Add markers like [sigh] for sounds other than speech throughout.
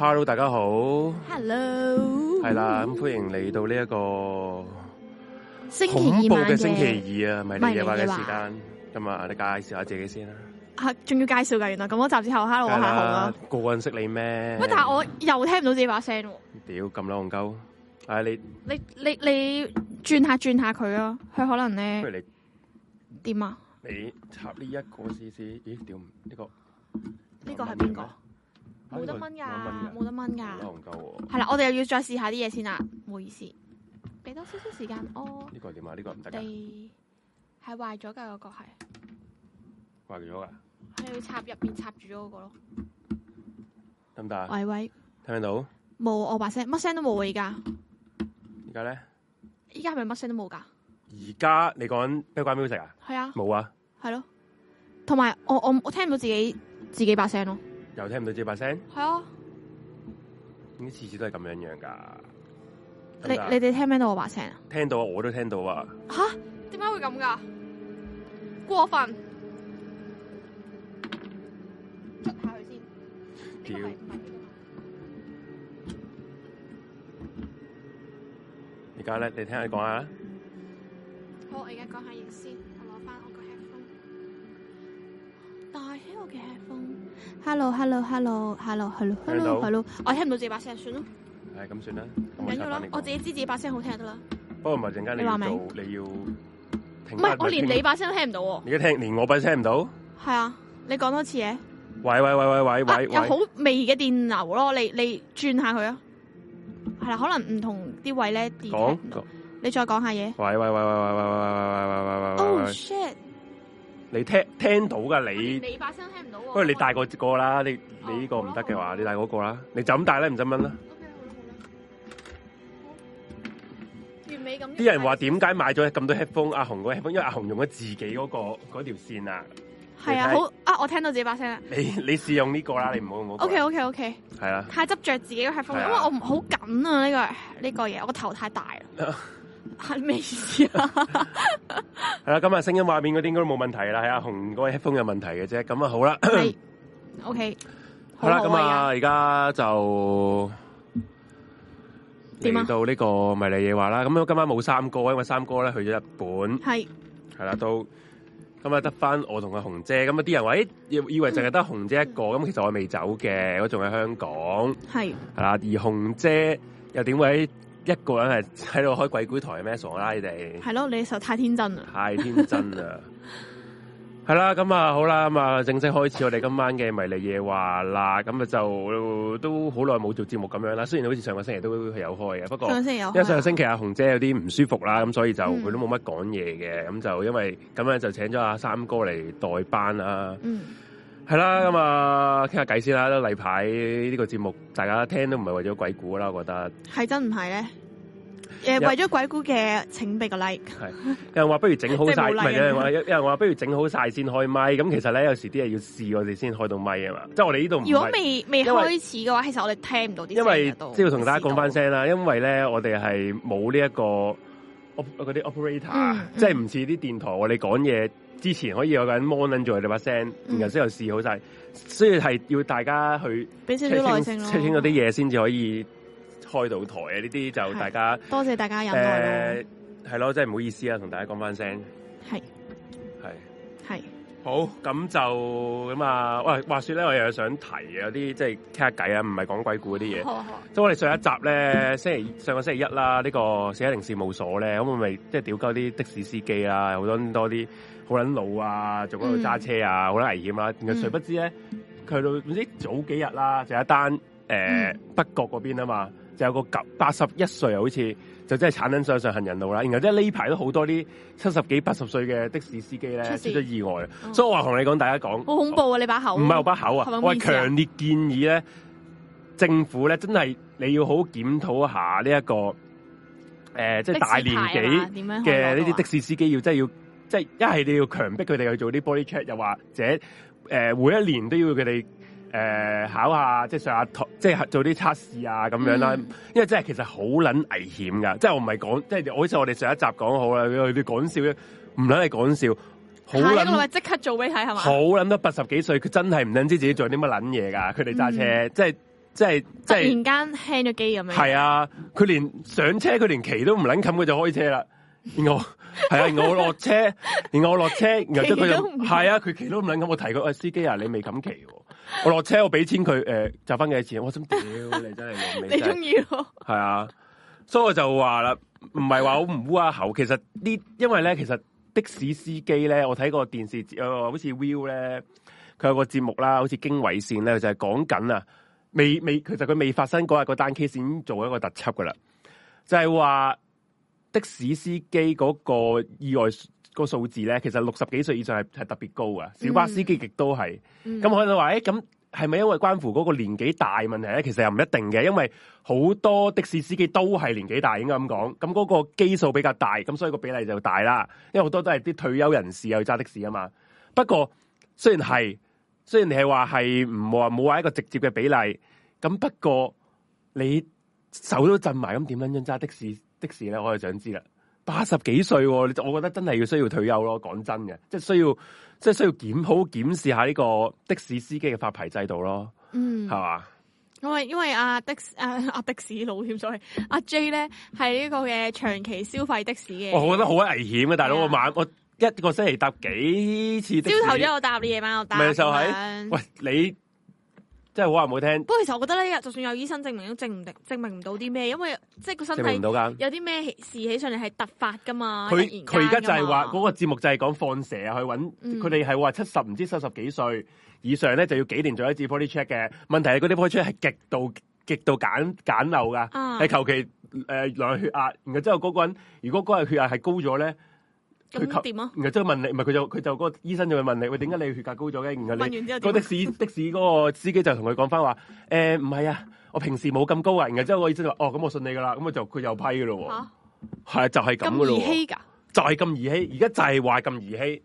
Hello，大家好。Hello，係、嗯、啦，咁歡迎嚟到呢一個恐怖星期二啊，星期二晚嘅，迷離夜話嘅時間。咁啊，你介紹下自己先啦、啊。啊，仲要介紹噶？原來咁多集之後，Hello，我係紅咯。個人識你咩？喂，但係我又聽唔到自己把聲喎。屌，咁老戇鳩。唉、嗯啊，你你你你轉下轉下佢啊，佢可能咧。不如你點啊？你插呢一個試試？咦，屌，呢個呢個係邊個？這個冇、啊、得掹噶，冇、這個、得掹噶，係啦、啊，我哋又要再試下啲嘢先啦，唔好意思，俾多少少時間我。呢、哦這個點啊？呢、這個唔得、啊、你係壞咗噶嗰個係壞咗噶，係要插入邊插住嗰個咯。唔得、啊？喂喂，聽唔聽到？冇，我把聲，乜聲都冇而家。而家咧？而家係咪乜聲都冇噶？而家你講咩關咩事啊？係啊。冇啊。係咯、啊，同埋我我我聽唔到自己自己把聲咯。又聽唔到這把聲？係啊，啊，點解次次都係咁樣樣噶？你你哋聽唔聽到我把聲啊？聽到啊，我都聽到啊。吓？點解會咁噶？過分，捽下佢先。屌、這個！而家咧，你聽，聽下講下。好，我而家講下意思。戴起我嘅 headphone。Hello，Hello，Hello，Hello，Hello，Hello，Hello，hello, hello, hello, hello, hello, hello. 我聽唔到自己把聲，算咯。係咁算啦。唔緊要咯，我自己知自己把聲好聽得啦。不過唔係陣間你話你要。唔係，我連你把聲都聽唔到。而家聽連我把聲唔到。係啊，你講、啊、多次嘢、啊。喂喂喂喂喂喂喂。喂喂啊、有好微嘅電流咯，你你轉下佢啊。係啦，可能唔同啲位咧電。講，你再講下嘢。喂喂喂喂喂喂喂喂喂喂喂。Oh shit！你聽聽到噶你,你,、啊你,啊、你？你把聲聽唔到喎。不如你戴過個啦，你你呢個唔得嘅話，你戴嗰個啦、啊。你就咁戴咧，唔使問啦。好,好完美咁。啲人話點解買咗咁多 headphone？阿紅嗰 headphone，因為阿紅用咗自己嗰、那個條線啊。係啊，好啊，我聽到自己把聲啦。你你試用呢個啦，你唔好用好。O K，O K，O K。係、okay, okay, okay, 啊，太執着自己個 headphone，、啊、因為我唔好緊啊呢個呢個嘢，我,、啊這個這個、我個頭太大啦。 [laughs] 係咩意思啊？係啦，今日聲音畫面嗰啲應該都冇問題啦，係阿紅嗰位 iPhone 有問題嘅啫。咁啊好啦，OK。 [laughs] 好啦，咁啊，而家就嚟到呢個迷離夜話啦。咁啊，這個、樣啊今晚冇三哥，因為三哥咧去咗日本。係係啦，都、啊、今日得返我同阿紅姐。咁啊，啲人話誒，以以為淨係得紅姐一個。咁、嗯、其實我未走嘅，我仲喺香港。係係啦，而紅姐又點會？一個人係喺度開鬼鬼台咩，傻啦你哋？係咯，你實太天真啦！太天真啦 [laughs] 啦！係啦，咁啊好啦，咁啊正式開始我哋今晚嘅迷離夜話啦，咁啊就、呃、都好耐冇做節目咁樣啦。雖然好似上個星期都有開嘅，不過上星期有因為上個星期阿紅姐有啲唔舒服啦，咁所以就佢、嗯、都冇乜講嘢嘅，咁就因為咁樣就請咗阿三哥嚟代班啦。嗯。係啦，咁啊，傾下偈先啦。例牌呢個節目，大家聽都唔係為咗鬼故啦，我覺得。係真唔係咧？誒， [laughs] 為咗鬼故嘅，請俾個 like。係、 [laughs] 就是啊。有人話不如整好晒，唔係嘅話，有人話不如整好晒先開咪。咁其實咧，有時啲嘢要試我哋先開到咪啊嘛。即 [laughs] 係我哋呢度。如果未未開始嘅話，其實我哋聽唔到啲聲音。因為，即要同大家講翻聲啦，因為咧，我哋係冇呢一個 operator、嗯，嗰啲 operator，即係唔似啲電台我哋講嘢。之前可以有一個人 mon 在你把聲，然後之後試好晒，所以係要大家去俾少少耐性咯。清 h 啲嘢先至可以開到台啊！呢啲就大家多謝大家有耐咯。係、呃、咯，真係唔好意思啊，同大家講翻聲。係係係好，咁就咁啊！喂，話說咧，我又有想提有啲即係傾下偈啊，唔係講鬼故嗰啲嘢。即 [laughs] 係我哋上一集咧，星期上個星期一啦，這個、寫一寫呢個史一零事務所咧，咁我咪即係屌鳩啲的士司機啦，好多很多啲。好人路啊，仲喺度揸車啊，好、嗯、鬼危險啊。然後誰不知咧，佢到總之早幾日啦，就一單誒、呃嗯、北角嗰邊啊嘛，就有個八十一歲好似就真係鏟緊上上行人路啦！然後即係呢排都好多啲七十幾、八十歲嘅的，的士司機咧，出咗意外，哦、所以我話同你講，大家講好恐怖啊！你把口唔係我把口啊！喂、我係，強烈建議咧，政府咧真係你要好檢討一下呢、這、一個誒，即、呃、係、就是、大年紀嘅呢啲的士司機要真係要。呃呃即係一係你要強迫佢哋去做啲 body check，又或者誒每一年都要佢哋誒考下，即係上下台，即係做啲測試啊咁樣啦。嗯、因為真係其實好撚危險㗎，即係我唔係講，即係好似我哋上一集講好啦，佢哋講笑唔撚係講笑，好撚，我即刻做 b 係嘛？好撚得八十幾歲，佢真係唔撚知自己做啲乜撚嘢㗎，佢哋揸車，即係即係即係突然間 hang 咗機咁樣的的。係啊，佢連上車佢連騎都唔撚冚，佢就開車啦， [laughs] 係 [laughs] 啊，然後我落車，然後我落車，然後即佢又係啊，佢騎都唔捻咁，我提過誒、哎，司機啊，你未敢騎喎、啊。 [laughs] 我落車，我俾錢佢誒、呃，就翻幾錢？我心屌，你真係你中意咯。係啊，所以我就話啦，唔係話好唔烏啊喉。其實呢，因為咧，其實的士司機咧，我睇過電視誒，好似 Will 咧，佢有個節目啦，好似經緯線咧，就係講緊啊，未未，其實佢未發生嗰日嗰單 c 線做一個特輯噶啦，就係、是、話。的士司機嗰個意外個數字咧，其實六十幾歲以上係係特別高嘅，小巴司機亦都係。咁我哋話誒，咁係咪因為關乎嗰個年紀大問題咧？其實又唔一定嘅，因為好多的士司機都係年紀大應該咁講。咁嗰個基數比較大，咁所以個比例就大啦。因為好多都係啲退休人士又去揸的士啊嘛。不過雖然係，雖然你係話係唔話冇話一個直接嘅比例，咁不過你手都震埋咁點樣樣揸的士？的士咧，我就想知啦，八十幾歲，我覺得真係要需要退休咯。講真嘅，即係需要，即係需要檢好檢視一下呢個的士司機嘅發牌制度咯。嗯，係嘛？因為因為阿的阿阿、啊、的士佬添，所以阿 J 咧係呢個嘅長期消費的士嘅。我覺得好危險嘅，大佬，啊、我晚我一個星期搭幾次的士，朝頭早我搭，夜晚我搭，咪就係喂你。即係好話唔好聽，不過其實我覺得咧，就算有醫生證明都證唔定，證明唔到啲咩，因為即係個身體有啲咩事起上嚟係突發噶嘛。佢佢而家就係話嗰個節目就係講放蛇去揾，佢哋係話七十唔知七十幾歲以上咧就要幾年做一次 body check 嘅。問題係嗰啲 body check 係極度極度簡簡陋噶，係求其誒量血壓，然後之後嗰個人如果嗰日血壓係高咗咧。佢答點咯？啊、然後即係問你，唔係佢就佢就個醫生就會問你：喂，點解你血壓高咗嘅？然後你個的士 [laughs] 的士嗰個司機就同佢講翻話：誒、呃，唔係啊，我平時冇咁高啊。然之後我醫生就話：哦，咁我信你噶啦，咁我就佢又批噶咯。吓，係啊，就係咁噶咯。咁兒戲噶，就係咁兒戲，而家就係話咁兒戲。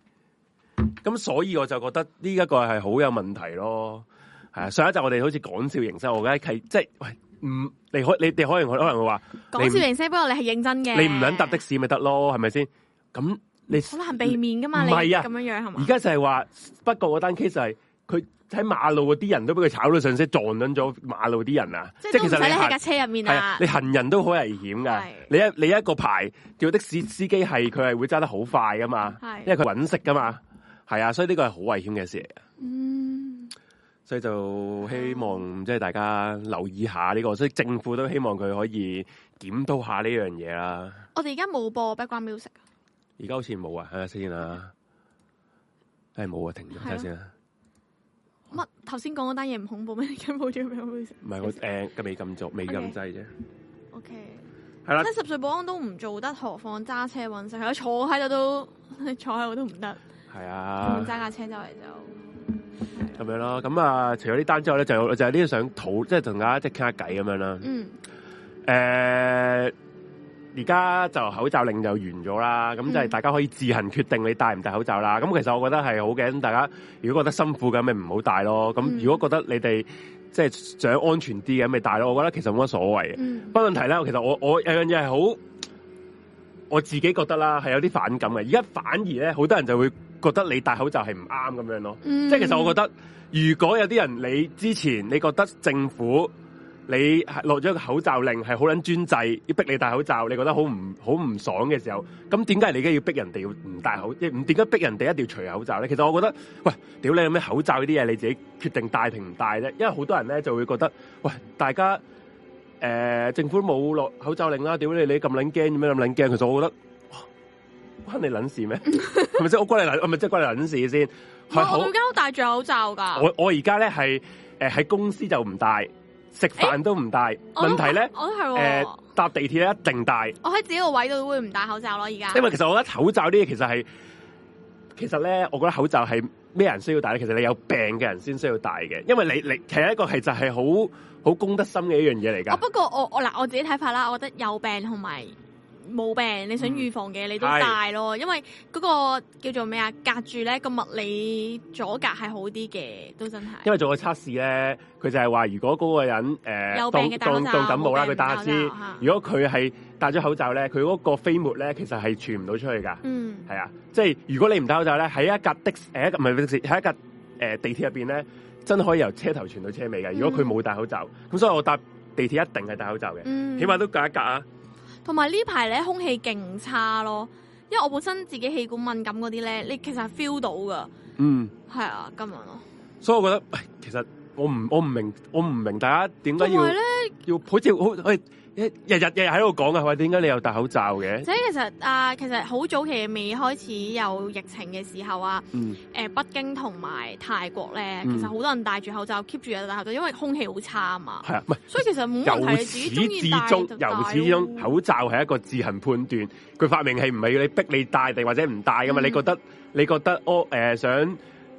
咁所以我就覺得呢一個係好有問題咯。係啊，上一集我哋好似講笑形式，我覺得係即係喂唔，你可你哋可能可能會話講笑形式，不過你係認真嘅，你唔肯搭的士咪得咯，係咪先？咁好難避免噶嘛，你係啊，咁樣樣係嘛？而家就係話，不過嗰單 case 係佢喺馬路嗰啲人都俾佢炒到上車撞緊咗馬路啲人啊！即係其實你喺架車入面啊！你行人都好危險噶，你一你一個牌叫的士司機係佢係會揸得好快噶嘛？因為佢揾食噶嘛，係啊，所以呢個係好危險嘅事嚟。嗯，所以就希望即係、就是、大家留意一下呢、這個，所以政府都希望佢可以檢討下呢樣嘢啦。我哋而家冇播 background music。而家好似冇啊，睇下先啊。唉、哎，冇啊，停咗睇下先啊。乜頭先講嗰單嘢唔恐怖咩？而家冇咗咩？唔係我誒，未、呃、咁做，未咁制啫。O、okay. K。係啦，即十歲保安都唔做得，何況揸車運食。我坐喺度都坐喺度都唔得。係啊。揸架車走嚟就。咁樣咯，咁啊，除咗呢單之後咧，就就呢、是、啲想討，即係同大家即係傾下偈咁樣啦。嗯。誒、呃。而家就口罩令就完咗啦，咁就係大家可以自行決定你戴唔戴口罩啦。咁、嗯、其實我覺得係好嘅，大家如果覺得辛苦嘅咪唔好戴咯。咁、嗯、如果覺得你哋即係想安全啲嘅咪戴咯。我覺得其實冇乜所謂嘅。不、嗯、過問題咧，其實我我有樣嘢係好，我自己覺得啦係有啲反感嘅。而家反而咧，好多人就會覺得你戴口罩係唔啱咁樣咯。嗯、即係其實我覺得，如果有啲人你之前你覺得政府，你落咗個口罩令係好撚專制，要逼你戴口罩，你覺得好唔好唔爽嘅時候，咁點解你而家要逼人哋要唔戴口罩？即係唔點解逼人哋一定要除口罩咧？其實我覺得，喂，屌你有咩口罩呢啲嘢你自己決定戴定唔戴啫。因為好多人咧就會覺得，喂，大家誒、呃、政府冇落口罩令啦，屌你你咁撚驚點解咁撚驚？其實我覺得哇關你撚事咩？係咪即係？我關你撚，係咪即係關你撚事先。我而家都戴住口罩噶。我我而家咧係誒喺公司就唔戴。食飯都唔戴，欸，問題咧，誒搭、呃、地鐵咧一定戴。我喺自己個位度會唔戴口罩咯，而家。因為其實我覺得口罩呢啲其實係，其實咧，我覺得口罩係咩人需要戴咧？其實你有病嘅人先需要戴嘅，因為你你其實一個係就係好好公德心嘅一樣嘢嚟噶。不過我我嗱我自己睇法啦，我覺得有病同埋。冇病你想預防嘅、嗯、你都戴咯，因為嗰個叫做咩啊，隔住咧個物理阻隔係好啲嘅，都真係。因為做個測試咧，佢就係話，如果嗰個人誒、呃，有病嘅戴口，口，口，口罩，如果佢係戴咗口罩咧，佢、啊、嗰個飛沫咧其實係傳唔到出去㗎。嗯，係啊，即係如果你唔戴口罩咧，喺一格的誒唔係的士，喺一格誒、呃、地鐵入邊咧，真係可以由車頭傳到車尾嘅、嗯。如果佢冇戴口罩，咁所以我搭地鐵一定係戴口罩嘅、嗯，起碼都隔一隔啊。同埋呢排咧空氣勁差咯，因為我本身自己氣管敏感嗰啲咧，你其實係 feel 到噶。嗯，係啊，今日咯。所以我覺得，其實我唔我唔明我唔明大家點解要。因為咧，要好似好，係。日日日日喺度講啊！喂，點解你有戴口罩嘅？即係其實啊，其實好早期未開始有疫情嘅時候啊，嗯、北京同埋泰國咧、嗯，其實好多人戴住口罩 keep 住戴口罩，因為空氣好差嘛。係啊，唔係。所以其實冇問題，自己中意戴就戴，由始至終，口罩係一個自行判斷，佢發明係唔係要你逼你戴定或者唔戴噶嘛、嗯？你覺得你覺得我、哦呃、想？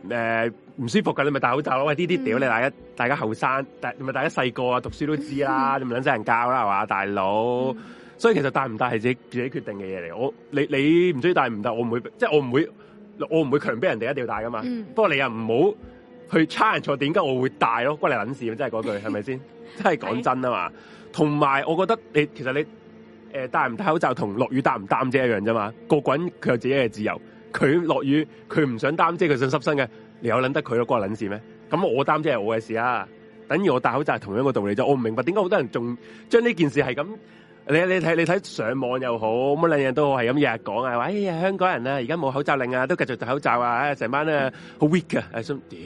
誒、呃，唔舒服噶，你咪戴口罩咯。喂，呢啲屌、嗯、你大，大家大，大家後生，大唔係大家細個啊，讀書都知啦，嗯、你咪卵死人教啦，係嘛，大佬。嗯、所以其實戴唔戴係自己自己決定嘅嘢嚟。我你你唔中意戴唔戴，我唔會即係我唔會，我唔會強逼人哋一定要戴噶嘛。嗯、不過你又唔好去差人錯點解我會戴咯，關你撚事啊！ [laughs] 真係嗰句係咪先？真係講真啊嘛。同埋我覺得你其實你誒戴唔戴口罩同落雨擔唔擔遮一樣啫嘛。個個人佢有自己嘅自由。佢落雨，佢唔想擔遮，佢想濕身嘅，你有捻得佢咯？關捻事咩？咁我擔遮係我嘅事啊！等於我戴口罩係同樣個道理啫。我唔明白點解好多人仲將呢件事係咁，你你睇你睇上網又好，乜兩樣都係咁日日講啊！話哎呀，香港人啊，而家冇口罩令啊，都繼續戴口罩啊！成班咧好 weak 噶，哎、啊，想屌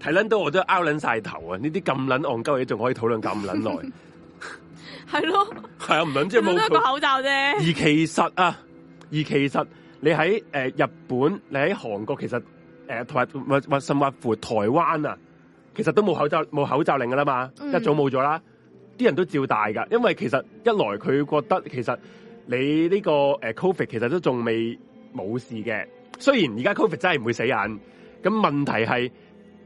睇捻到我都 out 捻晒頭啊！呢啲咁捻戇鳩嘢仲可以討論咁捻耐，係 [laughs] 咯，係啊，唔捻即係冇。冇一個口罩啫。而其實啊，而其實。你喺誒、呃、日本，你喺韓國，其實誒同埋或或甚或乎台灣啊，其實都冇口罩冇口罩令㗎喇嘛，嗯、一早冇咗啦，啲人都照戴㗎。因為其實一來佢覺得其實你呢、呢個誒、呃、Covid 其實都仲未冇事嘅，雖然而家 Covid 真係唔會死人，咁問題係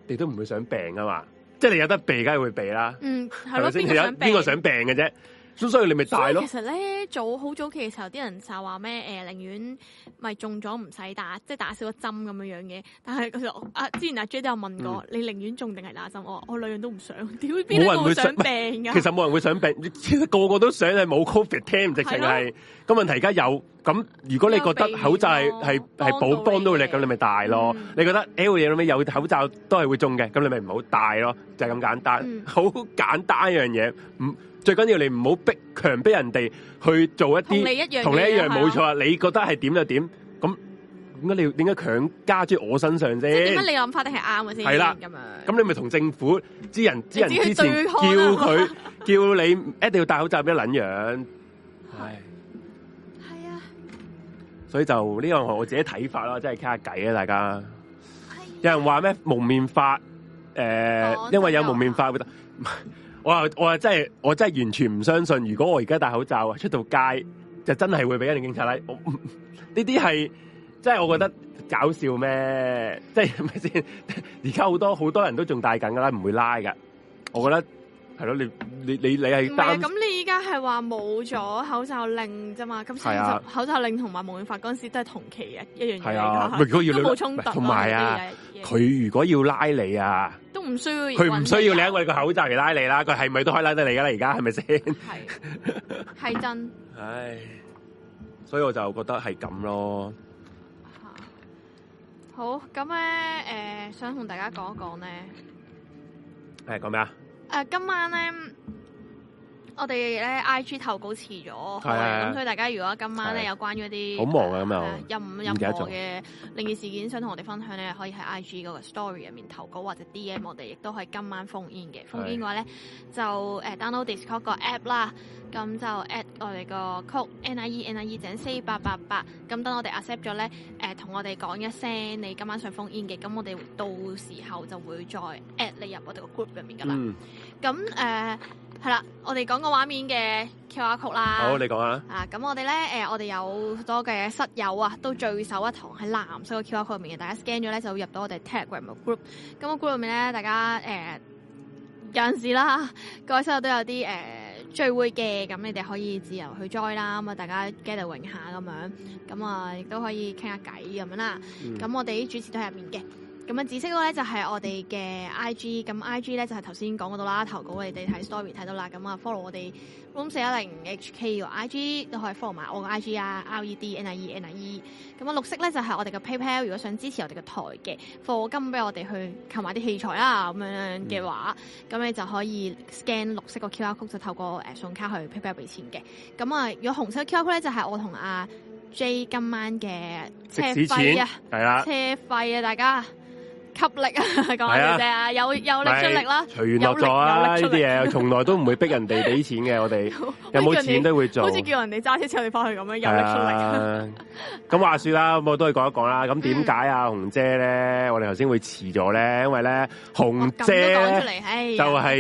你都唔會想病吖嘛，即係你有得避梗係會避啦。嗯，係咯先，有邊個想病嘅啫？所以你咪戴咯。其實咧，早好早期嘅時候，啲人就話咩？誒、呃，寧願咪中咗唔使打，即係打少個針咁樣樣嘅。但係嗰時啊，之前阿、啊、j 都有問過、嗯、你，寧願中定係打針？我我兩樣都唔想。屌，冇人會想病㗎、啊？其實冇人會想病， [laughs] 其實 [laughs] 個個都想係冇 covid ten 直情係。咁問題而家有，咁如果你覺得口罩係係係補幫到你，咁你咪戴咯。嗯、你覺得 L 嘢咁有口罩都係會中嘅，咁你咪唔好戴咯，就係、是、咁簡單，好、嗯、簡單一樣嘢。嗯。最緊要你唔好逼強逼人哋去做一啲同你一樣，冇錯啊！你，樣錯啊，你覺得係點就點，咁點解你點解強加住我身上啫？點解你諗法定是的係啱嘅先？係啦，咁你咪同政府知人知人之前知叫佢叫你一定、 [laughs] 欸、要戴口罩人，咩怎樣？係係啊，所以就呢個我自己睇法啦，真係傾下偈啊，大家。啊、有人話咩蒙面法？誒、呃啊，因為有蒙面法會。啊啊 [laughs] 我話我話真係我真係完全唔相信，如果我而家戴口罩啊出到街，就真係會俾一定警察拉。我呢啲係真係我覺得、嗯、搞笑咩？即係係咪先？而家好多好多人都仲戴緊㗎啦，唔會拉㗎。我覺得。係咯，你你你你係唔係咁？你依家係話冇咗口罩令啫嘛？咁、嗯、先口罩令同埋蒙面法嗰陣時都係同期嘅、啊、一樣嘢。係啊，如果要衝突同埋啊，佢、啊哎、如果要拉你啊，都唔需要、啊。佢唔需要一個你因為個口罩嚟拉你啦、啊。佢係咪都可以拉得你噶、啊、啦？而家係咪先？係係 [laughs] 真。唉，所以我就覺得係咁咯。好咁咧，誒、呃，想同大家講一講咧。係講咩啊？誒今晚咧～我哋咧 I G 投稿遲咗，咁、啊啊、所以大家如果今晚咧、啊、有關於啲好忙啊咁啊，任何嘅靈異事件想同我哋分享咧，可以喺 I G 嗰個 story 入面投稿，或者 D M 我哋，亦都係今晚封 in 嘅、啊。封 in 嘅話咧，就 download Discord 個 app 啦，咁就 at 我哋個曲 NIE NIE 井四八八八，咁等我哋 accept 咗咧，同、呃、我哋講一聲你今晚想封 in 嘅，咁我哋到時候就會再 at 你入我哋個 group 入面噶啦，咁、嗯、誒。係啦，我哋講個畫面嘅 QR code 啦。好，你講下。啊，咁我哋咧，誒、呃，我哋有好多嘅室友啊，都聚首一堂喺藍色嘅 QR code 入面嘅。大家 scan 咗咧，就入到我哋 Telegram group，個 group。咁個 group 入面咧，大家誒、呃、有陣時啦，各位室友都有啲誒、呃、聚會嘅，咁你哋可以自由去 join 啦。咁啊，大家 gathering 下咁樣，咁啊亦都可以傾下偈咁樣啦。咁、嗯、我哋啲主持都喺入面嘅。咁啊，紫色嗰個咧就係我哋嘅 I G，咁 I G 咧就係頭先講嗰度啦。投稿你哋睇 Story 睇到啦。咁啊，follow 我哋 room 四一零 HK 個 I G 都可以 follow 埋我嘅 I G 啊。RED N I E N I E。咁啊，綠色咧就係我哋嘅 PayPal，如果想支持我哋嘅台嘅課金俾我哋去購買啲器材啦咁樣嘅話，咁、嗯、你就可以 scan 綠色個 QR code 就透過信用卡去 PayPal 俾錢嘅。咁啊，如果紅色 QR code 咧就係我同阿 J 今晚嘅車，車費啊，係啊，車費啊大家。給力啊，講下佢哋啊，有有力出力啦，隨緣落咗啊！呢啲嘢從來都唔會逼人哋俾錢嘅，我哋 [laughs] 有冇錢都會做，好似叫人哋揸車車你翻去咁樣有力出力。咁、啊、 [laughs] 話説啦，咁我都去講一講啦。咁點解啊，紅姐咧，我哋頭先會遲咗咧，因為咧紅姐就係、是哦哎、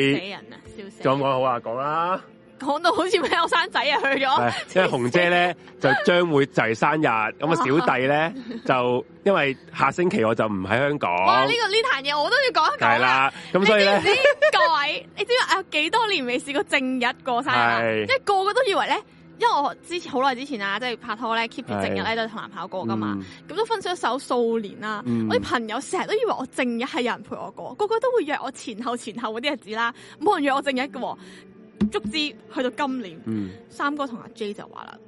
就咁、是、講好啊，講啦。講到好似咩我生仔啊，去咗。因為紅姐咧 [laughs] 就將會就生日，咁、那、啊、個、小弟咧 [laughs] 就因為下星期我就唔喺香港。哇！呢、這個呢壇嘢我都要講一講啦。係啦。咁所以呢，知知 [laughs] 各位，你知唔知道啊？幾多年未試過正日過生日，即係、就是、個個都以為咧，因為我之前好耐之前啊，即、就、係、是、拍拖咧 keep 住正日咧就同男朋友過噶嘛。咁、嗯、都分咗手數年啦，嗯、我啲朋友成日都以為我正日係有人陪我過，個個都會約我前後前後嗰啲日子啦，冇人約我正日嘅。嗯足之去到今年，嗯、三哥同阿 J 就話啦，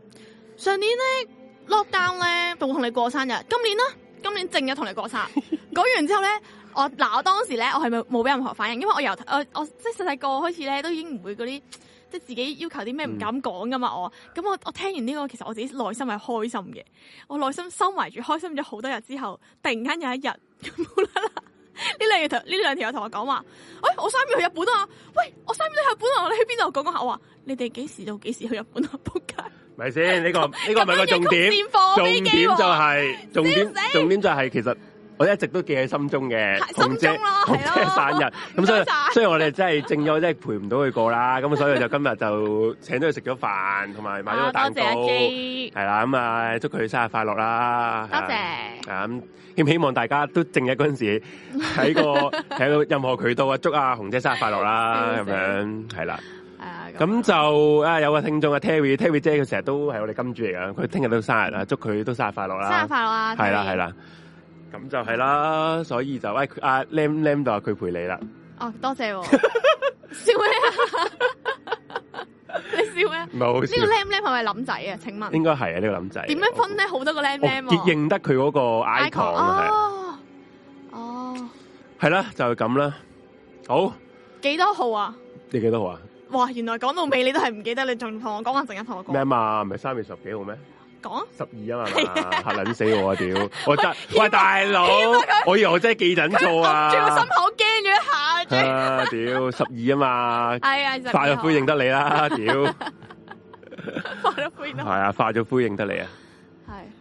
上年咧 lockdown 咧，就同你過生日，今年呢，今年淨係同你過生。講 [laughs] 完之後咧，我嗱、啊，我當時咧，我係咪冇俾任何反應？因為我由我我即係細細個開始咧，都已經唔會嗰啲即係自己要求啲咩唔敢講㗎嘛。嗯、我咁我我聽完呢、這個，其實我自己內心係開心嘅，我內心收埋住開心咗好多日之後，突然間有一日冇啦啦。呢兩條呢兩條友同我講話，喂、欸，我三月去日本啊！喂、欸，我三月去日本啊！我哋喺邊度講講下？我話你哋幾時到？幾時去日本啊？扑街！咪先呢個呢、呢個唔係個重點， [laughs] 重點就係、是、重點重點就係其實。我一直都記喺心中嘅，紅姐心紅姐生日，咁所以所以我哋真係正咗，真係陪唔到佢過啦。咁所以就今日就請咗佢食咗飯，同 [laughs] 埋買咗個蛋糕。多謝係啦、啊，咁啊、嗯、祝佢生日快樂啦！多謝。啊咁，亦、嗯、希望大家都正日喺嗰陣時，喺個喺到任何渠道啊，祝阿紅姐生日快樂啦！咁 [laughs] 樣係啦。咁、嗯嗯嗯、就啊、嗯、有個聽眾啊 Terry Terry 姐佢成日都係我哋金主嚟㗎，佢聽日都生日啦，祝佢都生日快樂啦！生日快樂啊！係啦，係啦。咁就係啦，所以就喂阿 l a m l a m 就話佢陪你啦。哦、啊，多謝，謝。笑咩麼、啊？ [laughs] 你笑咩、啊？冇。呢、這個 l a m l a m 係咪林仔啊？請問。應該係啊，呢、這個林仔。點樣分咧？好多個 l a m l a m 我認得佢嗰個 icon, icon、oh.。哦。哦。係啦，就係咁啦。好。幾多號啊？你幾多號啊？哇，原來講到尾你都係唔記得，你仲同我講啊，陣間同我講。咩嘛？唔係三月十幾號咩？十二啊嘛，嚇撚 [laughs] 死我啊屌！ [laughs] 我真喂大佬，我以為我真係記緊錯啊！我心口驚咗一下！啫，屌十二啊嘛，係 [laughs] [laughs] [laughs] [laughs] [laughs] [laughs] 啊，化咗灰認得你啦，屌！化咗係啊，化咗灰認得你啊，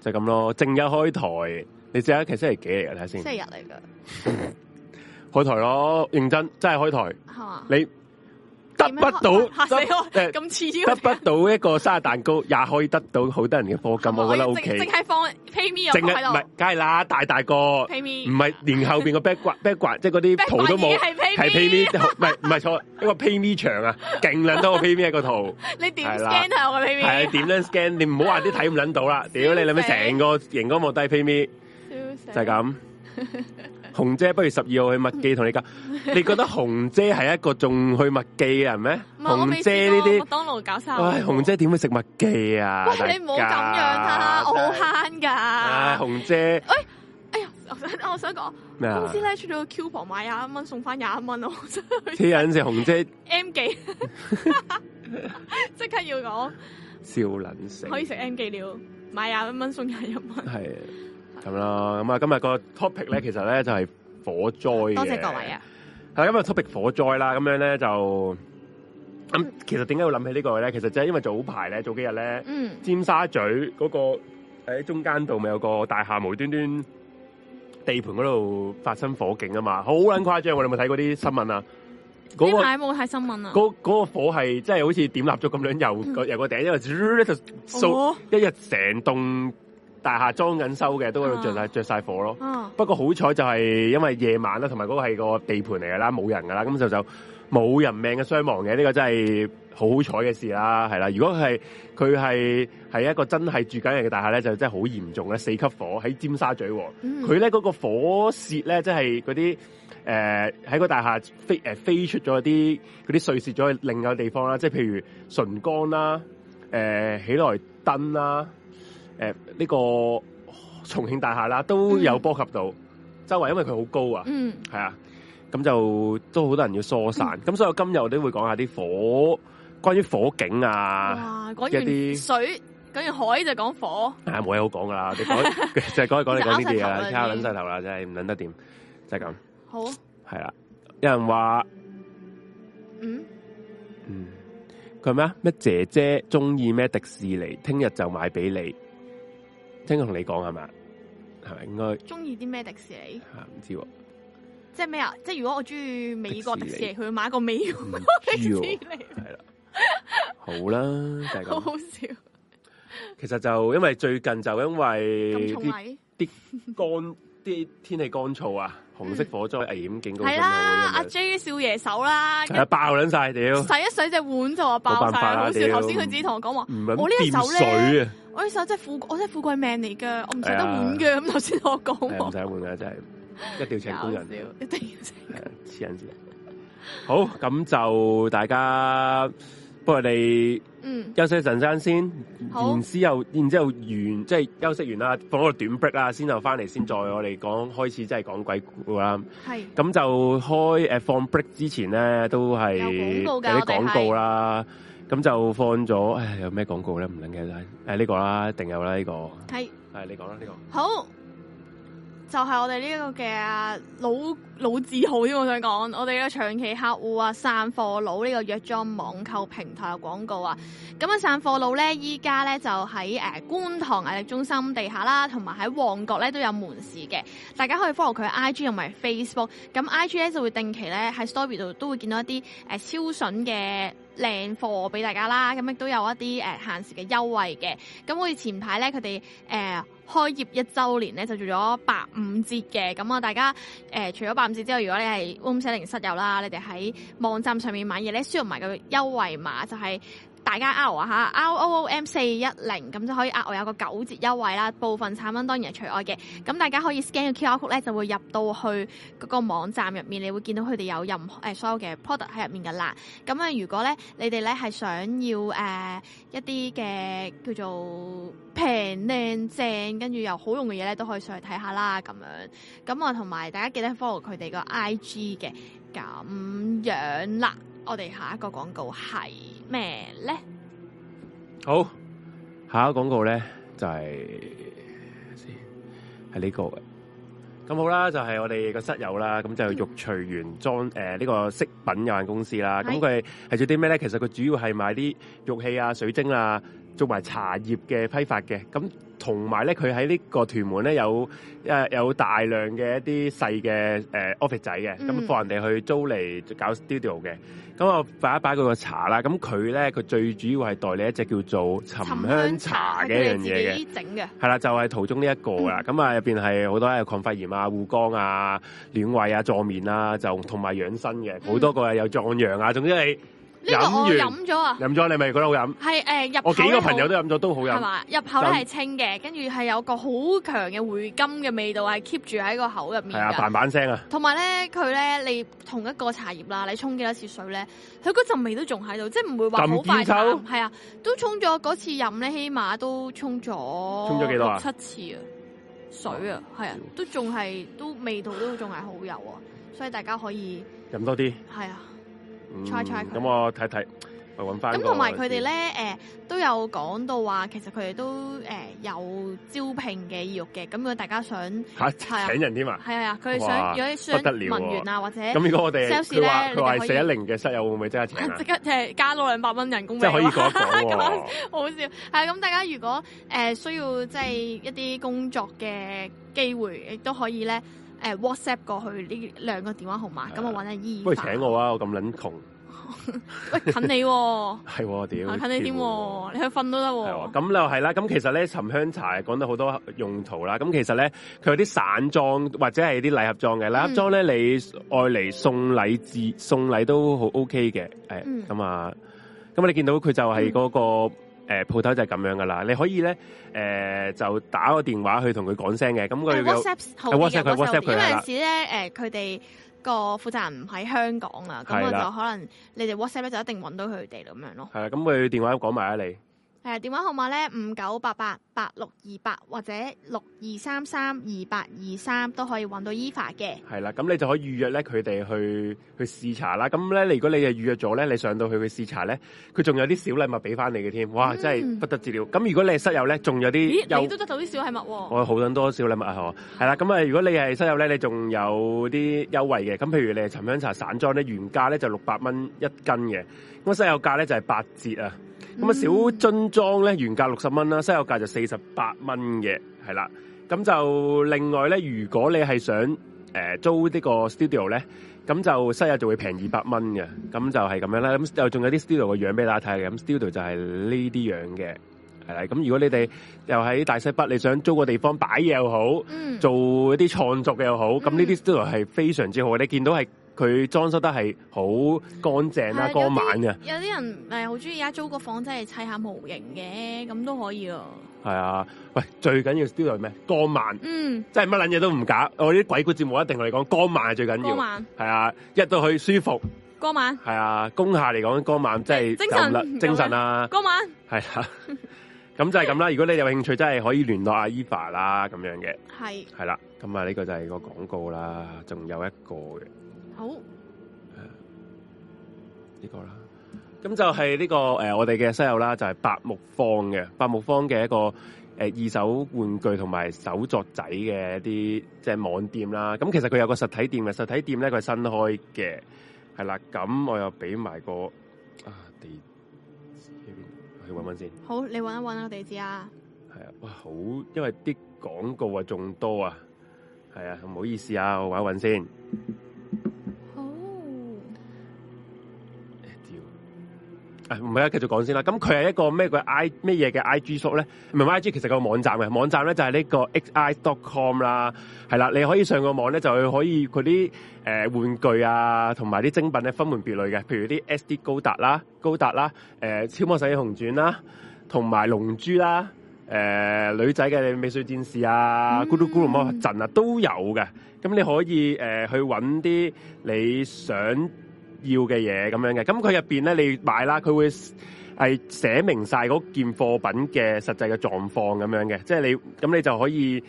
係就咁咯。正一開台，你知啊？其實星期幾嚟噶？睇下先。星期日嚟噶，開台咯！認真真係開台，係嘛？你。得不到，得得，得不到一個生日蛋糕， [laughs] 也可以得到好多人嘅課金， [laughs] 我覺得 OK。淨係放 PayMe 又係淨係唔係，梗係啦，大大個。PayMe 唔係連後邊個 back 即係嗰啲圖都冇。係 PayMe，係 PayMe，唔係唔係錯， [laughs] 一個 PayMe 牆啊，勁捻多個 PayMe 一個圖。 [laughs] 你點 scan 下個 PayMe 係點 scan？你唔好話啲睇唔捻到啦，屌 [laughs] 你諗起成個熒光幕都係 PayMe 就係咁這。 [laughs] 紅姐不如十二號去麥記同你講， [laughs] 你覺得紅姐係一個仲去麥記嘅人咩？紅姐呢啲麥當勞搞晒，喂、哎，紅姐點會食麥記啊？喂，你唔好咁樣啊，我好慳噶、啊。紅姐，哎，哎呀，我想講咩啊？公司呢出咗個 coupon 買廿一蚊送翻廿一蚊咯，超人食紅姐 M 記，即 [laughs] 刻要講少能食， [laughs] 可以食 M 記料！買廿一蚊送廿一蚊，係。咁啦，咁啊，今日個 topic 咧，其實咧就係火災嘅。多謝各位啊！係今日 topic 火災啦，咁樣咧就咁。其實點解會諗起個呢個咧？其實就係因為早排咧，早幾日咧、嗯，尖沙咀嗰、那個喺中間度咪有個大廈無端端地盤嗰度發生火警啊嘛，好撚誇張！我、嗯、哋有冇睇過啲新聞啊？啲、那個，我冇睇新聞啊。嗰個、那個火係真係好似點蠟燭咁樣，由、嗯、由個頂一路一日成棟。大廈裝緊修嘅都著曬着晒火咯、啊啊，不過好彩就係因為夜晚啦，同埋嗰個係個地盤嚟噶啦，冇人噶啦，咁就就冇人命嘅傷亡嘅，呢、呢個真係好好彩嘅事啦，係啦。如果係佢係係一個真係住緊人嘅大廈咧，就真係好嚴重嘅。四級火喺尖沙咀，佢咧嗰個火舌咧，即係嗰啲誒喺個大廈飛誒、呃、飛出咗啲嗰啲碎屑咗去另外地方啦，即、就、係、係、譬如順光啦、誒、呃、喜來登啦。啊。誒，呢個重慶大廈啦，都有波及到、嗯、周圍，因為佢好高啊。嗯，係啊，咁就都好多人要疏散。咁、嗯、所以我今日都會講下啲火，關於火警啊，一啲水，關於海就講火，係冇嘢好講噶啦。你 [laughs] 就係講嚟講嚟講呢啲啊，睇下捻晒頭啦，頭真係唔捻得掂，就係、是、咁好係啦、啊。有人話嗯嗯，佢咩啊？咩姐姐中意咩迪士尼，聽日就買俾你。聽同你講係嘛，係咪應該？中意啲咩迪士尼？吓，唔知，即係咩啊？即係如果我中意美國的迪士尼，佢會買個美國迪士尼。係 [laughs] 啦，好啦，就係、是、咁。好好笑啊。其實就因為最近就因為啲乾啲天氣乾燥啊。紅色火災危險警告！係啦、啊，阿 J 少爺手啦，爆捻晒屌！洗一洗隻碗就話爆晒、啊、好笑。頭先佢自己同我講話，我這手呢一手啊！我呢手真係富，我真係富貴命嚟噶，我唔使得碗嘅。咁頭先我講，唔使碗嘅真係一定要請工人，人，一定要請工人先。 [laughs] [laughs] 好，咁就大家，不過你。嗯，休息一陣間先，然之後然之後完，即係休息完啦，就是，放個短 break 啦，先又翻嚟，先再我哋講開始，即係講鬼故啦。係，咁就開誒放 break 之前咧，都係有啲廣告啦。咁就放咗，誒有咩廣告咧？唔諗嘅啦，誒呢個啦，一定有啦呢個。係，係你講啦呢個。好。就係、是、我哋呢個嘅老老字號添，我想講，我哋嘅長期客戶啊，散貨佬呢個藥妝網購平台嘅廣告啊，咁啊散貨佬呢，依家呢就喺誒、呃、觀塘毅力中心地下啦，同埋喺旺角呢都有門市嘅，大家可以 follow 佢 IG 同埋 Facebook，咁 IG 呢就會定期呢喺 Story 度都會見到一啲誒、呃、超筍嘅靚貨俾大家啦，咁亦都有一啲誒、呃、限時嘅優惠嘅，咁好似前排呢，佢哋誒。呃開業一週年咧，就做咗八五折嘅，咁啊大家誒、呃、除咗八五折之外，如果你係 Room410 室友啦，你哋喺網站上面買嘢咧，輸入埋個優惠碼就係、是。大家 R 啊嚇，R O O M 四一零咁就可以額外有個九折優惠啦。部分產品當然係除外嘅。咁大家可以 scan 個 QR code 咧，就會入到去嗰個網站入面，你會見到佢哋有任何所有嘅 product 喺入面㗎啦。咁啊，如果咧你哋咧係想要誒一啲嘅叫做平靚正，跟住又好用嘅嘢咧，都可以上去睇下啦。咁樣咁啊，同埋大家記得 follow 佢哋個 IG 嘅咁樣啦。我哋下一個廣告係咩咧？好，下一個廣告咧就係，係呢個嘅。咁好啦，就係、是這個就是、我哋個室友啦。咁、嗯、就係玉翠園裝誒呢、呃這個飾品有限公司啦。咁佢係做啲咩咧？其實佢主要係賣啲玉器啊、水晶啊。做埋茶葉嘅批發嘅，咁同埋咧佢喺呢個屯門咧有有大量嘅一啲細嘅 office 仔嘅，咁、嗯、放人哋去租嚟搞 studio 嘅。咁我擺一擺佢個茶啦。咁佢咧佢最主要係代理一隻叫做沉香茶嘅一樣嘢嘅。係啦，就係、是、途中呢一個啦。咁、嗯、啊入邊係好多係抗肺炎啊、護肝啊、暖胃啊、助眠啊，就同埋養生嘅好、嗯、多個係有壯陽啊，總之你。呢、這、飲、個、我飲咗啊！飲咗你咪覺得好飲？係誒、呃，入口我幾個朋友都飲咗，都好飲。係嘛？入口咧係清嘅，跟住係有個好強嘅回甘嘅味道是，係 keep 住喺個口入面。係啊，彈板聲啊！同埋咧，佢咧，你同一個茶葉啦，你沖幾多次水咧，佢嗰陣味都仲喺度，即係唔會話好快走。係啊，都沖咗嗰次飲咧，起碼都沖咗七次啊，水啊，係啊，都仲係都味道都仲係好有啊，所以大家可以飲多啲。係啊。猜猜佢？咁我睇睇，咪揾翻。咁同埋佢哋咧，都有講到話，其實佢哋都有招聘嘅意欲嘅。咁大家想嚇、啊啊、請人添啊，係啊，佢哋想，如果需要文員啊，得啊，或者咁呢個我哋，佢話佢係四一零嘅室友，們會唔會真係即刻誒加多兩百蚊人工俾即、即係、可以講講、啊、 [laughs] 好笑。咁、啊、大家如果、呃、需要即係一啲工作嘅機會，亦都可以咧。呃、WhatsApp 過去呢兩個電話號碼，咁我揾阿姨，不如，請我啊！ [laughs] 我咁撚麼窮。 [laughs] 喂，近你喎、啊。係 [laughs] 喎、哦，屌。近你添、啊啊，你去瞓都得喎、啊。係喎、哦，咁又係啦。咁其實咧，沉香茶講到好多用途啦。咁其實咧，佢有啲散裝或者係啲禮盒裝嘅，禮盒裝咧，你愛嚟送禮節送禮都好 OK 嘅。誒、嗯，咁、欸、啊，咁你見到佢就係嗰、那個。嗯誒，鋪頭就係咁樣噶啦，你可以咧，誒、呃，就打個電話去同佢講聲嘅，咁佢 WhatsApp 佢 WhatsApp 佢，WhatsApp 佢啦。嗰陣時咧，誒，佢哋個負責人唔喺香港啊，咁我就可能你哋 WhatsApp 咧就一定搵到佢哋咁樣咯。係啊，咁佢電話講埋啊你。誒，電話號碼咧，五九八八八六二八或者六二三三二八二三都可以搵到 EVA 嘅。係啦，咁你就可以預約咧佢哋去去視察啦。咁咧，如果你係預約咗咧，你上到去去視察咧，佢仲有啲小禮物俾翻你嘅添。哇，嗯、真係不得之了！咁如果你係室友咧，仲有啲咦，你都得到啲小禮物？我好得多小禮物啊！係啦，咁啊，如果你係室友咧，你仲有啲優惠嘅。咁譬如你係沉香茶散裝咧，原價咧就六百蚊一斤嘅，咁室友價咧就係八折啊！咁啊，小樽裝咧原價六十蚊啦，生日價就四十八蚊嘅，係啦。咁就另外咧，如果你係想誒、呃、租呢個 studio 咧，咁就生日就會平二百蚊嘅。咁就係咁樣啦。咁又仲有啲 studio 嘅樣俾大家睇下，咁 studio 就係呢啲樣嘅，係啦。咁如果你哋又喺大西北，你想租個地方擺嘢又好，做一啲創作嘅又好，咁呢啲 studio 係非常之好。你見到係。佢裝修得係好乾淨啦、啊啊，光猛嘅。有啲人係好中意而家租個房真係砌下模型嘅，咁都可以咯。係啊，喂，最緊要 deal 到咩？光猛，嗯，即係乜撚嘢都唔假。我、哦、啲鬼故節目一定我嚟講，光猛係最緊要。係啊，一到去舒服，光猛係啊，工廈嚟講光猛即係精神啦，精神啊，光猛係啊，咁 [laughs] [laughs] 就係咁啦。如果你有興趣，真係可以聯絡阿 Eva 啦，咁樣嘅係，係啦。咁啊，呢個就係個廣告啦，仲有一個嘅。好，呢、嗯這個啦。咁就係呢、這個誒、呃，我哋嘅室友啦，就係、是、白木坊嘅白木坊嘅一個誒、呃、二手玩具同埋手作仔嘅一啲即係網店啦。咁其實佢有一個實體店嘅，實體店咧佢係新開嘅，係啦。咁我又俾埋個啊地址去搵搵先。好，你搵一搵個、啊、地址啊？係啊，哇，好，因為啲廣告啊仲多啊，係啊，唔好意思啊，我搵一搵先。唔係啊，繼續講先啦。咁佢係一個咩嘅 I 咩嘢嘅 IG shop 咧？唔係 IG，其實個網站嘅網站咧就係呢個 XI.com d o 啦，係啦。你可以上個網咧，就去可以佢啲誒玩具啊，同埋啲精品咧分門別類嘅，譬如啲 SD 高達啦、高達啦、誒、呃、超魔神英雄傳啦，同埋龍珠啦、誒、呃、女仔嘅美少女戰士啊、mm. 咕嚕咕嚕魔陣啊都有嘅。咁你可以誒、呃、去搵啲你想。要嘅嘢咁樣嘅，咁佢入邊咧你買啦，佢會係寫明晒嗰件貨品嘅實際嘅狀況咁樣嘅，即係你咁你就可以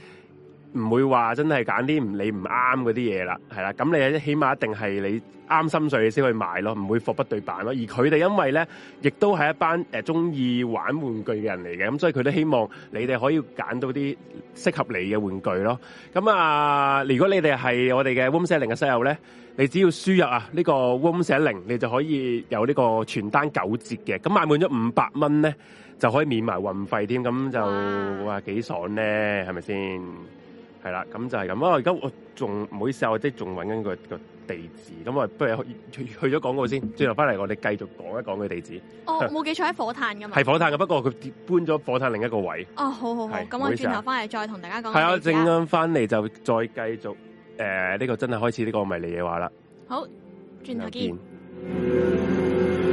唔會話真係揀啲唔理唔啱嗰啲嘢啦，係啦，咁你起起碼一定係你啱心水先去買咯，唔會貨不對版咯。而佢哋因為咧，亦都係一班誒中意玩玩具嘅人嚟嘅，咁所以佢都希望你哋可以揀到啲適合你嘅玩具咯。咁啊、呃，如果你哋係我哋嘅 Room Setting 嘅細友咧。你只要輸入啊呢、呢個 room 寫零，你就可以有呢個呢個全單九折嘅。咁買滿咗五百蚊咧，就可以免埋運費添。咁就話幾、啊、爽咧，係咪先？係啦，咁就係咁。啊，而家我仲唔好意思，我即係仲揾緊個地址。咁我不如去咗廣告先，轉頭翻嚟我哋繼續講一講佢地址。哦，冇記錯喺火炭咁。係火炭嘅，不過佢搬咗火炭另一個位。哦，好好好。咁我轉頭翻嚟再同大家講。係啊，陣間翻嚟就再繼續。誒、呃、呢、這個真係開始呢、這個迷離夜話啦。好，轉頭見。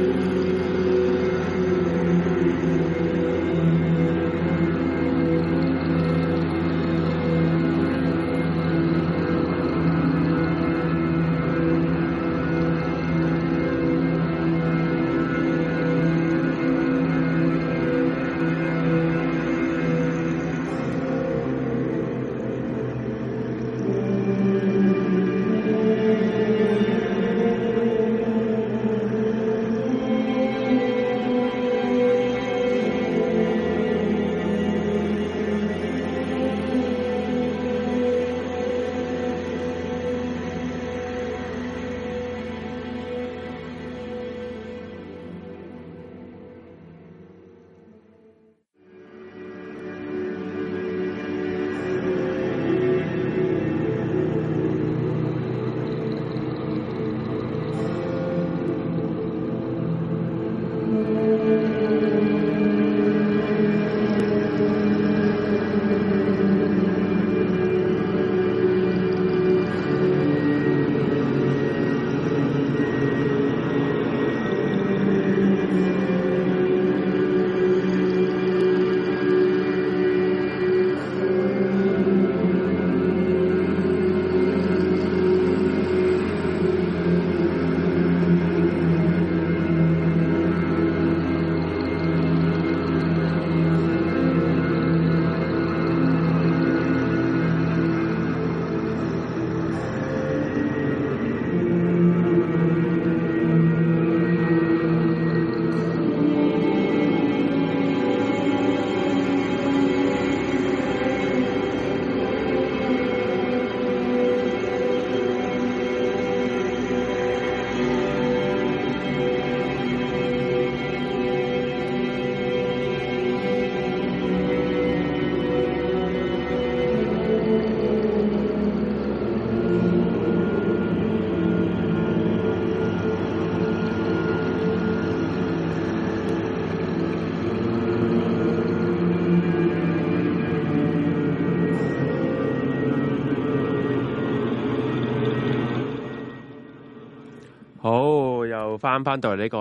翻翻到嚟、這、呢個、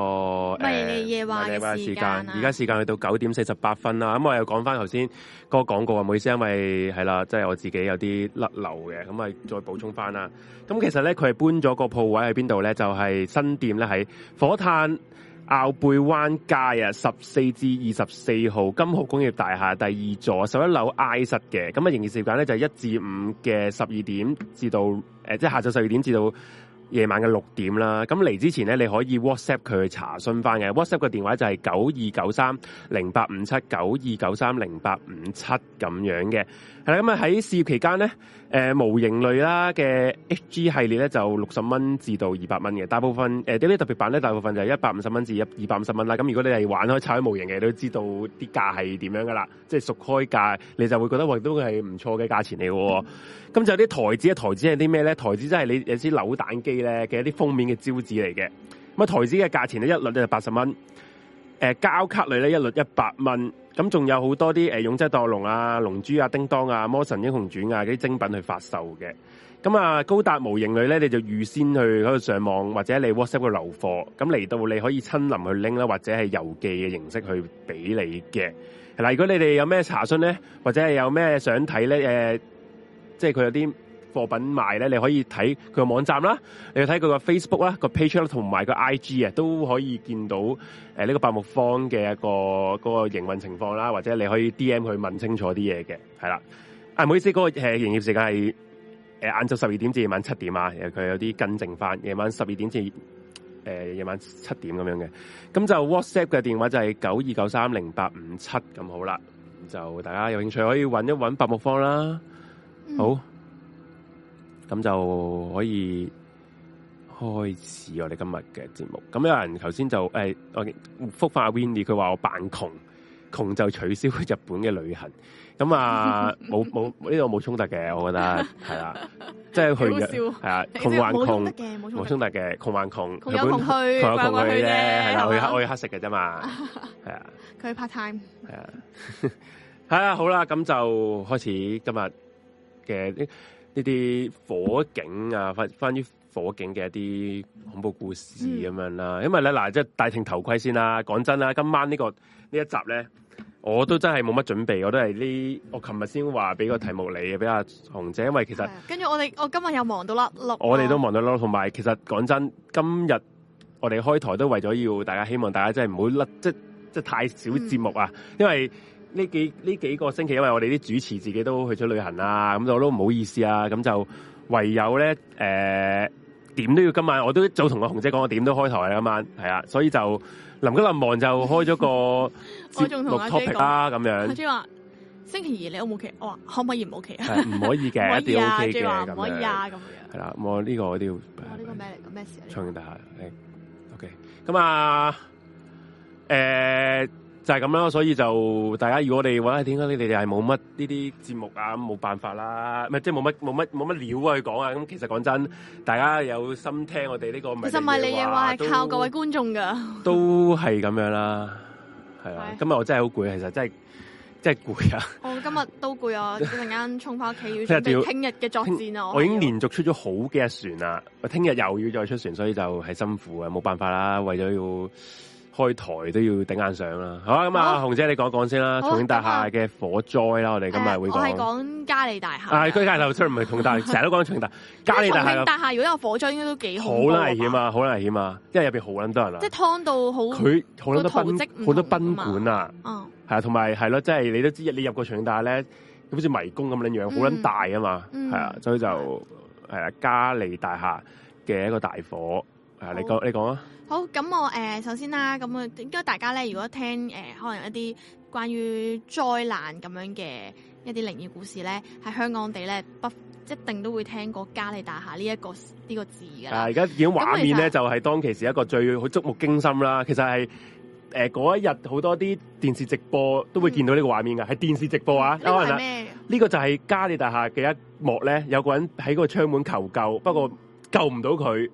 呃、夜夜晚時間，而家時間去、啊、到九點四十八分啦。咁我又講翻頭先個廣告啊，唔好意思，因為係啦，即係、就是、我自己有啲甩漏嘅，咁咪再補充翻啦。咁其實咧，佢係搬咗個鋪位喺邊度咧？就係、是、新店咧，喺火炭坳背灣街啊，十四至二十四號金豪工業大廈第二座十一樓 I 室嘅。咁啊，營業時間咧就係一至五嘅十二點至到誒，即係下晝十二點至到。呃就是下夜晚嘅六點啦，咁嚟之前咧，你可以 WhatsApp 佢去查詢翻嘅，WhatsApp 嘅電話就係九二九三零八五七，九二九三零八五七咁樣嘅。係咁啊，喺試業期間咧，誒、呃、模型類啦嘅 HG 系列咧就六十蚊至到二百蚊嘅，大部分誒啲啲特別版咧，大部分就係一百五十蚊至一二百五十蚊啦。咁如果你係玩開炒模型嘅，你都知道啲價係點樣噶啦，即、就、係、是、熟開價，你就會覺得話都係唔錯嘅價錢嚟喎。咁、嗯、就有啲台紙嘅，台紙係啲咩咧？台紙真係你有啲扭蛋機咧嘅一啲封面嘅招紙嚟嘅。咁啊台紙嘅價錢咧一律就八十蚊。誒、呃、膠卡類咧一律一百蚊，咁仲有好多啲誒、呃、勇者鬥龍啊、龍珠啊、叮當啊、魔神英雄傳啊嗰啲精品去發售嘅，咁啊高達模型類咧，你就預先去嗰度上網或者你 WhatsApp 去留貨，咁嚟到你可以親臨去拎啦，或者係郵寄嘅形式去俾你嘅。嗱，如果你哋有咩查詢咧，或者係有咩想睇咧，誒、呃，即係佢有啲。貨品賣咧，你可以睇佢個網站啦，你要睇佢個 Facebook 啦、個 Page 啦，同埋個 IG 啊，都可以見到誒呢、呃、這個百木坊嘅一個嗰、那個營運情況啦，或者你可以 DM 佢問清楚啲嘢嘅，係啦。啊，唔好意思，嗰、那個誒營、呃、業時間係誒晏晝十二點至夜晚七點啊，佢有啲更正翻，夜晚十二點至誒、呃、夜晚七點咁樣嘅。咁就 WhatsApp 嘅電話就係九二九三零八五七咁好啦。就大家有興趣可以搵一搵百木坊啦。好。嗯咁就可以開始我哋今日嘅節目。咁有人頭先就誒、哎，我覆返阿 Winnie，佢話我扮窮，窮就取消日本嘅旅行。咁啊，冇冇呢度冇衝突嘅，我覺得係啊，即係去啊窮還窮冇衝突嘅，窮還窮佢有空去，佢有窮去啫，係啊，我去黑食嘅啫嘛，係 [laughs] 啊。佢 part time 係啊，係啊，好啦，咁就開始今日嘅。呢啲火警啊，翻翻於火警嘅一啲恐怖故事咁樣啦、啊，因為咧嗱，即係戴定頭盔先啦。講真啦，今晚呢、呢個呢一集咧，我都真係冇乜準備，我都係呢，我琴日先話俾個題目你，俾阿紅姐，因為其實跟住我哋，我今日又忙到甩轆，我哋都忙到甩，同埋其實講真，今日我哋開台都為咗要大家，希望大家真係唔好甩，即即係太少節目啊，因為。呢幾呢幾個星期，因為我哋啲主持自己都去咗旅行啦、啊，咁我都唔好意思啊，咁就唯有咧，誒、呃，點都要今晚，我都早同阿紅姐講，我點都開台啊，今晚係啊，所以就臨急臨忙就開咗個節目 topic 啦、啊，咁、 [laughs] 啊、樣。阿 J 話星期二你 O 唔 OK？我話可唔可以唔好 OK 啊？唔可，可以嘅，一定要。啊！朱話唔可以啊，咁、OK 啊、樣。係啦，我呢、啊嗯這個我都要。我、哦、呢、這個咩嚟？咩事嚟？創大廈，OK。咁啊，誒。這個 okay. 嗯啊呃就係咁啦，所以就大家如果你哋話點解你哋係冇乜呢啲節目啊，冇辦法啦，唔係即係冇乜冇乜冇乜料啊去講啊。咁其實講真，大家有心聽我哋呢個迷離夜話。其實迷離夜話係靠各位觀眾噶。都係咁樣啦，係啊。今日我真係好攰，其實真係真係攰啊。我今日都攰啊，突然間衝翻屋企要出，要聽日嘅作戰啊！我已經連續出咗好幾日船啦，我聽日又要再出船，所以就係辛苦啊，冇辦法啦，為咗要。開台都要頂硬上啦，好、嗯好，說說好欸、啊！咁啊，紅姐你講講先啦，重慶大廈嘅火災啦，我哋咁啊會講。我係講嘉利大廈。係，舉個頭出唔係重慶大廈，成日都講重慶大廈。嘉利大廈如果有火災，應該都幾好。好危險啊！好危險啊，啊！因為入邊好撚多人啊。即係劏到好，佢好撚多囤積，好多賓館啊。哦。係啊，同埋係咯，即係、啊就是、你都知道，你入過重慶大廈咧，好似迷宮咁樣樣，好、嗯、撚大啊嘛。係、嗯、啊，所以就係嘉、嗯啊、利大廈嘅一個大火。係你講，你講啊。好，咁我誒、呃，首先啦，咁啊，應該大家咧，如果聽誒、呃，可能一啲關於災難咁樣嘅一啲靈異故事咧，喺香港地咧，不一定都會聽過嘉利大廈呢一個呢、這個字噶。啊，而家見到畫面咧，就係、是、當其時一個最好觸目驚心啦。其實係誒嗰一日好多啲電視直播都會見到呢個畫面噶，係、嗯、電視直播啊。因冇人呢個就係嘉利大廈嘅一幕咧，有個人喺個窗門求救，不過救唔到佢。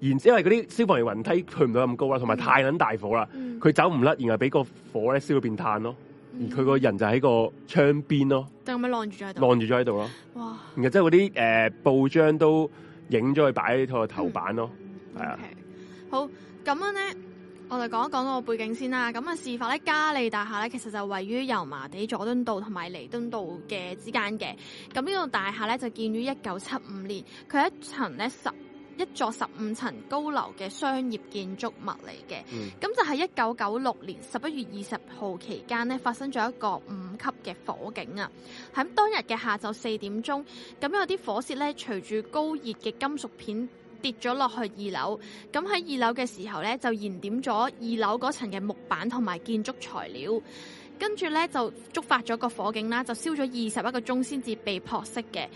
然之後，因為嗰啲消防員雲梯佢唔到咁高啦，同埋太撚大火啦，佢走唔甩，然後俾個火咧燒到變炭咯、嗯。而佢個人就喺個窗邊咯，就、嗯、咁樣晾住咗喺度，晾住咗喺度咯。哇！然後即係嗰啲誒報章都影咗佢擺喺呢套嘅頭版咯，係、嗯、啊。Okay. 好咁樣咧，我哋講一講個背景先啦。咁啊，事發咧，嘉利大廈咧，其實就位於油麻地佐敦道同埋彌敦道嘅之間嘅。咁呢棟大廈咧就建於一九七五年，佢一層咧十。一座十五層高樓嘅商業建築物嚟嘅，咁、嗯、就係一九九六年十一月二十號期間咧，發生咗一個五級嘅火警啊！喺當日嘅下晝四點鐘，咁有啲火舌咧隨住高熱嘅金屬片跌咗落去二樓，咁喺二樓嘅時候咧就燃點咗二樓嗰層嘅木板同埋建築材料，跟住咧就觸發咗個火警啦，就燒咗二十一個鐘先至被撲熄嘅。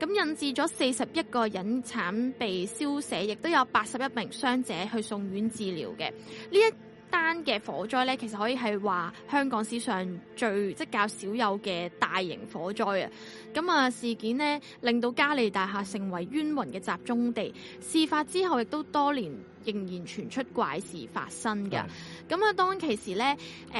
咁引致咗四十一個引產被燒死，亦都有八十一名傷者去送院治療嘅。一呢一單嘅火災咧，其實可以係話香港史上最即係、就是、較少有嘅大型火災啊！咁啊，事件呢，令到嘉利大廈成為冤魂嘅集中地。事發之後，亦都多年。仍然傳出怪事發生嘅，咁啊，當其時咧，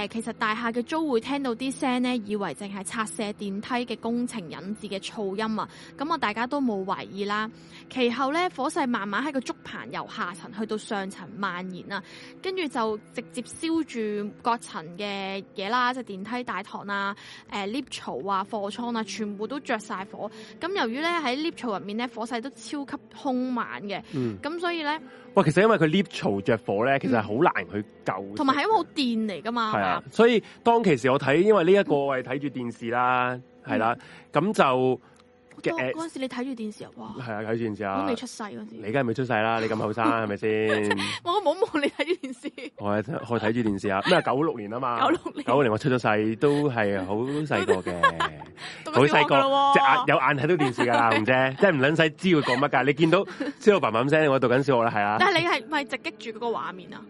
其實大廈嘅租戶聽到啲聲咧，以為淨係拆卸電梯嘅工程引致嘅噪音啊，咁啊，大家都冇懷疑啦。其後咧，火勢慢慢喺個竹棚由下層去到上層蔓延啊，跟住就直接燒住各層嘅嘢啦，即、就、係、是、電梯大堂啊、誒、呃、lift 槽啊、貨倉啊，全部都着曬火。咁由於咧喺 lift 槽入面咧，火勢都超級兇猛嘅，咁、mm. 所以咧。喂，其實因為佢 lift 槽着火呢、嗯，其實係好難去救，同埋係因為好電嚟㗎嘛、啊對，所以當其時我睇，因為呢一個我睇住電視啦，係、嗯、啦，咁、啊、就。嗰陣時你睇住電視啊，哇！係啊，睇住電視啊，我都未出世嗰陣時。你梗係未出世啦，你咁後生係咪先？ [laughs] 是不是 [laughs] 我好冇你睇住電視。我係我睇住電視啊，咩九六年啊嘛，九六年。九六年我出咗世都係好細個嘅，好細個，只 [laughs] 眼小的 [laughs] 有眼睇到電視噶，紅 [laughs] 姐不知， [laughs] 即係唔撚使知佢講乜噶，你見到之後嘭嘭咁聲，爸爸讀我讀緊小學啦，係啊。但係你係咪直擊住嗰個畫面啊？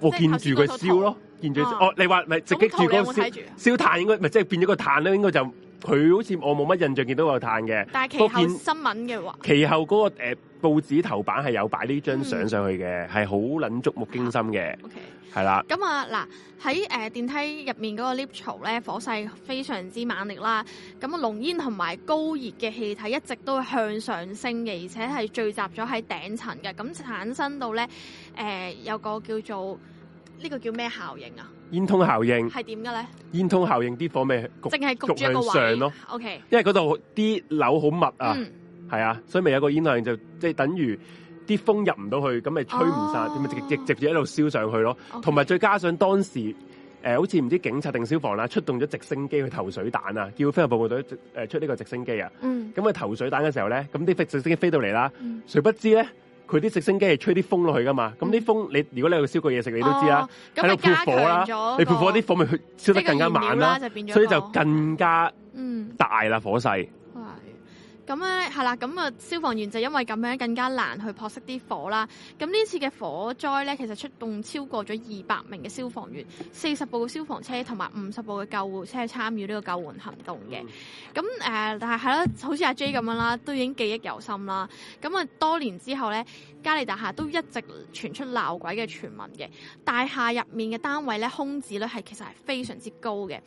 我見住佢燒咯，見 [laughs] 住哦，你話咪直擊住個燒燒炭應該咪即係變咗個炭應該就。佢好似我冇乜印象見到有嘆嘅，但係其後新聞嘅話，嗯，其後嗰、嗰個誒、呃、報紙頭版係有擺呢張相上去嘅，係好捻觸目驚心嘅、啊。OK，係啦。咁、嗯、啊嗱，喺誒、呃、電梯入面嗰個 lift 槽咧，火勢非常之猛烈啦。咁啊，濃煙同埋高熱嘅氣體一直都向上升嘅，而且係聚集咗喺頂層嘅，咁產生到咧誒、呃、有個叫做呢、呢個叫咩效應啊？煙囪效應係點嘅咧？煙囪效應啲火咪淨係焗住焗向上咯。O、okay、K，因為嗰度啲樓好密啊，係、嗯、啊，所以咪有個煙囪效應就即係、就是、等於啲風入唔到去，咁咪吹唔晒，咁、哦、咪直直接一路燒上去咯。同埋再加上當時誒、呃，好似唔知警察定消防啦、啊，出動咗直升機去投水彈啊，叫飛行服務隊誒出呢個直升機啊。咁、嗯、啊投水彈嘅時候咧，咁啲直升機飛到嚟啦，誰、嗯、不知咧？佢啲直升機係吹啲風落去㗎嘛，咁啲風、嗯、你如果你喺度燒個嘢食，你都知啦，喺度撲火啦，你撲火啲火咪去燒得更加慢啦、就是，所以就更加大啦火勢。嗯。咁咧係啦，咁啊消防員就因為咁樣更加難去撲熄啲火啦。咁呢次嘅火災咧，其實出動超過咗二百名嘅消防員，四十部消防車同埋五十部嘅救護車參與呢個救援行動嘅。咁誒，但係係咯，好似阿 J 咁樣啦，都已經記憶猶深啦。咁啊多年之後咧，嘉利大廈都一直傳出鬧鬼嘅傳聞嘅。大廈入面嘅單位咧，空置率係其實係非常之高嘅。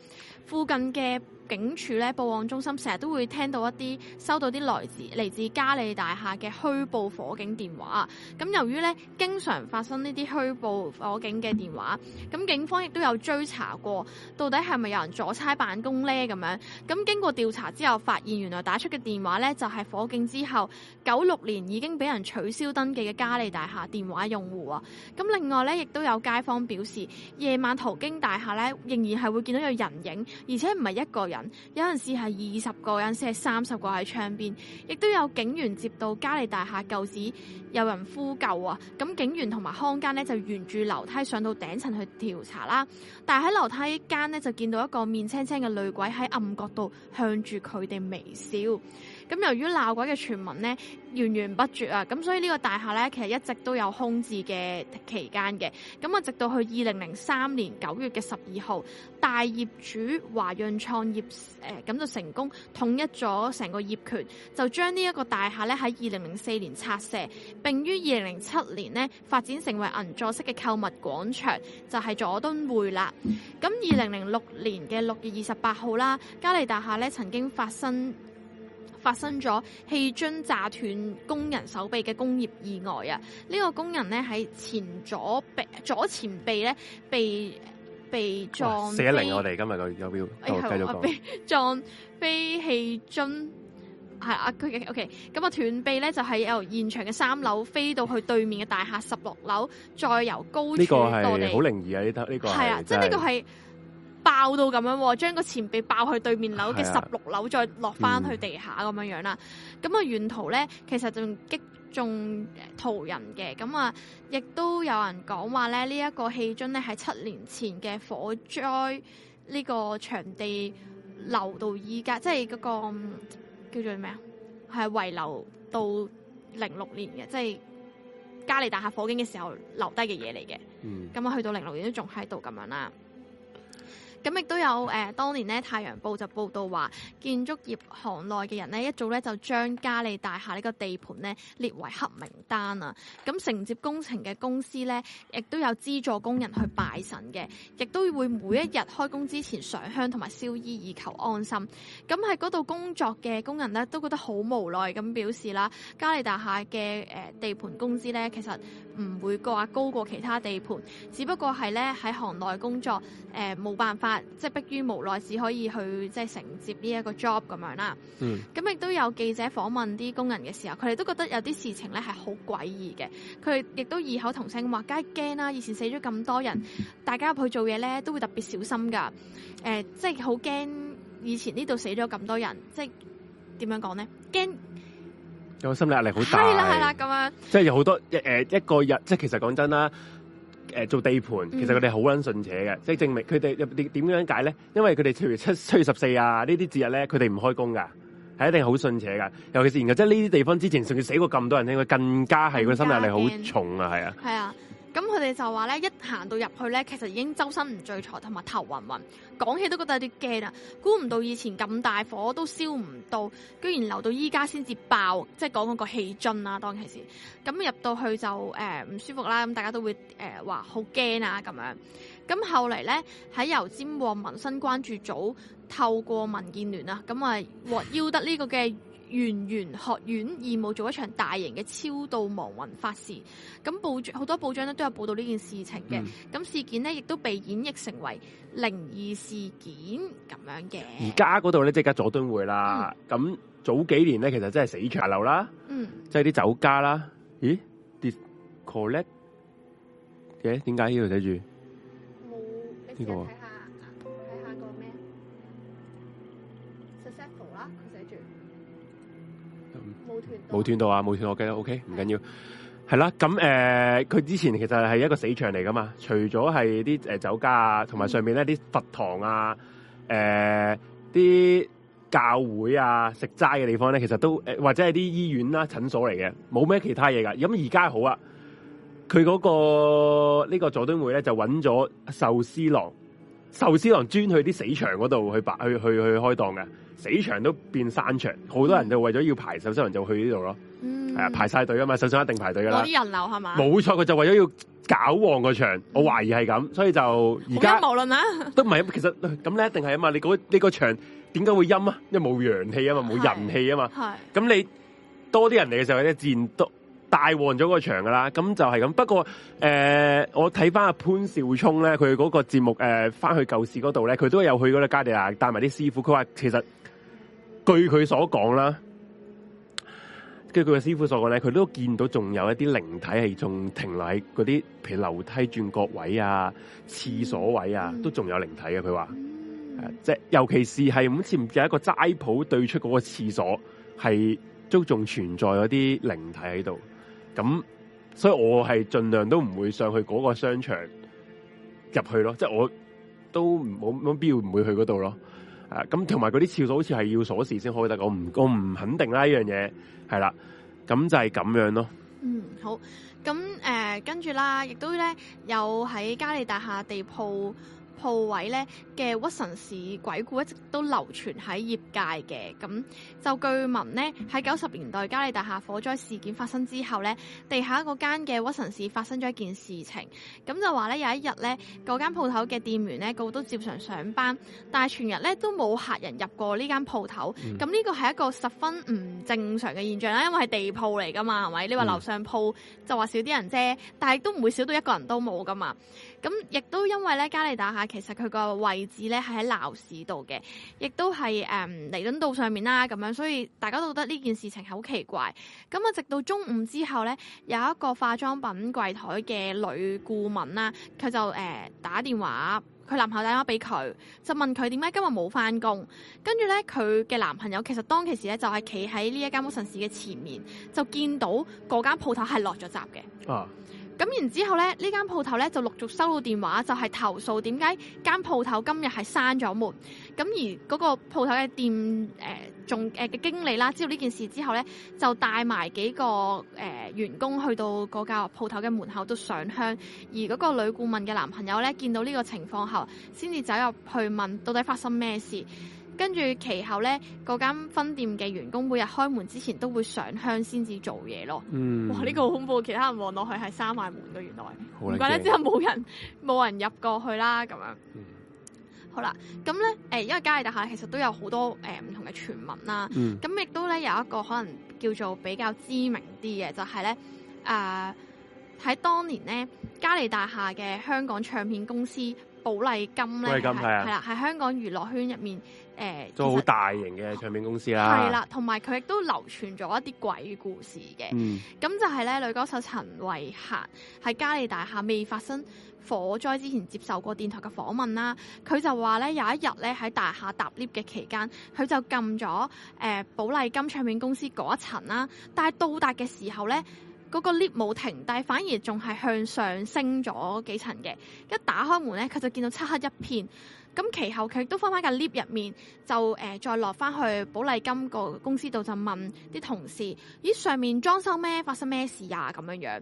附近嘅警署咧，報案中心成日都會聽到一啲收到啲來自嚟自嘉利大廈嘅虛報火警電話。咁由於咧經常發生呢啲虛報火警嘅電話，咁警方亦都有追查過，到底係咪有人阻差辦公呢，咁樣？咁經過調查之後，發現原來打出嘅電話咧就係、是、火警之後九六年已經俾人取消登記嘅嘉利大廈電話用戶啊。咁另外咧，亦都有街坊表示，夜晚途經大廈咧，仍然係會見到有人影，而且唔係一個人。有陣時係二十個人，有陣時係三十個喺窗邊，亦都有警員接到嘉利大廈舊址有人呼救啊！咁警員同埋看間呢，就沿住樓梯上到頂層去調查啦。但係喺樓梯間呢，就見到一個面青青嘅女鬼喺暗角度向住佢哋微笑。咁由於鬧鬼嘅傳聞呢，源源不絕啊，咁所以呢個大廈呢，其實一直都有空置嘅期間嘅。咁啊，直到去二零零三年九月嘅十二號，大業主華潤創業誒咁、呃、就成功統一咗成個業權，就將呢一個大廈呢喺二零零四年拆卸，並於二零零七年呢發展成為銀座式嘅購物廣場，就係、是、佐敦匯啦。咁二零零六年嘅六月二十八號啦，嘉利大廈呢曾經發生。發生咗氣樽炸斷工人手臂嘅工業意外啊！呢、這個工人咧喺前左臂左前臂咧被被撞死一零，哦、410, 我哋今日又要繼續講、哎、撞飛氣樽係啊佢嘅。O K，咁啊斷臂咧就係由現場嘅三樓飛到去對面嘅大廈十六樓，再由高處落地，好靈異啊！呢、這、呢個係、這個、啊，即係呢個係。爆到咁樣，將個錢幣爆去對面樓嘅十六樓，啊，再落翻去地下咁、嗯、樣樣啦。咁啊，沿途咧其實仲擊中途人嘅。咁啊，亦都有人講話咧，呢、這、一個氣樽咧係七年前嘅火災呢個場地留到依家，即係嗰、那個叫做咩啊，係遺留到零六年嘅，即係嘉利大廈火警嘅時候留低嘅嘢嚟嘅。咁、嗯、啊，去到零六年都仲喺度咁樣啦。咁亦都有誒、呃、當年咧，《太陽報》就報道話，建築業行內嘅人咧，一早咧就將嘉利大廈呢個地盤咧列為黑名單啊！咁承接工程嘅公司咧，亦都有資助工人去拜神嘅，亦都會每一日開工之前上香同埋燒衣以求安心。咁喺嗰度工作嘅工人咧，都覺得好無奈咁表示啦。嘉利大廈嘅誒、呃、地盤工資咧，其實唔會話高過其他地盤，只不過係咧喺行內工作誒冇、呃、辦法。即係迫於無奈，只可以去即係承接呢一個 job 咁樣啦。嗯。咁亦都有記者訪問啲工人嘅時候，佢哋都覺得有啲事情咧係好詭異嘅。佢亦都異口同聲咁話：梗係驚啦！以前死咗咁多人， [laughs] 大家入去做嘢咧都會特別小心噶。誒、呃，即係好驚以前呢度死咗咁多人，即係點樣講咧？驚有心理壓力好大，係啦係啦咁樣。即係有好多一誒、呃，一個日即係其實講真啦。誒做地盤，其實佢哋好撚信邪嘅，即係證明佢哋點點樣解咧？因為佢哋譬如七七月十四啊，呢啲節日咧，佢哋唔開工噶，係一定好信邪噶。尤其是然後即係呢啲地方之前仲要死過咁多人咧，佢更加係個心壓力好重啊，係啊。係啊。咁佢哋就話咧，一行到入去咧，其實已經周身唔聚財，同埋頭暈暈，講起都覺得有啲驚啦。估唔到以前咁大火都燒唔到，居然留到依家先至爆，即係講嗰個氣樽啦，啊，當其時。咁入到去就呃、唔舒服啦，咁大家都會誒話好驚啊咁樣。咁後嚟咧喺油尖旺民生關注組透過民建聯啊，咁啊獲邀得呢個嘅。圓玄學院義務做一場大型嘅超度亡魂法事，咁報好多報章咧都有報道呢件事情嘅，咁、嗯、事件呢亦都被演繹成為靈異事件咁樣嘅。而家嗰度咧即係吉佐敦會啦，咁、嗯、早幾年咧其實真係死茶樓啦，即係啲酒家啦，咦啲 collect 咧嘅點解呢度寫住？冇呢、欸這個。冇斷到啊，冇斷我計啦，OK，唔緊要，係啦，咁誒，佢、呃、之前其實係一個死場嚟噶嘛，除咗係啲誒酒家啊，同埋上面咧啲佛堂啊，誒、呃，啲教會啊，食齋嘅地方咧，其實都誒、呃，或者係啲醫院啦、啊、診所嚟嘅，冇咩其他嘢噶。咁而家好啊，佢嗰、個呢、個佐敦會咧就揾咗壽司郎，壽司郎專去啲死場嗰度去擺去去去開檔嘅。死場都變生場，好多人都為咗要排手信人就去呢度咯，係、嗯、啊排晒隊噶嘛，手信一定排隊噶啦。攞啲人流係嘛？冇錯，佢就為咗要搞旺個場，我懷疑係咁，所以就而家無論啦都唔係。其實咁咧一定係啊嘛，你嗰、那、呢、個、個場點解會陰啊？因為冇陽氣啊嘛，冇人氣啊嘛。係咁你多啲人嚟嘅時候咧，你自然都帶旺咗個場噶啦。咁就係咁。不過誒、呃，我睇翻阿潘少聰咧，佢嗰個節目誒，翻、呃、去舊市嗰度咧，佢都有去個加地牙帶埋啲師傅。佢話其實。據佢所講啦，據佢嘅師傅所講咧，佢都見到仲有一啲靈體係仲停留喺嗰啲，譬如樓梯轉角位啊、廁所位啊，都仲有靈體嘅。佢話，即係尤其是係好似唔記得一個齋鋪對出嗰個廁所，係都仲存在嗰啲靈體喺度。咁，所以我係盡量都唔會上去嗰個商場入去咯，即係我都冇冇必要唔會去嗰度咯。啊，咁同埋嗰啲廁所好似係要鎖匙先開得，我唔我唔肯定啦呢樣嘢，係啦，咁就係咁樣咯。嗯，好，咁誒、呃、跟住啦，亦都咧有喺嘉利大廈地鋪。鋪位咧嘅，屈臣氏鬼故一直都流傳喺業界嘅。咁就據聞呢，喺九十年代嘉利大廈火災事件發生之後呢，地下嗰間嘅屈臣氏發生咗一件事情，咁就話咧有一日呢，嗰間鋪頭嘅店員呢，個個都照常上班，但係全日咧都冇客人入過呢間鋪頭，咁、嗯、呢個係一個十分唔正常嘅現象啦，因為係地鋪嚟噶嘛，係咪、嗯？你話樓上鋪就話少啲人啫，但係都唔會少到一個人都冇噶嘛。咁、嗯、亦都因為咧，嘉利大廈其實佢個位置咧係喺鬧市度嘅，亦都係誒、嗯、彌敦道上面啦咁樣，所以大家都覺得呢件事情係好奇怪。咁、嗯、啊，直到中午之後咧，有一個化妝品櫃台嘅女顧問啦，佢就、呃、打電話，佢男朋友打電話俾佢，就問佢點解今日冇翻工。跟住咧，佢嘅男朋友其實當其時咧就係企喺呢一間屈臣氏嘅前面，就見到嗰間鋪頭係落咗閘嘅。啊！咁然之後咧，呢間鋪頭咧就陸續收到電話，就係、是、投訴點解間鋪頭今日係閂咗門。咁而嗰個鋪頭嘅店誒仲誒嘅經理啦，知道呢件事之後咧，就帶埋幾個誒、呃呃、員工去到嗰間鋪頭嘅門口都上香。而嗰個女顧問嘅男朋友咧，見到呢個情況後，先至走入去問到底發生咩事。跟住其後咧，嗰間分店嘅員工每日開門之前都會上香先至做嘢咯。嗯，哇！呢、呢個好恐怖，其他人望落去係閂埋門嘅，原來唔怪、嗯。好啦，之後冇人冇人入過去啦咁樣。好啦，咁咧誒，因為嘉利大廈其實都有好多誒唔、呃、同嘅傳聞啦。咁、嗯、亦都咧有一個可能叫做比較知名啲嘅，就係咧誒喺當年咧嘉利大廈嘅香港唱片公司寶麗金咧係、啊、啦，喺香港娛樂圈入面。誒都好大型嘅唱片公司啦，係啦，同埋佢亦都流傳咗一啲鬼故事嘅。咁、嗯、就係咧，女歌手陳慧嫻喺嘉利大廈未發生火災之前接受過電台嘅訪問啦。佢就話咧，有一日咧喺大廈搭 lift 嘅期間，佢就撳咗誒寶麗金唱片公司嗰一層啦。但係到達嘅時候咧，嗰、嗰個 lift 冇停低，但係反而仲係向上升咗幾層嘅。一打開門咧，佢就見到漆黑一片。咁其後佢都翻翻架 lift 入面，就、呃、再落翻去保麗金個公司度，就問啲同事：咦，上面裝修咩？發生咩事呀、啊？咁樣樣。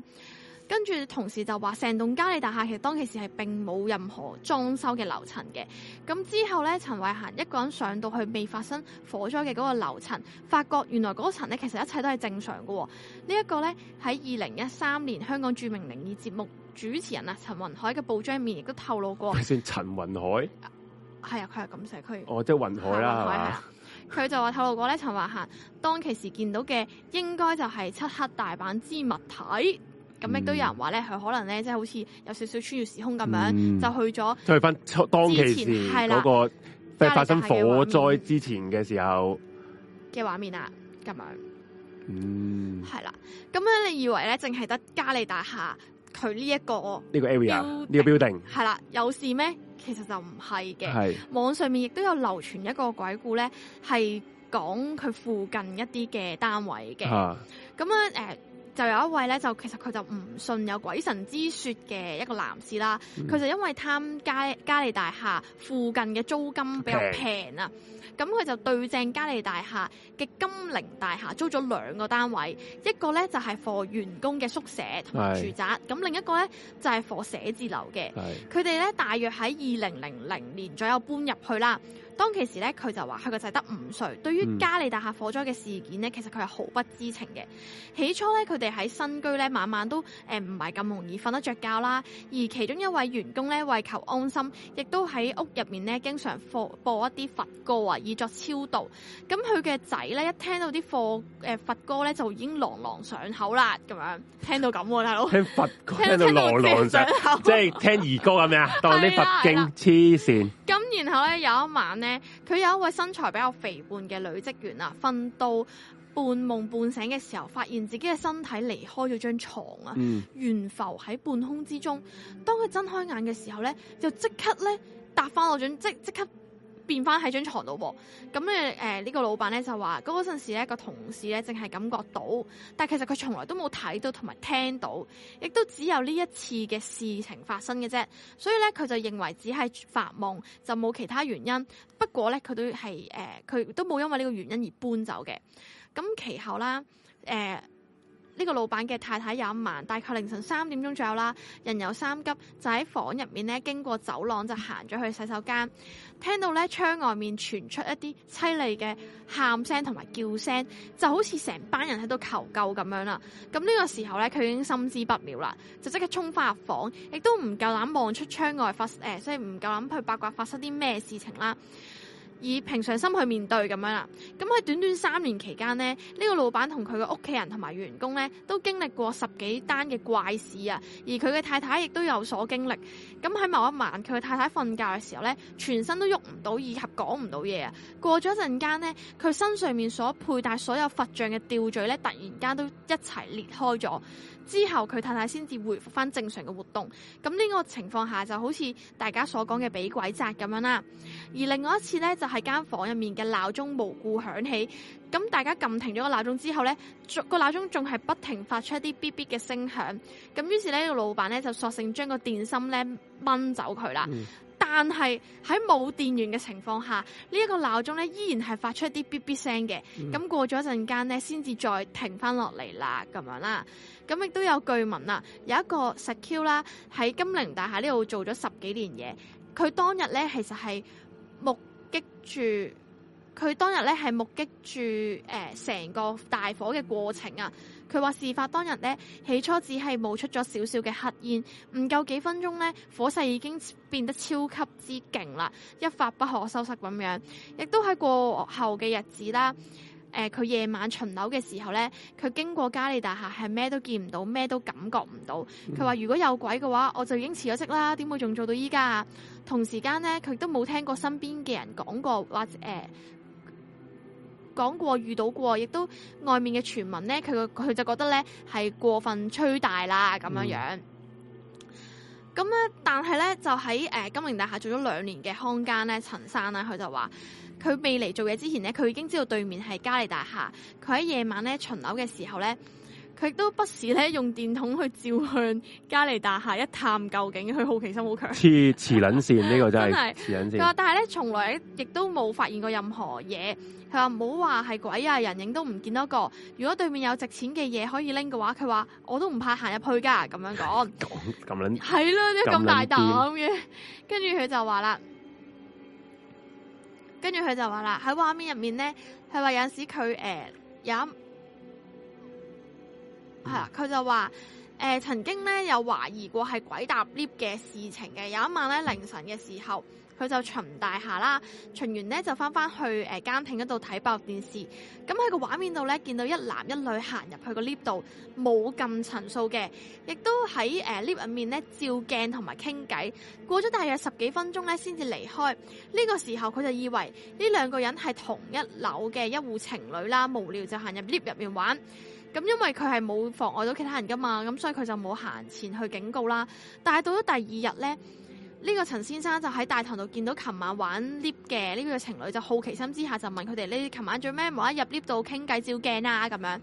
跟住同事就話：成棟嘉利大廈其實當其時係並冇任何裝修嘅樓層嘅。咁之後咧，陳慧嫻一個人上到去未發生火災嘅嗰個樓層，發覺原來嗰層咧其實一切都係正常嘅、哦。這個、呢一個咧喺二零一三年香港著名靈異節目主持人啊陳雲海嘅報章面亦都透露過。先陳雲海。係啊，佢係錦上區哦，即係雲海啦，係嘛？佢、啊、就話透露過咧，陳柏恒當其時見到嘅應該就係漆黑大阪之物體，咁亦都有人話咧，佢可能咧即係好似有少少穿越時空咁樣就了、嗯，就去咗、那個，去翻當其時嗰個發生火災之前嘅時候嘅畫面啊，咁樣，嗯，係啦、啊，咁樣你以為咧，淨係得嘉利大廈？佢呢一個呢個 area 呢個 building 係啦，有事咩？其實就唔係嘅。網上面亦都有流傳一個鬼故咧，係講佢附近一啲嘅單位嘅。咁樣，誒、呃、就有一位咧，就其實佢就唔信有鬼神之說嘅一個男士啦。佢、嗯、就因為貪嘉嘉利大廈附近嘅租金比較平啊。Okay. 咁佢就對正嘉利大廈嘅金陵大廈租咗兩個單位，一個咧就係放員工嘅宿舍同埋住宅，咁另一個咧就係放寫字樓嘅。佢哋咧大約喺二零零零年左右搬入去啦。當其時咧，佢就話佢個仔得五歲，對於嘉利大廈火災嘅事件咧，其實佢係毫不知情嘅。起初咧，佢哋喺新居咧晚晚都誒唔係咁容易瞓得着覺啦。而其中一位員工咧為求安心，亦都喺屋入面咧經常播放播一啲佛歌啊。以作超度，咁佢嘅仔咧一聽到啲課，誒佛歌咧、呃、就已經朗朗上口啦，咁樣聽到咁、啊，大佬聽佛歌，聽，聽到朗朗上口，即係聽兒歌咁樣啊？ [laughs] 當啲佛經黐線。咁、嗯、然後咧有一晚咧，佢有一位身材比較肥胖嘅女職員啊，瞓到半夢半醒嘅時候，發現自己嘅身體離開咗張床啊，懸、嗯、浮喺半空之中。當佢睜開眼嘅時候咧，就即刻咧搭翻落張，即即刻。變翻喺張床度，咁咧誒，呢、嗯，這個老闆咧就話嗰陣時咧個同事咧淨係感覺到，但其實佢從來都冇睇到同埋聽到，亦都只有呢一次嘅事情發生嘅啫，所以咧佢就認為只係發夢，就冇其他原因。不過咧佢都係誒，佢、嗯、都冇因為呢個原因而搬走嘅。咁、嗯、其後啦，誒、嗯。呢、這個老闆嘅太太有一晚，大概凌晨三點鐘左右啦，人有三急，就喺房入面咧，經過走廊就行咗去洗手間，聽到咧窗外面傳出一啲淒厲嘅喊聲同埋叫聲，就好似成班人喺度求救咁樣啦。咁呢個時候咧，佢已經心知不妙啦，就即刻衝返入房，亦都唔夠膽望出窗外發、呃、所以唔夠膽去八卦發生啲咩事情啦。以平常心去面對咁樣啦。咁喺短短三年期間呢，呢個老闆同佢嘅屋企人同埋員工咧，都經歷過十幾單嘅怪事啊。而佢嘅太太亦都有所經歷。咁喺某一晚，佢嘅太太瞓覺嘅時候咧，全身都喐唔到，以及講唔到嘢啊。過咗陣間呢，佢身上面所佩戴所有佛像嘅吊墜咧，突然間都一齊裂開咗。之後佢太太先至回復翻正常嘅活動，咁呢個情況下就好似大家所講嘅俾鬼責咁樣啦。而另外一次呢，就係間房入面嘅鬧鐘無故響起，咁大家撳停咗個鬧鐘之後呢，個鬧鐘仲係不停發出一啲嗶嗶嘅聲響，咁於是呢個老闆呢，就索性將個電芯咧掹走佢啦。嗯但係喺冇電源嘅情況下，這個、鬧鐘呢一個鬧鐘咧依然係發出一啲嗶嗶聲嘅。咁、嗯、過咗一陣間咧，先至再停翻落嚟啦，咁樣啦。咁亦都有據聞啦，有一個 secure 啦喺金陵大廈呢度做咗十幾年嘢，佢當日咧其實係目擊住佢當日咧係目擊住誒成個大火嘅過程啊。佢話事發當日咧，起初只係冒出咗少少嘅黑煙，唔夠幾分鐘咧，火勢已經變得超級之勁啦，一發不可收拾咁樣。亦都喺過後嘅日子啦，誒、呃，佢夜晚巡樓嘅時候咧，佢經過嘉利大廈係咩都見唔到，咩都感覺唔到。佢話如果有鬼嘅話，我就已經辭咗職啦，點會仲做到依家啊？同時間咧，佢都冇聽過身邊嘅人講過或者誒。呃講過遇到過，亦都外面嘅傳聞呢，佢佢就覺得呢係過分吹大啦咁樣樣。咁、嗯、啊，但係呢，就喺誒、呃、金陵大廈做咗兩年嘅看更呢陳生啦，佢就話佢未嚟做嘢之前呢，佢已經知道對面係嘉利大廈，佢喺夜晚呢巡樓嘅時候呢。佢都不時咧用電筒去照向嘉利大廈一探究竟，佢好奇心好強。黐黐捻線呢個真係。佢話但係咧從來亦都冇發現過任何嘢。佢話唔好話係鬼啊，人影都唔見到一個。如果對面有值錢嘅嘢可以拎嘅話，佢話我都唔怕行入去噶。咁樣講。講咁捻。係咯，都咁大膽嘅 [laughs] 跟住佢就話啦，跟住佢就話啦，喺畫面入面咧，佢、呃、話有陣時佢誒有。係、嗯、啦，佢就話誒、呃、曾經咧有懷疑過係鬼搭 lift 嘅事情嘅。有一晚咧凌晨嘅時候，佢就巡大廈啦，巡完咧就翻翻去誒、呃、監聽嗰度睇爆電視。咁喺個畫面度咧見到一男一女行入去個 lift 度，冇咁陳數嘅，亦都喺誒 lift 入面咧照鏡同埋傾偈。過咗大約十幾分鐘咧先至離開。呢、呢個時候佢就以為呢兩個人係同一樓嘅一戶情侶啦，無聊就行入 lift 入面玩。咁因為佢係冇妨礙到其他人噶嘛，咁所以佢就冇行前去警告啦。但係到咗第二日咧，呢個陳先生就喺大堂度見到琴晚玩 lift 嘅呢個情侶，就好奇心之下就問佢哋：呢琴晚做咩冇一入 lift 度傾偈照鏡啊？咁樣。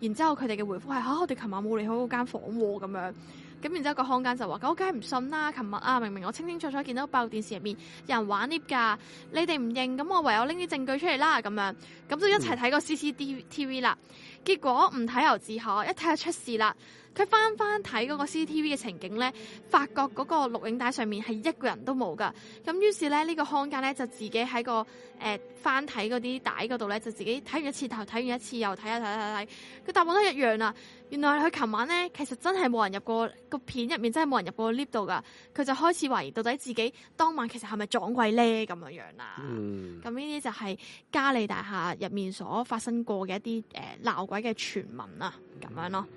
然之後佢哋嘅回覆係，吓，我哋琴晚冇離開嗰間房喎、啊、咁樣。咁然之後有個空間就話，我梗係唔信啦，琴日啊，明明我清清楚楚見到爆電視入面有人玩 l 㗎。你哋唔認，咁我唯有拎啲證據出嚟啦，咁樣，咁就一齊睇個 CCTV 啦。結果唔睇又自可，一睇就出事啦。佢翻翻睇嗰個 CCTV 嘅情景咧，發覺嗰個錄影帶上面係一個人都冇噶，咁於是咧呢、這個康家咧就自己喺個誒翻睇嗰啲帶嗰度咧，就自己睇、呃、完一次頭，睇完一次又睇下睇睇睇，佢答案都一樣啦、啊。原來佢琴晚咧其實真係冇人入過個片入面，真係冇人入過 lift 度噶。佢就開始懷疑到底自己當晚其實係咪撞鬼咧咁樣樣、啊、啦。咁呢啲就係嘉利大廈入面所發生過嘅一啲誒鬧鬼嘅傳聞啊，咁樣咯、啊。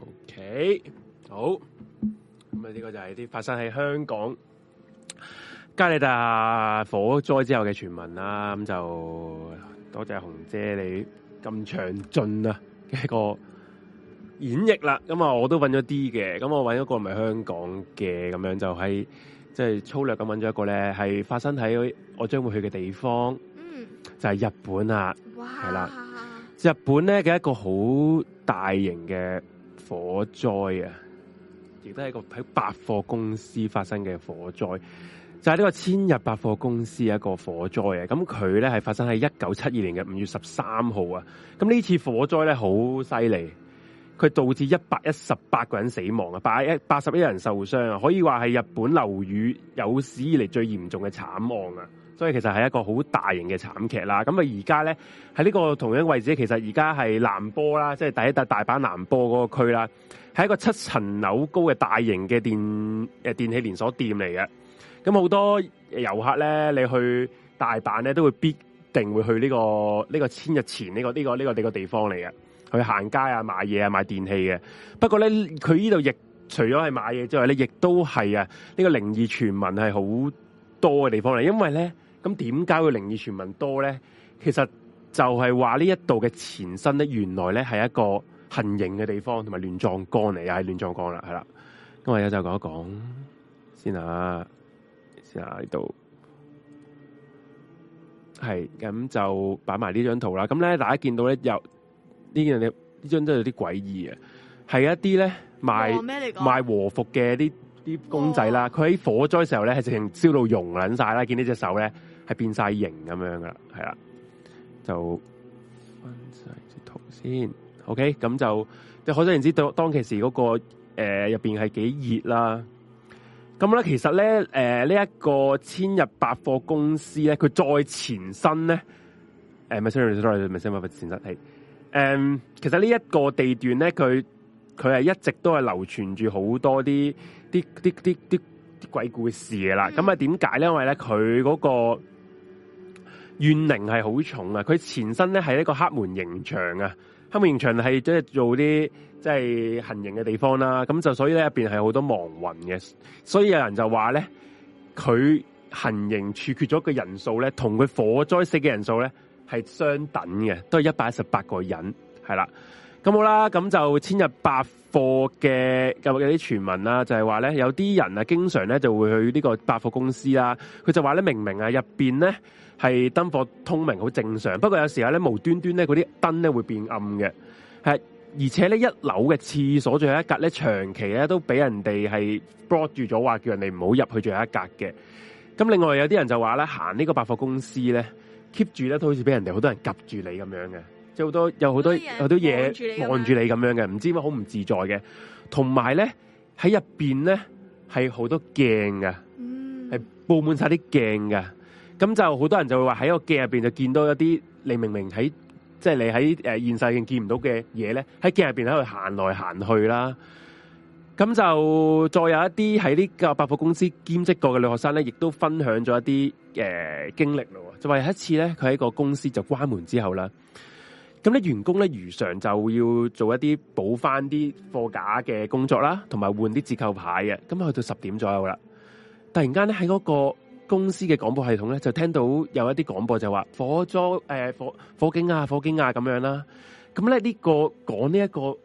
O、okay, K，好，咁啊，呢個就係啲發生喺香港嘉利大廈火災之後嘅傳聞啦。咁就多謝紅姐你咁詳盡啊嘅一個演繹啦。咁啊，我都揾咗啲嘅。咁我揾咗個唔係香港嘅，咁樣就喺即係粗略咁揾咗一個咧，係發生喺我將會去嘅地方。嗯，就係、是、日本啊，係啦，日本咧嘅一個好大型嘅。火災啊，亦都係一個喺百貨公司發生嘅火災，就係、是、呢個千日百貨公司一個火災啊。咁佢咧係發生喺一九七二年嘅五月十三號啊。咁呢次火災咧好犀利，佢導致一百一十八個人死亡啊，八一八十一人受傷啊，可以話係日本樓宇有史以嚟最嚴重嘅慘案啊。所以其實係一個好大型嘅慘劇啦。咁啊，而家咧喺呢個同樣位置，其實而家係南波啦，即係第一笪大阪南波嗰個區啦。係一個七層樓高嘅大型嘅電誒電器連鎖店嚟嘅。咁好多遊客咧，你去大阪咧都會必定會去呢個呢個千日前呢個呢個呢個地個地方嚟嘅，去行街啊、買嘢啊、買電器嘅。不過咧，佢呢度亦除咗係買嘢之外咧，亦都係啊呢個靈異傳聞係好多嘅地方嚟，因為咧。咁點解會靈異傳聞多咧？其實就係話呢一度嘅前身咧，原來咧係一個行刑嘅地方，同埋亂葬崗嚟呀。係亂葬崗啦，係啦。咁我而家就講一講先啊，先啊呢度係咁就擺埋呢張圖啦。咁咧，大家見到咧，有呢樣嘢呢張都有啲詭異嘅，係一啲咧賣賣和服嘅啲啲公仔啦。佢喺火災時候咧，係直情燒到溶撚晒啦。見呢隻手咧～係變晒形咁樣噶啦，係啦，就翻晒啲圖先。OK，咁就即可想而知，當當其時嗰、那個誒入邊係幾熱啦。咁、呃、咧，其實咧誒呢一、呃這個千日百貨公司咧，佢再前身咧，誒，唔 sorry，sorry，唔係新百貨前身係誒，其實呢一個地段咧，佢佢係一直都係流傳住好多啲啲啲啲啲啲鬼故事嘅啦。咁啊，點解咧？因為咧，佢嗰、那個怨靈係好重啊！佢前身咧係一個黑門刑場啊，黑門刑場係即係做啲即係行刑嘅地方啦。咁就所以咧，入邊係好多亡魂嘅。所以有人就話咧，佢行刑處決咗嘅人數咧，同佢火災死嘅人數咧係相等嘅，都係一百一十八個人係啦。咁好啦，咁就千日百貨嘅有啲傳聞啦，就係話咧有啲人啊，經常咧就會去呢個百貨公司啦。佢就話咧，明明啊入邊咧。係燈火通明，好正常。不過有時候咧，無端端咧，嗰啲燈咧會變暗嘅。係而且咧，一樓嘅廁所仲有一格咧，長期咧都俾人哋係 block 住咗，話叫人哋唔好入去。仲有一格嘅。咁另外有啲人就話咧，行呢個百貨公司咧，keep 住咧都好似俾人哋好多人夾住你咁樣嘅，即好多有好多好多嘢望住你咁樣嘅，唔知點解好唔自在嘅。同埋咧喺入面咧係好多鏡嘅，係、嗯、佈滿晒啲鏡嘅。咁就好多人就會話喺個鏡入邊就見到一啲你明明喺即係你喺誒、呃、現實入邊見唔到嘅嘢咧，喺鏡入邊喺度行來行去啦。咁就再有一啲喺呢個百貨公司兼職過嘅女學生咧，亦都分享咗一啲誒、呃、經歷咯。就話有一次咧，佢喺個公司就關門之後啦，咁咧員工咧如常就要做一啲補翻啲貨架嘅工作啦，同埋換啲折扣牌嘅。咁去到十點左右啦，突然間咧喺嗰個。公司嘅廣播系統咧，就聽到有一啲廣播就話火災誒，火、呃、火、火警啊，火警啊，咁樣啦、啊。咁咧呢個講呢一個誒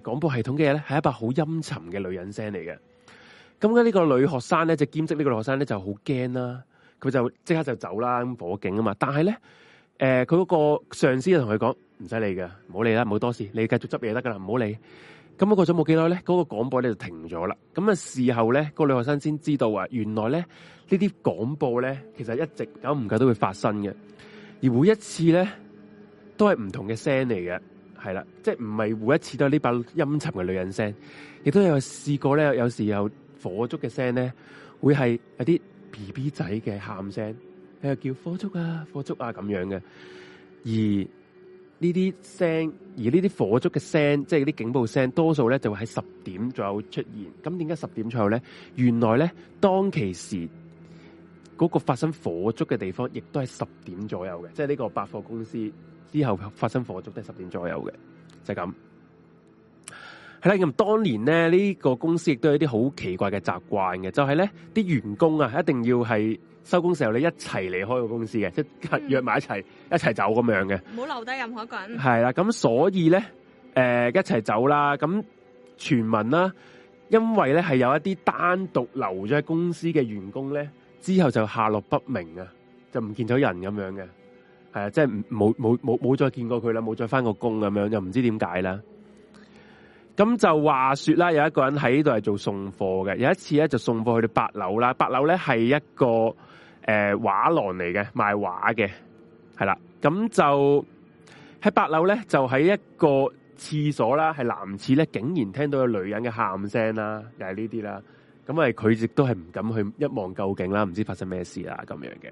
廣、呃、播系統嘅嘢咧，係一把好陰沉嘅女人聲嚟嘅。咁咧呢個女學生咧就兼職呢個女學生咧就好驚啦，佢就即刻就走啦。咁火警啊嘛，但係咧誒佢嗰個上司就同佢講唔使理嘅，唔好理啦，唔好多事，你繼續執嘢得噶啦，唔好理。咁嗰、嗯過咗冇幾耐咧，嗰個廣播咧就停咗啦。咁、嗯、啊事後咧，嗰個女學生先知道啊，原來咧。廣呢啲廣播咧，其實一直久唔久都會發生嘅，而每一次咧都係唔同嘅聲嚟嘅，係啦，即係唔係每一次都係呢把陰沉嘅女人聲，亦都有試過咧，有時有火燭嘅聲咧，會係有啲 B B 仔嘅喊聲，佢又叫火燭啊，火燭啊咁樣嘅。而呢啲聲，而呢啲火燭嘅聲，即係啲警報聲，多數咧就會喺十點左右出現。咁點解十點左右咧？原來咧當其時。嗰、那個發生火燭嘅地方，亦都係十點左右嘅，即係呢個百貨公司之後發生火燭都係十點左右嘅，就係咁係啦。咁當年咧，呢、這個公司亦都有一啲好奇怪嘅習慣嘅，就係咧啲員工啊，一定要係收工時候咧一齊離開個公司嘅，即、嗯、係約埋一齊一齊走咁樣嘅，唔好留低任何一個人係啦。咁所以咧，誒、呃、一齊走啦。咁傳聞啦，因為咧係有一啲單獨留咗喺公司嘅員工咧，之後就下落不明啊，就唔見咗人咁樣嘅，係啊，即係冇冇冇冇再見過佢啦，冇再翻過工咁樣，就唔知點解啦。咁就話說啦，有一個人喺呢度係做送貨嘅，有一次咧就送貨去到八樓啦，八樓咧係一個誒畫廊嚟嘅，賣畫嘅係啦。咁就喺八樓咧，就喺一個廁所啦，係男廁咧，竟然聽到有女人嘅喊聲啦，就係呢啲啦。咁係佢亦都係唔敢去一望究竟啦，唔知發生咩事啦，咁樣嘅。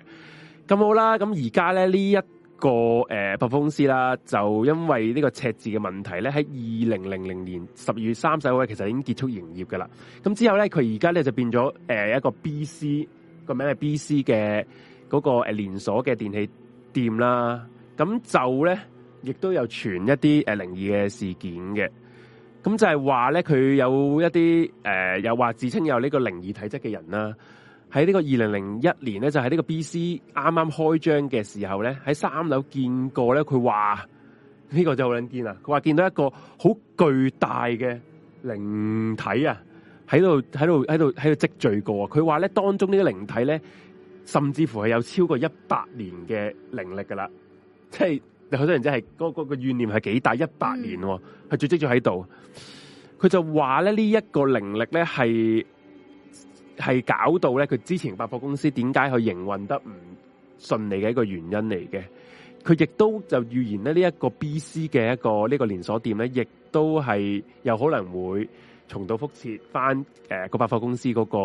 咁好啦，咁而家咧呢一，這個誒百貨公司啦，就因為呢個赤字嘅問題咧，喺二零零零年十二月三十號咧，其實已經結束營業噶啦。咁之後咧，佢而家咧就變咗誒、呃、一個 B C 個名係 B C 嘅嗰個誒連鎖嘅電器店啦。咁就咧亦都有傳一啲誒靈異嘅事件嘅。咁就係話咧，佢有一啲誒、呃、又話自稱有個、啊、個呢個靈異體質嘅人啦。喺呢個二零零一年咧，就喺、是、呢個 B C 啱啱開張嘅時候咧，喺三樓見過咧。佢話呢個就好捻癲啊！佢話見到一個好巨大嘅靈體啊，喺度喺度喺度喺度積聚過啊。佢話咧，當中個呢啲靈體咧，甚至乎係有超過一百年嘅靈力噶啦，即係。好多人真係嗰個、嗰個怨念係幾大，一百年喎、啊，係聚集咗喺度。佢就話咧呢一個靈力咧係係搞到咧佢之前百貨公司點解佢營運得唔順利嘅一個原因嚟嘅。佢亦都就預言咧呢一個 B.C. 嘅一個呢個連鎖店咧，亦都係有可能會重蹈覆轍，翻、呃、誒、嗰個百貨公司、嗰個、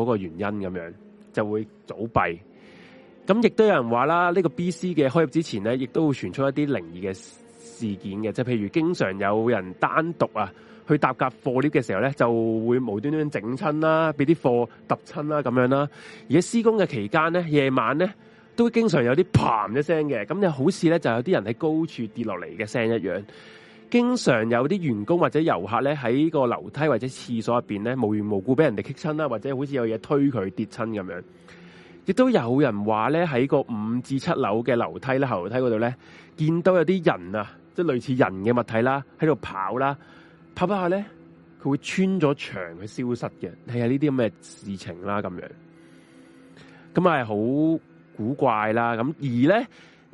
嗰個原因咁樣，就會倒閉。咁亦都有人話啦，呢個 B C 嘅開業之前呢，亦都會傳出一啲靈異嘅事件嘅，即係譬如經常有人單獨啊去搭架貨 lift 嘅時候呢，就會無端端整親啦，俾啲貨揼親啦咁樣啦。而喺施工嘅期間呢，夜晚呢，都經常有啲「嘭」一聲嘅，咁又好似呢，就有啲人喺高處跌落嚟嘅聲一樣。經常有啲員工或者遊客呢，喺個樓梯或者廁所入面呢，無緣無故俾人哋扱親啦，或者好似有嘢推佢跌親咁樣。亦都有人話咧，喺個五至七樓嘅樓梯咧，樓梯嗰度咧，見到有啲人啊，即係類似人嘅物體啦，喺度跑啦，跑跑下咧，佢會穿咗牆去消失嘅。係啊，呢啲咁嘅事情啦，咁樣，咁係好古怪啦。咁而咧，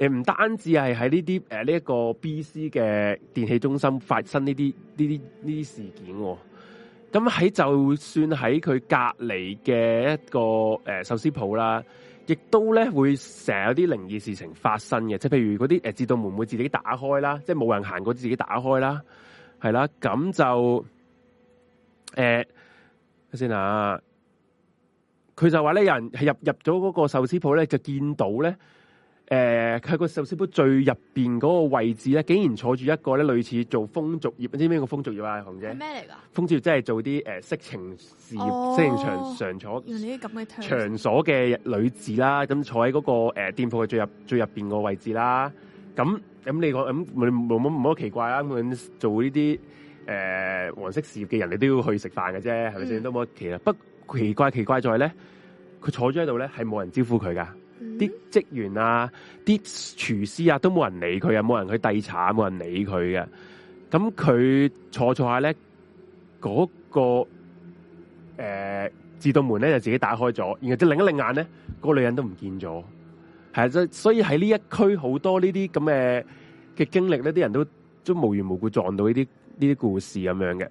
誒，唔單止係喺呢啲誒呢一個 BC 嘅電器中心發生呢啲呢啲呢啲事件。咁喺就算喺佢隔籬嘅一個誒壽司鋪啦，亦都咧會成日有啲靈異事情發生嘅，即係譬如嗰啲誒自動門會自己打開啦，即係冇人行過自己打開啦，係啦，咁就誒，睇下先啊，佢就話咧有人係入入咗嗰個壽司鋪咧，就見到咧。誒、呃，佢個壽司鋪最入邊嗰個位置咧，竟然坐住一個咧，類似做風俗業，唔知咩個風俗業啊，紅姐。咩嚟㗎？風俗業即係做啲誒色情事業，oh，色情場場所，的場所嘅女子啦，咁坐喺嗰、嗰個、呃、店鋪嘅最入最入邊個位置啦。咁咁你個咁冇冇冇乜奇怪啦。咁做呢啲誒黃色事業嘅人，你都要去食飯嘅啫，係咪先？都冇得奇啦。不奇怪，奇怪呢在咧，佢坐咗喺度咧，係冇人招呼佢㗎。啲職員啊，啲廚師啊，都冇人理佢啊，冇人去遞查，冇人理佢嘅。咁佢坐著坐下咧，嗰、嗰個誒、呃、自動門咧就自己打開咗，然後即另一另一眼咧，嗰個女人都唔見咗。係啊，所以喺呢一區好多呢啲咁嘅嘅經歷呢啲人都都無緣無故撞到呢啲呢啲故事咁樣嘅。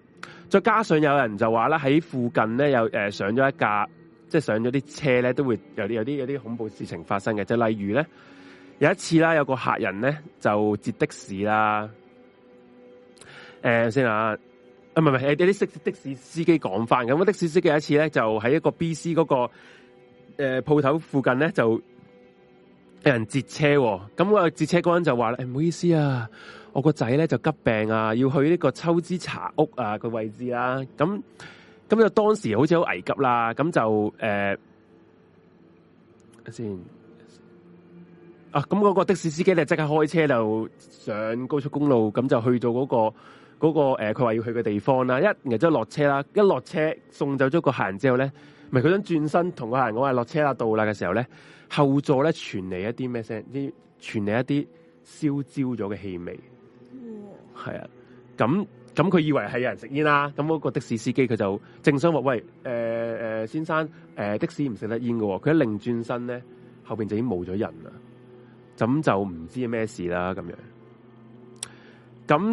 再加上有人就話啦，喺附近咧又誒上咗一架。即係上咗啲車咧，都會有啲有啲有啲恐怖事情發生嘅。即係例如咧，有一次啦，有個客人咧就截的士啦。誒、欸，先啊，啊唔係唔係，有啲的士司機講翻咁，個的士司機有一次咧，就喺一個 B C 嗰、那個誒鋪頭附近咧，就有人截車，喔。咁個截車嗰人就話咧，唔、欸、好意思啊，我個仔咧就急病啊，要去呢個抽脂茶屋啊個位置啦。咁咁就當時好似好危急啦，咁就誒，先、呃、啊，咁嗰個的士司機咧即刻開車就上高速公路，咁就去到嗰個嗰個佢話要去嘅地方啦，一然之後落車啦，一落車送走咗個客人之後咧，咪佢想轉身同個客人講話落車啦，到啦嘅時候咧，後座咧傳嚟一啲咩聲？啲傳嚟一啲燒焦咗嘅氣味，係、嗯、啊，咁。咁佢以為係有人食煙啦、啊，咁嗰個的士司機佢就正想話：喂、呃呃，先生，誒、呃、的士唔食得煙㗎喎、哦。佢一擰轉身咧，後面就已經冇咗人啦。咁就唔知咩事啦，咁樣。咁、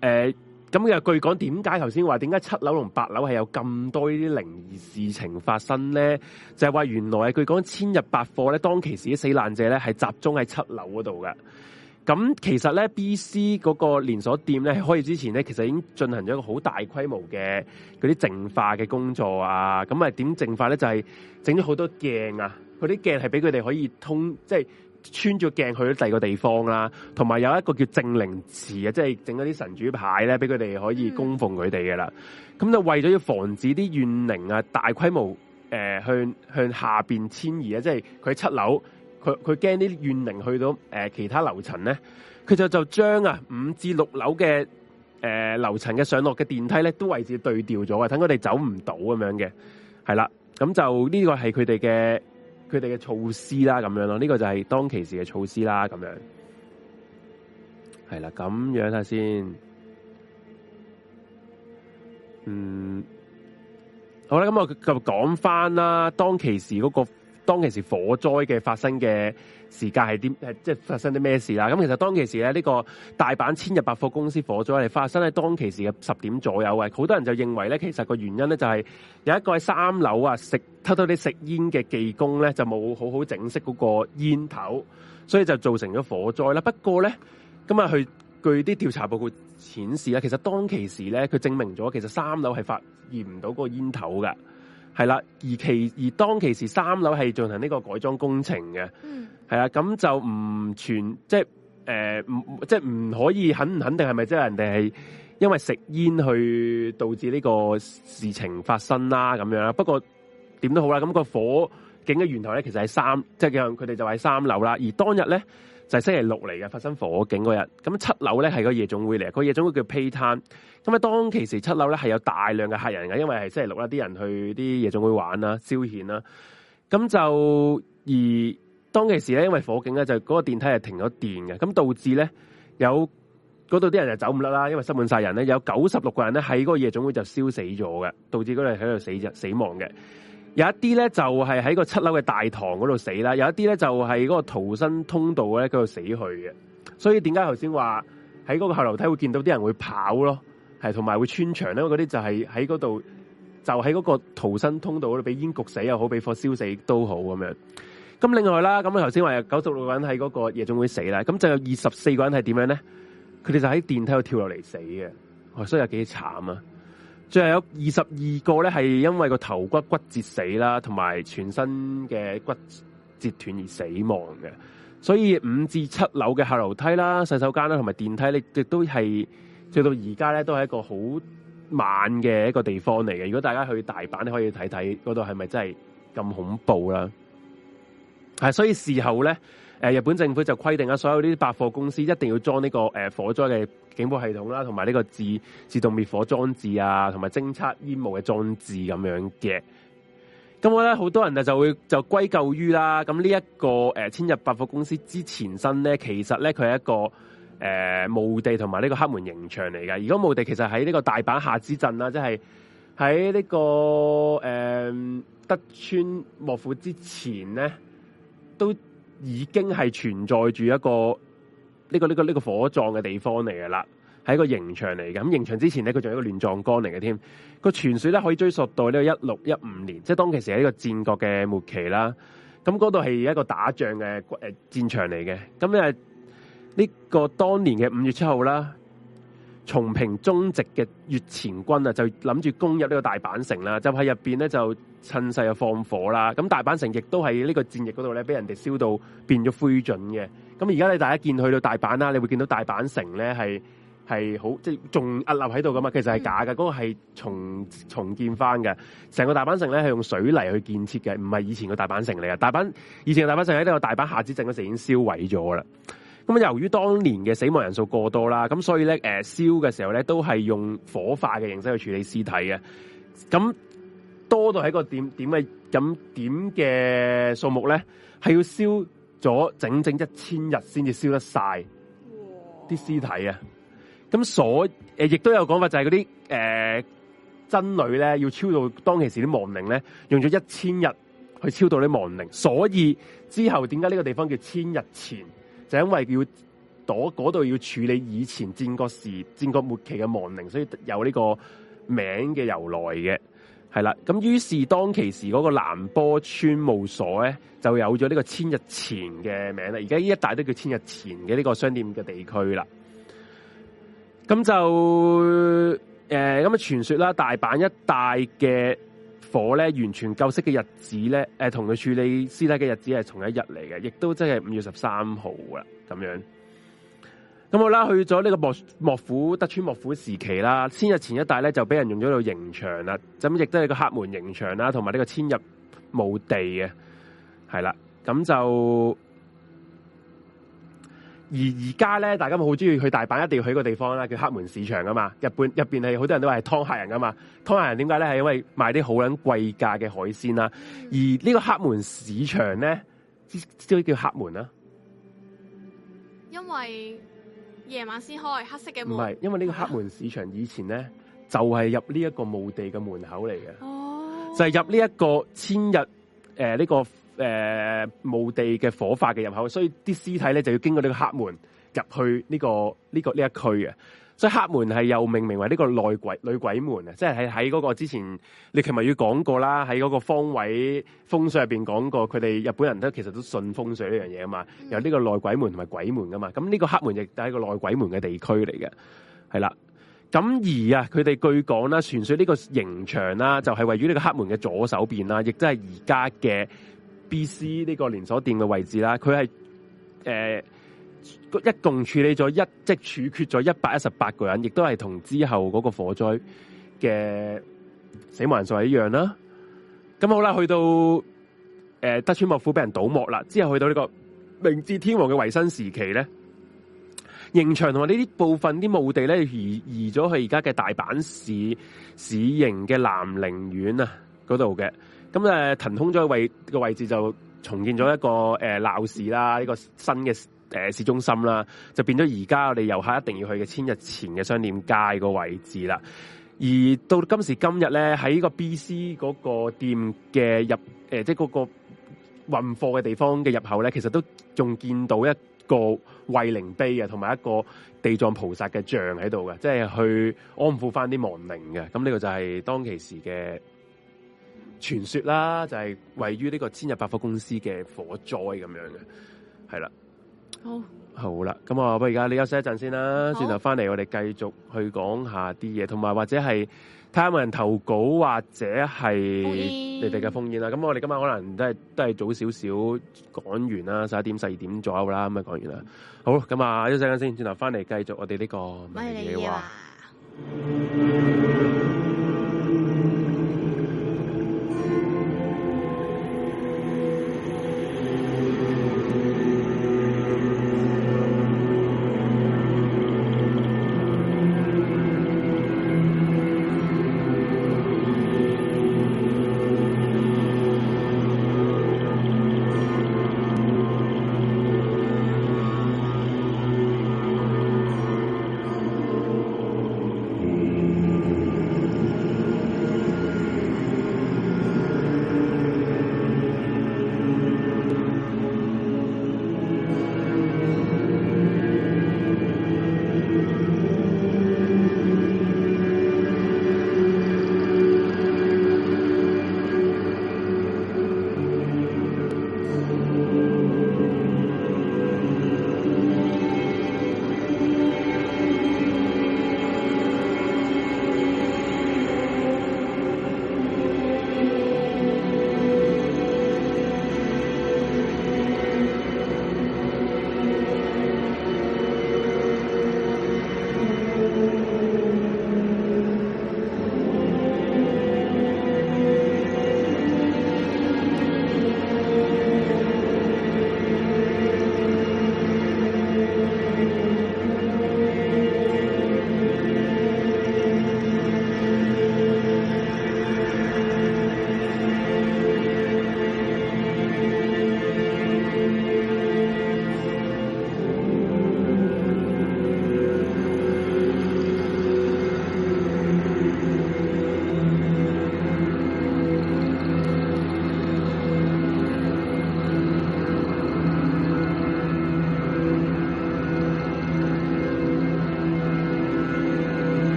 呃、就誒，咁又據講點解頭先話點解七樓同八樓係有咁多呢啲靈異事情發生咧？就係、是、話原來啊，據講千日百貨咧，當其時啲死難者咧係集中喺七樓嗰度嘅。咁其實咧，B、C 嗰個連鎖店咧開業之前咧，其實已經進行咗一個好大規模嘅嗰啲淨化嘅工作啊！咁啊點淨化咧？就係整咗好多鏡啊！嗰啲鏡係俾佢哋可以通，即係穿咗鏡去咗第二個地方啦、啊。同埋有一個叫淨靈池啊，即係整咗啲神主牌咧，俾佢哋可以供奉佢哋嘅啦。咁、嗯、就為咗要防止啲怨靈啊，大規模、呃、向向下邊遷移啊，即係佢喺七樓。佢佢驚啲怨靈去到誒、呃、其他樓層咧，佢就就將啊五至六樓嘅誒樓層嘅上落嘅電梯咧都位置對調咗嘅，等佢哋走唔到咁樣嘅，係啦，咁就呢個係佢哋嘅佢哋嘅措施啦，咁樣咯，呢、這個就係當其時嘅措施啦，咁樣係啦，咁樣啊先，嗯，好啦，咁我就講翻啦，當其時嗰、那個。當其時火災嘅發生嘅時間係點，係即係發生啲咩事啦？咁其實當其時咧，呢個大阪千日百貨公司火災係發生喺當其時嘅十點左右嘅。好多人就認為咧，其實個原因咧就係有一個喺三樓啊食偷偷哋食煙嘅技工咧，就冇好好整熄嗰個煙頭，所以就造成咗火災啦。不過咧，咁啊去據啲調查報告顯示咧，其實當其時咧，佢證明咗其實三樓係發現唔到嗰個煙頭噶。係啦，而其而當其時，三樓係進行呢個改裝工程嘅。係、嗯、啊，咁就唔全，即係唔、呃、即係唔可以肯唔肯定係咪即係人哋係因為食煙去導致呢個事情發生啦咁樣。不過點都好啦，咁個火警嘅源頭咧，其實喺三即係佢哋就喺三樓啦。而當日咧。就係星期六嚟嘅，發生火警嗰日。咁七樓咧係個夜總會嚟，個夜總會叫 P 灘。咁啊，當其時七樓咧係有大量嘅客人嘅，因為係星期六啦，啲人去啲夜總會玩啦、消遣啦。咁就而當其時咧，因為火警咧，就、那、嗰個電梯係停咗電嘅，咁導致咧有嗰度啲人就走唔甩啦，因為塞滿晒人咧。有九十六個人咧喺嗰個夜總會就燒死咗嘅，導致嗰啲喺度死死亡嘅。有一啲咧就係喺個七樓嘅大堂嗰度死啦，有一啲咧就係嗰個逃生通道咧嗰度死去嘅。所以點解頭先話喺嗰個後樓梯會見到啲人會跑咯，係同埋會穿牆咧，因為嗰啲就係喺嗰度，就喺嗰個逃生通道嗰度俾煙焗死又好，俾火燒死都好咁樣。咁另外啦，咁啊頭先話有九十六個人喺嗰個夜總會死啦，咁就有二十四個人係點樣咧？佢哋就喺電梯度跳落嚟死嘅，所以有幾慘啊！最後有二十二個咧，係因為個頭骨骨折死啦，同埋全身嘅骨折斷而死亡嘅。所以五至七樓嘅下樓梯啦，洗手間啦，同埋電梯，你亦都係，直到而家咧都係一個好猛嘅一個地方嚟嘅。如果大家去大阪，你可以睇睇嗰度係咪真係咁恐怖啦？係，所以事後咧。誒，日本政府就規定咗所有呢啲百貨公司一定要裝呢個誒火災嘅警報系統啦，同埋呢個自自動滅火裝置啊，同埋偵測煙霧嘅裝置咁樣嘅。咁我咧好多人啊就會就歸咎於啦。咁呢一個誒，千日百貨公司之前身咧，其實咧佢係一個誒、呃、墓地同埋呢個黑門刑場嚟㗎。而家墓地其實喺呢個大阪夏之陣啦，即係喺呢個誒、嗯、德川幕府之前咧都。已經係存在住一個呢個呢個呢個火葬嘅地方嚟嘅啦，係一個刑場嚟嘅。咁刑場之前咧，佢仲係一個亂葬崗嚟嘅添。呢個傳說咧可以追溯到呢個一六一五年，即係當其時係一個戰國嘅末期啦。咁嗰度係一個打仗嘅誒、呃、戰場嚟嘅。咁咧呢個當年嘅五月七號啦。松平忠直嘅越前軍啊，就諗住攻入呢個大阪城啦，就喺入邊咧就趁勢就放火啦。咁大阪城亦都係呢個戰役嗰度咧，俾人哋燒到變咗灰燼嘅。咁而家你大家見去到大阪啦，你會見到大阪城咧係係好即係仲屹立喺度噶嘛？其實係假嘅，嗰個係重重建翻嘅。成個大阪城咧係用水泥去建設嘅，唔係以前個大阪城嚟㗎。大阪以前嘅大阪城喺呢個大阪夏之陣嗰時已經燒毀咗啦。咁由於當年嘅死亡人數過多啦，咁所以咧，誒燒嘅時候咧，都係用火化嘅形式去處理屍體嘅。咁多到喺個點點嘅咁點嘅數目咧，係要燒咗整整一千日先至燒得晒啲屍體啊。咁所誒，亦、呃、都有講法就，就係嗰啲誒真女咧，要超渡當其時啲亡靈咧，用咗一千日去超渡啲亡靈，所以之後點解呢個地方叫千日前？就因為要躲嗰度要處理以前戰國時、戰國末期嘅亡靈，所以有呢個名嘅由來嘅，係啦。咁於是當其時嗰個南波村務所咧，就有咗呢個千日前嘅名啦。而家呢，一帶都叫千日前嘅呢個商店嘅地區啦。咁就誒咁嘅傳說啦，大阪一帶嘅。火咧完全救熄嘅日子咧，誒、呃，同佢處理屍體嘅日子係同一日嚟嘅，亦都即係五月十三號啊，咁樣。咁我啦去咗呢個幕、幕府德川幕府時期啦，千日前一帶咧就俾人用咗度刑場啦，咁亦都係個黑門刑場啦，啊，同埋呢個千日墓地嘅，係啦，咁就。而而家咧，大家好中意去大阪，一定要去個地方啦，叫黑門市場啊嘛。日本入邊係好多人都話係湯客人噶嘛。湯客人點解咧？係因為賣啲好撚貴價嘅海鮮啦。嗯、而呢個黑門市場咧，都叫黑門啊，因為夜晚先開黑色嘅門。唔係，因為呢個黑門市場以前咧，就係、是、入呢一個墓地嘅門口嚟嘅。哦，就係入呢一個千日誒呢、呃這個。誒、呃，墓地嘅火化嘅入口，所以啲屍體咧就要經過呢個黑門入去呢、呢個呢、呢個呢、呢個、一區啊。所以黑門係又命名為呢個內鬼女鬼門啊，即係喺喺嗰個之前，你琴日要講過啦，喺嗰個方位風水入邊講過，佢哋日本人都其實都信風水呢樣嘢啊嘛，有呢個內鬼門同埋鬼門噶嘛。咁呢個黑門亦都係個內鬼門嘅地區嚟嘅，係啦。咁而啊，佢哋據講啦、啊，傳說呢個刑場啦、啊，就係、係、位於呢個黑門嘅左手邊啦、啊，亦都係而家嘅。B、C 呢個連鎖店嘅位置啦，佢係誒一共處理咗一即係處決咗一百一十八個人，亦都係同之後嗰個火災嘅死亡人數一樣啦。咁好啦，去到誒、呃、德川幕府俾人倒幕啦，之後去到呢個明治天皇嘅維新時期咧，刑場同埋呢啲部分啲墓地咧移移咗去而家嘅大阪市市營嘅南靈園啊嗰度嘅。咁誒騰空咗位個位置就重建咗一個誒、呃、鬧市啦，呢個新嘅、呃、市中心啦，就變咗而家我哋遊客一定要去嘅千日前嘅商店街個位置啦。而到今時今日咧，喺個 BC 嗰個店嘅入誒，即係嗰個運貨嘅地方嘅入口咧，其實都仲見到一個慰靈碑啊，同埋一個地藏菩薩嘅像喺度嘅，即係去安撫翻啲亡靈嘅。咁呢個就係當其時嘅。傳說啦，就係、是、位於呢個千日百貨公司嘅火災咁樣嘅，係啦。好，好啦，咁啊，不如而家你休息一陣先啦，轉頭翻嚟我哋繼續去講一下啲嘢，同埋或者係睇下有冇人投稿，或者係你哋嘅烽煙啦。咁我哋今晚可能都係都係早少少講完啦，十一點、十二點左右啦，咁啊講完啦。好，咁啊休息一陣先，轉頭翻嚟繼續我哋呢個迷離夜話。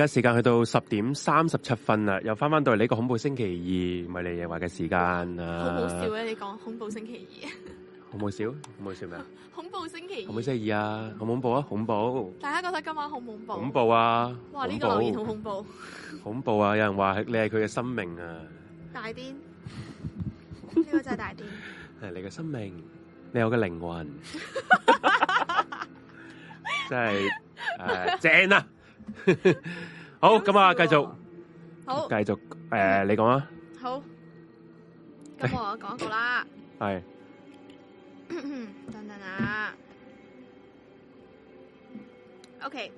而家時間去到十點三十七分啦，又翻翻到嚟呢個恐怖星期二迷離夜話嘅時間啊！好冇笑咧，你講恐怖星期二，嗯啊、好冇笑，啊，、 [laughs] 笑，好冇笑咩？恐怖星期二，好冇星期二啊！好、嗯、恐怖啊！恐怖！大家覺得今晚好恐怖？恐怖啊！哇！呢、啊啊這個留言好恐怖！ [laughs] 恐怖啊！有人話你係佢嘅生命啊！大啲！呢 [laughs] 個真係大啲！係 [laughs] 你嘅生命，你有嘅靈魂， [laughs] [laughs] 真係、啊、 [laughs] 正啊！ [laughs] 好，咁啊，繼續，好，繼續，誒、呃嗯，你講啊，好，咁我講一個啦，係，等等啊，OK，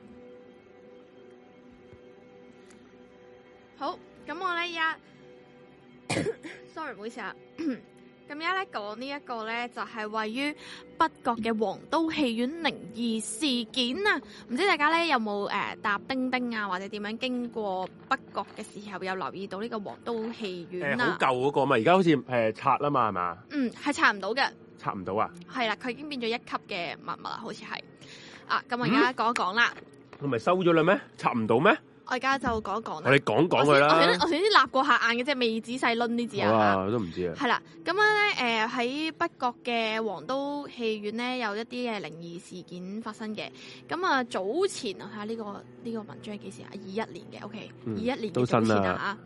好，咁我呢一 [coughs] [coughs] ，sorry，唔好意思啊。 [coughs] 咁而家咧講呢一個咧就係、是、位於北角嘅皇都戲院靈異事件啊。唔知大家咧有冇誒、呃、搭叮叮啊，或者點樣經過北角嘅時候有留意到呢個皇都戲院啊？好舊嗰個嘛，而家好似誒、呃、拆啦嘛，係嘛？嗯，係拆唔到嘅。拆唔到啊？係啦，佢已經變咗一級嘅文物啦，好似係啊。咁我而家講一講啦。佢咪收咗啦咩？拆唔到咩？我家就講講啦 anos...。我哋講講佢啦。我先、right?， [noise] accident, 我先，立過下眼嘅即係未仔細攆啲字啊。哇、anyway.，都唔知啊。係啦，咁樣咧，喺北角嘅皇都戲院咧，有一啲嘅靈異事件發生嘅。咁啊，早前啊，呢個呢個文章係幾時啊？二一年嘅、嗯、，OK，二一年到新月啊？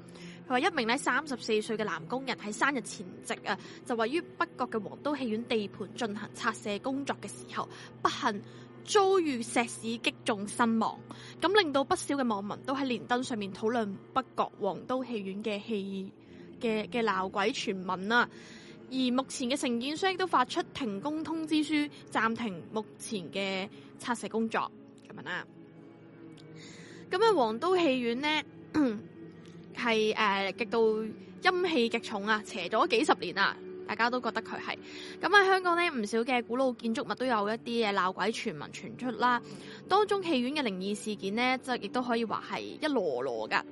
佢話一名咧三十四歲嘅男工人喺生日前夕啊，就位於北角嘅皇都戲院地盤進行拆卸工作嘅時候，不 [noise] 幸楽。遭遇石屎擊中身亡，咁令到不少嘅網民都喺連登上面討論北角皇都戲院嘅戲嘅嘅鬧鬼傳聞啦。而目前嘅承建商亦都發出停工通知書，暫停目前嘅拆卸工作。咁樣啊，咁啊，皇都戲院呢，係誒極度陰氣極重啊，邪咗幾十年啊！大家都覺得佢係咁喺香港呢，唔少嘅古老建築物都有一啲嘅鬧鬼傳聞傳出啦、啊。當中戲院嘅靈異事件呢，就亦都可以話係一籮籮㗎。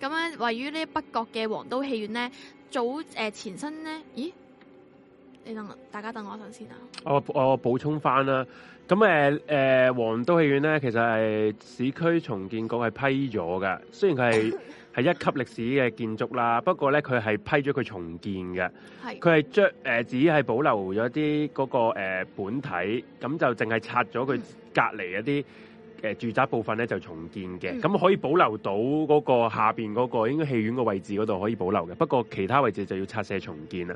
咁咧，位於呢北角嘅皇都戲院呢，早、呃、前身呢……咦？你等，大家等我一陣先啊我。我我補充返啦。咁誒誒，皇都戲院呢，其實係市區重建局係批咗㗎。雖然佢係。係一級歷史嘅建築啦，不過咧佢係批咗佢重建嘅，佢係將誒只係保留咗啲嗰個、呃、本體，咁就淨係拆咗佢隔離一啲誒、呃、住宅部分咧就重建嘅，咁、嗯、可以保留到嗰個下邊嗰個應該戲院個位置嗰度可以保留嘅，不過其他位置就要拆卸重建啦。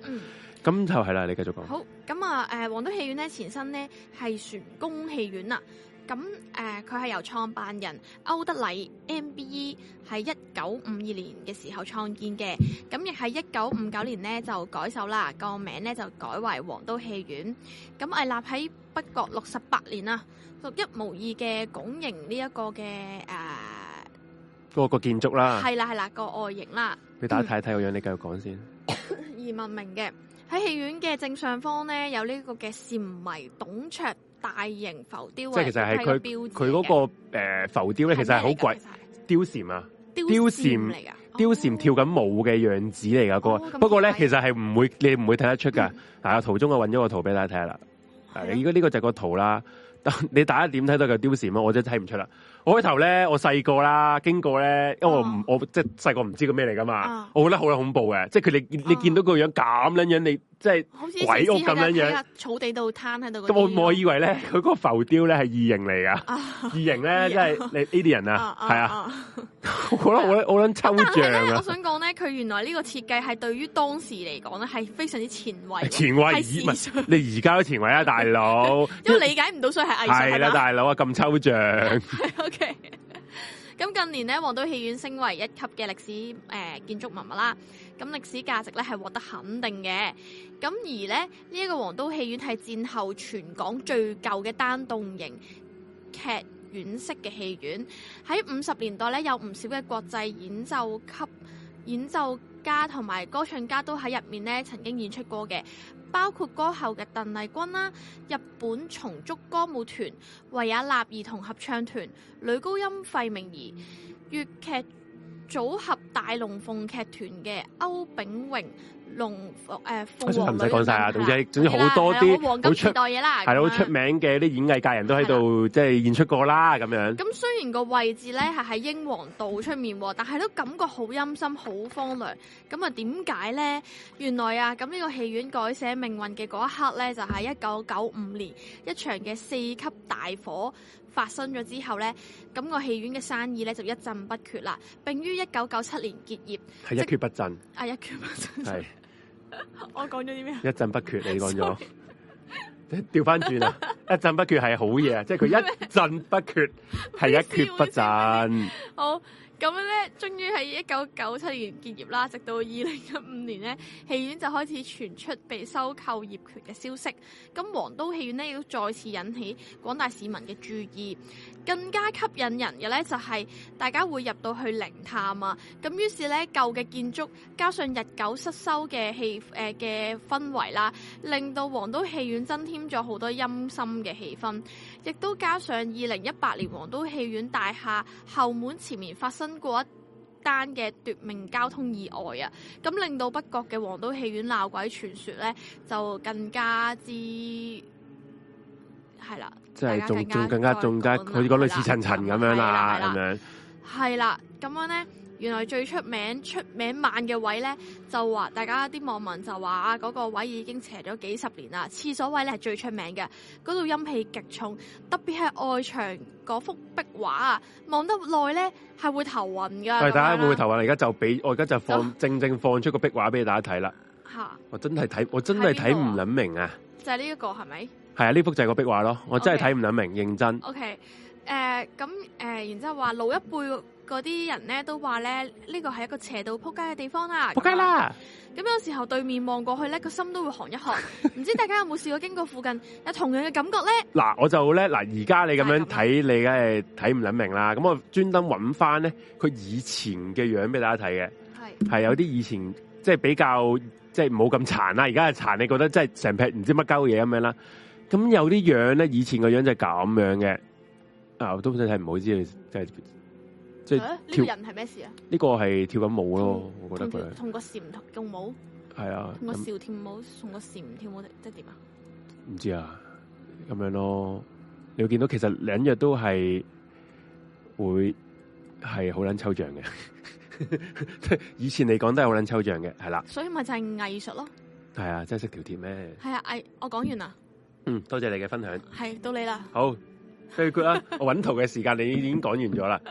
咁、嗯、就係啦，你繼續講。好，咁啊誒，黃、呃、都戲院咧前身咧係船公戲院啦。咁、嗯、誒，佢、呃、係由創辦人歐德禮 MBE 喺一九五二年嘅時候創建嘅，咁亦係一九五九年咧就改手啦，個名咧就改為黃都戲院。咁、嗯、屹立喺北角六十八年啦，獨一無二嘅拱形呢一個嘅誒、啊那個建築啦，係啦係啦個外形啦。畀大家睇睇個樣、嗯，你繼續講先 [laughs] 而。而聞名嘅喺戲院嘅正上方咧，有呢個嘅蟬迷董卓。大型浮雕，即係其實係佢佢個誒浮雕咧，其實係好貴貂蟬啊，貂蟬嚟貂蟬跳緊舞嘅樣子嚟噶、哦那個、哦，不過咧、嗯、其實係唔會，你唔會睇得出噶。嗱、嗯，途、啊、中我搵咗個圖俾大家睇下啦。嗱、嗯，如果呢個就係個圖啦， [laughs] 你大家點睇都係個貂蟬、啊，我真係睇唔出啦。開頭咧，我細個啦，經過咧，因為我唔、哦、我即係細個唔知佢咩嚟噶嘛、啊，我覺得好鬼恐怖嘅，即係佢哋你見到個樣咁樣樣你。啊即係好似鬼屋咁樣樣，是是是是是是是地草地度攤喺度。我以為為咧，佢個浮雕咧係異形嚟㗎！異形咧，即係呢啲人啊，係啊，啊，啊，啊，啊！我諗我諗抽象啊！我想講咧，佢原來呢個設計係對於當時嚟講咧係非常之前衛。前衛，唔係你而家都前衛啊，大佬。 [laughs] 因為理解唔到，所以係藝術。係啦，大佬啊，咁、啊、 [laughs] 抽象 [laughs] OK。咁近年呢，黃都戲院升為一級嘅歷史誒、呃、建築文物啦。咁歷史價值咧係獲得肯定嘅。咁而呢，呢、這、一個黃都戲院係戰後全港最舊嘅單棟型劇院式嘅戲院。喺五十年代咧，有唔少嘅國際演奏級演奏家同埋歌唱家都喺入面咧曾經演出過嘅。包括歌后嘅鄧麗君啦，日本松竹歌舞團、維也納兒童合唱團、女高音費明儀、粵劇組合大龍鳳劇團嘅歐炳榮龍鳳誒鳳女，唔使講晒啊！總之總之好多啲，黃金時代嘢啦，係啦，好出名嘅啲演藝界人都喺度即係演出過啦咁樣。咁雖然個位置咧係喺英皇道出面，但係都感覺好陰森，好荒涼。咁啊，點解咧？原來啊，咁呢個戲院改寫命運嘅嗰一刻咧，就係一九九五年一場嘅四級大火。發生咗之後咧，咁個戲院嘅生意咧就一陣不缺啦，並於一九九七年結業。係一蹶不振。啊、就是，一蹶不振。係。 [laughs] 我講咗啲咩？一陣不缺，你講咗。調翻轉啦， [laughs] 一陣不缺係好嘢，即係佢一陣不缺，係一蹶不振。不不不是不是好。咁咧，終於喺一九九七年結業啦。直到二零一五年咧，戲院就開始傳出被收購業權嘅消息。咁皇都戲院呢，亦都再次引起廣大市民嘅注意。更加吸引人嘅咧，就係、是、大家會入到去靈探啊。咁於是咧，舊嘅建築加上日久失修嘅氣誒嘅氛圍啦，令到皇都戲院增添咗好多陰森嘅氣氛。亦都加上二零一八年皇都戲院大廈後門前面發生過一單嘅奪命交通意外啊，咁令到北角嘅皇都戲院鬧鬼傳說咧就更加之係啦，即係仲更，更加仲加佢嗰類似層層咁樣啦、啊，咁樣係啦，咁樣咧。原來最出名出名慢嘅位咧，就話大家啲網民就話啊，嗰、個位已經斜咗幾十年啦。廁所位咧係最出名嘅，嗰度陰氣極重，特別係外牆嗰幅壁畫啊，望得耐咧係會頭暈噶係，大家會唔會頭暈啊？而家就俾我而家就放、啊、正正放出個壁畫俾大家睇啦。吓、啊，我真係睇我真係睇唔諗明啊。就係呢一個係咪？係啊，呢幅就係個壁畫咯。我真係睇唔諗明，okay. 認真。O K，誒，咁誒，然之後話老一輩。嗰啲人咧都話咧呢個係一個斜道撲街嘅地方啦、啊，撲街啦！咁有時候對面望過去咧，個心都會寒一寒。唔 [laughs] 知大家有冇試過經過附近有同樣嘅感覺咧？嗱，我就咧嗱，而家你咁樣睇、就是，你梗係睇唔撚明啦。咁我專登揾翻咧佢以前嘅樣俾大家睇嘅，係係有啲以前即係、就是、比較即係唔好咁殘啦。而家係殘，你覺得真係成片唔知乜鳩嘢咁樣啦。咁有啲樣咧，以前個樣就係咁樣嘅。啊，我都睇唔好知，真係。呢、這個人係咩事啊？呢、這個係跳緊舞咯，我覺得佢同，同個同跳舞係啊，同個蟬跳、嗯、跳舞，同個蟬跳舞，即係點啊？唔知啊，咁樣咯。你會見到其實兩樣都係會係好捻抽象嘅。 [laughs] 以前嚟講都係好捻抽象嘅，係啦、啊。所以咪就係藝術咯。係啊，真係識條鐵咩？係啊，藝我講完啦。嗯，多謝你嘅分享。係到你啦。好 thank you [laughs] [laughs] 我搵圖嘅時間你已經講完咗啦。 [laughs]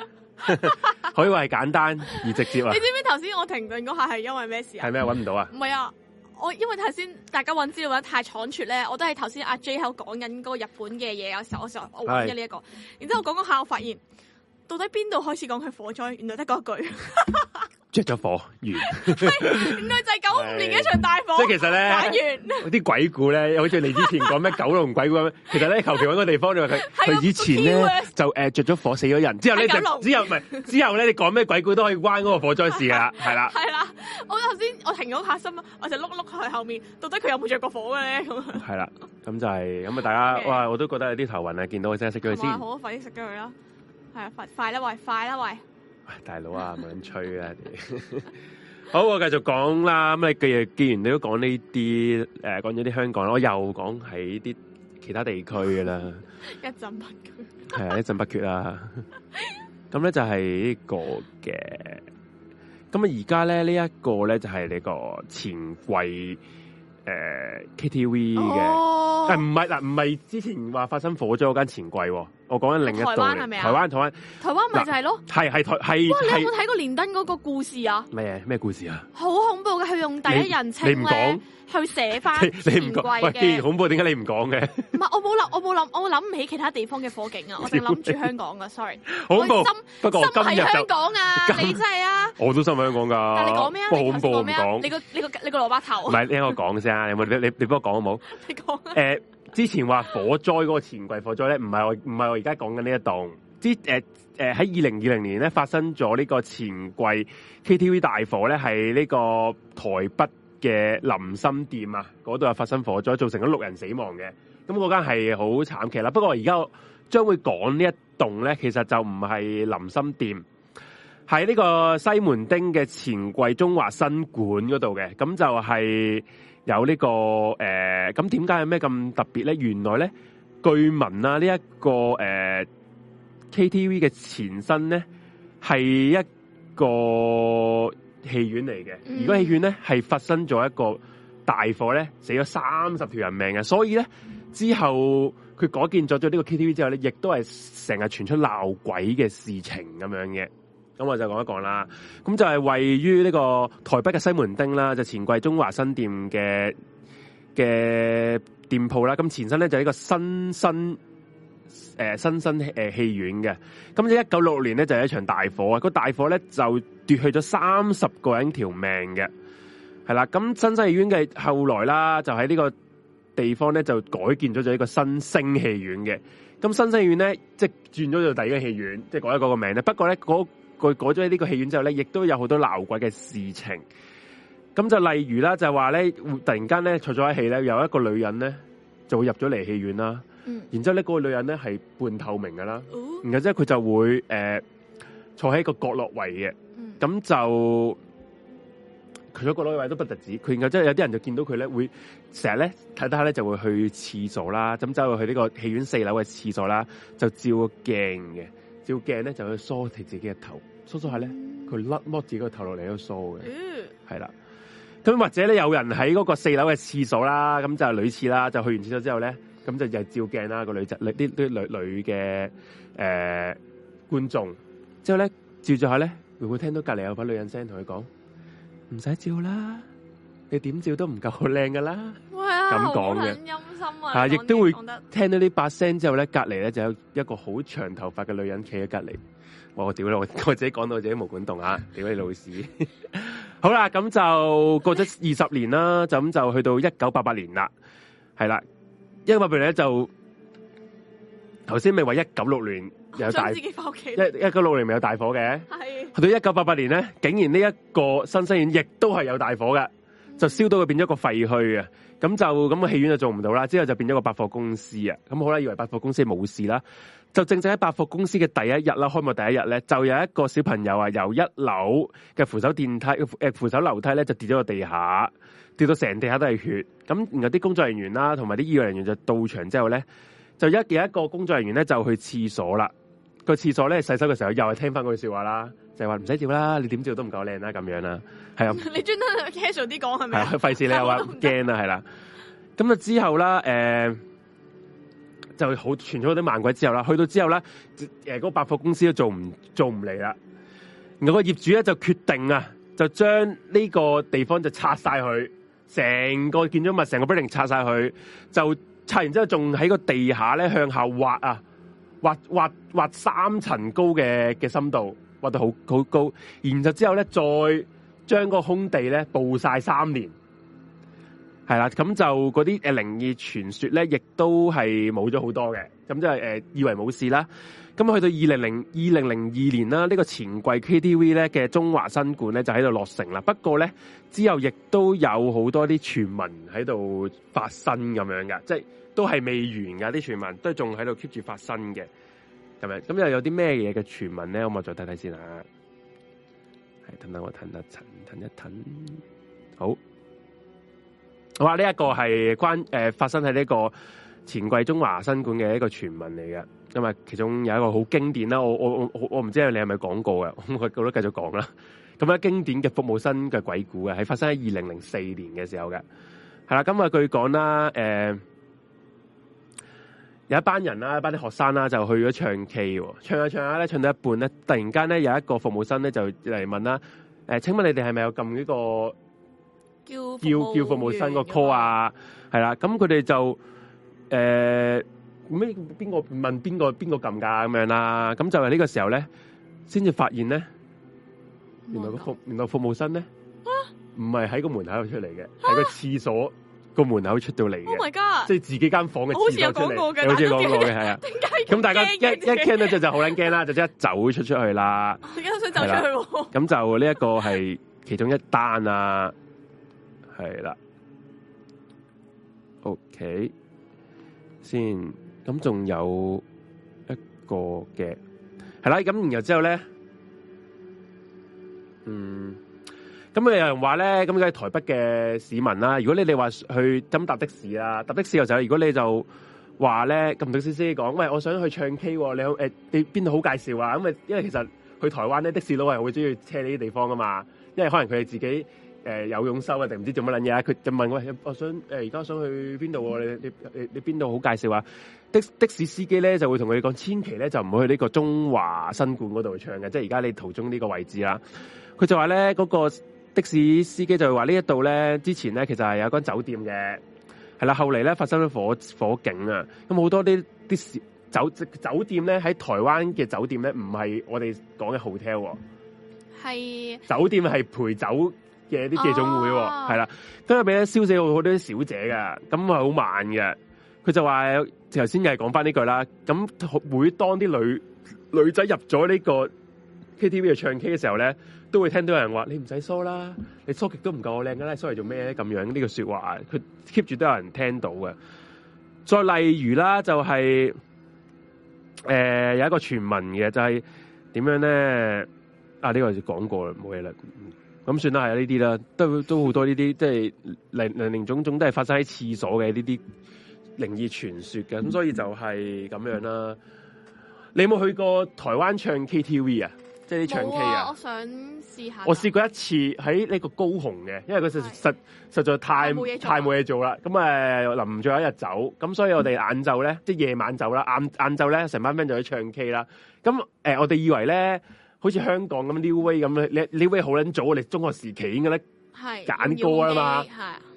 可以話係簡單而直接啊！ [laughs] 你知唔知頭先我停頓嗰下係因為咩事啊？係咩？揾唔到啊？唔係啊！我因為頭先大家揾資料揾得太倉促咧，我都係頭先阿 J 口講緊嗰個日本嘅嘢，有時候我時候我揾咗呢一個，然之後講嗰下我發現到底邊度開始講佢火災？原來得嗰句。 [laughs] 着咗火完， [laughs] 原來就係九五年嘅場大火，即、欸、係其實咧，啲鬼故咧，好似你之前講咩九龍鬼故咁， [laughs] 其實咧求其搵個地方，因為佢佢以前咧就誒着咗火死咗人，之後咧就之後唔係之後咧，你講咩鬼故都可以關嗰個火災事噶啦，係啦，係啦，我頭先我停咗下心啊，我就碌碌去後面，到底佢有冇着過火嘅咧咁樣，係啦，咁就係咁啊，大家、okay. 哇，我都覺得有啲頭暈啊，見到佢先食咗佢先，好快啲食咗佢啦，係啊，快快啦喂，快啦喂。快快快啊、大佬啊，猛吹啊！ [laughs] [laughs] 好，我繼續講啦。咁你既然既然你都講呢啲誒，講咗啲香港，我又講喺啲其他地區嘅啦。一陣不缺係、 [laughs] 就是這個就是呃 oh. 啊，一陣不缺啦。咁咧就係呢個嘅。咁啊，而家咧呢一個咧就係你個錢櫃誒 KTV 嘅。誒，唔係嗱，唔係之前話發生火災嗰間錢櫃、哦。我講緊另一個，台灣係咪啊，台灣台灣咪就係咯，係係台係。喂，你有冇睇過連登嗰個故事啊？咩咩故事啊？好恐怖嘅，佢用第一人稱咧去寫翻 [laughs] 你唔講，喂，恐怖點解你唔講嘅？唔係我冇諗，我冇諗，我諗唔起其他地方嘅火警啊！我淨諗住香港啊 [laughs] sorry 好恐怖不心，我今心係香港啊！你真係啊！我都心喺香港㗎、啊啊。你講咩啊？你講你個你個你個蘿蔔頭。唔係，你聽我講先啊！你你你幫我講好冇？你講。誒。 [laughs] 之前話火災嗰個錢櫃火災咧，唔係我唔係我而家講緊呢一棟。之誒誒喺二零二零年咧發生咗呢個錢櫃 KTV 大火咧，係呢個台北嘅林森店啊，嗰度發生火災，造成咗六人死亡嘅。咁嗰間係好慘劇啦。不過而家將會講呢一棟咧，其實就唔係林森店，係呢個西門町嘅錢櫃中華新館嗰度嘅。咁就係、是。有呢個誒，咁點解有咩咁特別咧？原來咧，據聞啊呢一個誒 KTV 嘅前身咧係一個戲院嚟嘅。而個戲院咧係發生咗一個大火咧，死咗三十條人命嘅，所以咧之後佢改建咗咗呢個 KTV 之後咧，亦都係成日傳出鬧鬼嘅事情咁樣嘅。咁我就講一講啦。咁就係位於呢個台北嘅西門町啦，就是、前季中華新店嘅嘅店鋪啦。咁前身咧就係、是、一個新、呃、新生誒新生誒戲院嘅。咁就一九六六年咧就有一場大火啊！個大火咧就奪去咗三十個人條命嘅。係啦，咁新生戲院嘅後來啦，就喺呢個地方咧就改建咗咗、就是就是、一個新星戲院嘅。咁新星戲院咧即係轉咗做第二個戲院，即係改咗嗰個名咧。不過咧佢改咗呢個戲院之後咧，亦都有好多鬧鬼嘅事情。咁就例如啦，就話咧，突然間咧坐咗喺戲咧，有一個女人咧就會入咗嚟戲院啦，嗯。然之後咧，嗰個女人咧係半透明噶啦。哦，然之後佢就會誒、呃、坐喺個角落位嘅。嗯，咁就佢喺角落位都不特止，佢然之後有啲人就見到佢咧會成日咧睇睇下咧就會去廁所啦。咁就去呢個戲院四樓嘅廁所啦，就照個鏡嘅。照鏡咧就去梳自己嘅頭，梳梳下咧佢甩剝自己個頭落嚟都梳嘅，係啦。咁或者咧有人喺嗰個四樓嘅廁所啦，咁就係女廁啦，就去完廁所之後咧，咁就又照鏡啦個女仔，啲啲女女嘅誒、呃、觀眾，之後咧照住下咧，會唔會聽到隔離有把女人聲同佢講唔使照啦？你點照都唔夠靚噶啦！咁講嘅，亦都會聽到呢把聲之後咧，隔離咧就有一個好長頭髮嘅女人企喺隔離。我屌我，我自己講到自己毛管動 [laughs] 啊！屌你老屎！ [laughs] 好啦，咁就過咗二十年啦，咁 [laughs] 就，就去到一九八八年啦，係啦，一九八八年咧就頭先咪話一九六年有大一一九六年咪有大火嘅，係去到一九八八年咧，竟然呢一個新生院亦都係有大火嘅。就燒到佢變咗個廢墟啊！咁就咁個戲院就做唔到啦。之後就變咗個百貨公司啊！咁好啦，以為百貨公司冇事啦，就正正喺百貨公司嘅第一日啦，開幕第一日咧，就有一個小朋友啊，由一樓嘅扶手電梯誒扶手樓梯咧，就跌咗個地下，跌到成地下都係血。咁然後啲工作人員啦，同埋啲醫護人員就到場之後咧，就一有一個工作人員咧就去廁所啦。那個廁所咧，洗手嘅時候又係聽翻嗰句笑話啦，就係話唔使照啦，你點照都唔夠靚啦，咁樣啦，係啊，你專登 casual 啲講係咪？係啊，費事你又話驚啊，係啦、啊。咁 [laughs] [laughs] 啊， [laughs] 我說 [laughs] 啊，啊之後啦，誒、呃，就好傳咗啲猛鬼之後啦，去到之後咧，誒，嗰個百貨公司都做唔做唔嚟啦。然後那個業主咧就決定啊，就將呢個地方就拆晒佢，成個建築物成個 building 拆晒佢，就拆完之後仲喺個地下咧向下挖啊。挖挖挖三層高嘅嘅深度，挖到好好高，然後之後咧，再將個空地咧暴曬三年，係啦，咁就嗰啲誒靈異傳說咧，亦都係冇咗好多嘅，咁即係誒以為冇事啦。咁去到二零零二零零二年啦，呢個錢櫃 KTV 咧嘅中華新館咧就喺度落成啦，不過咧之後亦都有好多啲傳聞喺度發生咁樣噶，即係。都係未完噶啲傳聞，都仲喺度 keep 住發生嘅，係咪咁？又有啲咩嘢嘅傳聞咧？我咪再睇睇先啊。係等等我，我等一等，等一等。好，我話呢一個係關誒、呃、發生喺呢個錢櫃中華新館嘅一個傳聞嚟嘅。咁啊，其中有一個好經典啦。我我我我唔知道你係咪講過嘅，咁 [laughs] 我都繼續講啦。咁咧，經典嘅服務生嘅鬼故嘅係發生喺二零零四年嘅時候嘅係啦。咁啊，據講啦，誒、呃。有一班人啦，一班啲學生啦，就去咗唱 K，唱下唱下咧，唱到一,一,一,一,一半咧，突然間咧，有一個服務生咧就嚟問啦：，誒、呃，請問你哋係咪有撳呢個叫叫服的、啊、叫服務生個 call 啊？係啦，咁佢哋就誒咩邊個問邊個邊個撳㗎咁樣啦？咁、啊、就係呢個時候咧，先至發現咧，原來個服原來服務生咧，唔係喺個門口度出嚟嘅，喺、啊、個廁所。個門口出到嚟、oh my god，即係自己間房嘅門口好似有試講過嘅係啊。咁大家一一聽到就就好撚驚啦，就即刻走出出去啦。我而家都想走出去？咁 [laughs] 就呢一個係其中一單啦，係啦。OK，先咁仲有一個嘅係啦，咁然後之後咧，嗯。咁啊！有人話咧，咁係台北嘅市民啦，如果你你話去針搭的士啦，搭的士嘅時候，如果你就話咧，咁啲司機講，喂，我想去唱 K，你、呃、你邊度好介紹啊？咁啊，因為其實去台灣咧，的士佬係會中意車呢啲地方㗎嘛，因為可能佢哋自己、呃、有用收啊，定唔知做乜撚嘢啊？佢就問我，我想而家、呃、想去邊度、啊？你你你邊度好介紹啊？的的士司機咧就會同佢哋講，千祈咧就唔好去呢個中華新館嗰度唱嘅，即係而家你途中呢個位置啦、啊。佢就話咧嗰個。的士司機就話：這裡呢一度咧，之前咧其實係有一間酒店嘅，係啦。後嚟咧發生咗火火警啊，咁好多啲啲酒酒店咧喺台灣嘅酒店咧，唔係我哋講嘅 hotel，係酒店係、啊、陪酒嘅啲夜總會，係、oh. 啦，今日俾人燒死好多啲小姐嘅，咁係好慢嘅。佢就話頭先又係講翻呢句啦，咁每當啲女女仔入咗呢個 KTV 去唱 K 嘅時候咧，都會聽到有人話，你唔使梳啦，你梳極都唔夠靚噶啦，梳嚟做咩咧？咁樣呢個說話，佢 keep 住都有人聽到嘅。再例如啦，就係誒有一個傳聞嘅，就係點樣咧？啊呢個就講過啦，冇嘢啦。咁算啦，係啊呢啲啦，都都好多呢啲，即係零零零種種都係發生喺廁所嘅呢啲靈異傳說嘅。咁所以就係咁樣啦。你有冇去過台灣唱 KTV 啊？即係唱 K 啊，啊！我想試下，我試過一次喺呢個高雄嘅，因為佢實實實在太冇嘢、太冇嘢做啦。咁誒、臨、呃、咗一日走，咁所以我哋晏晝咧，嗯、即係夜晚走啦，晏晏晝咧，成班 friend 就去唱 K 啦。咁誒、呃，我哋以為咧，好似香港咁 new way 咁咧，new way 好捻早，我哋中學時期應該咧，揀歌啊嘛，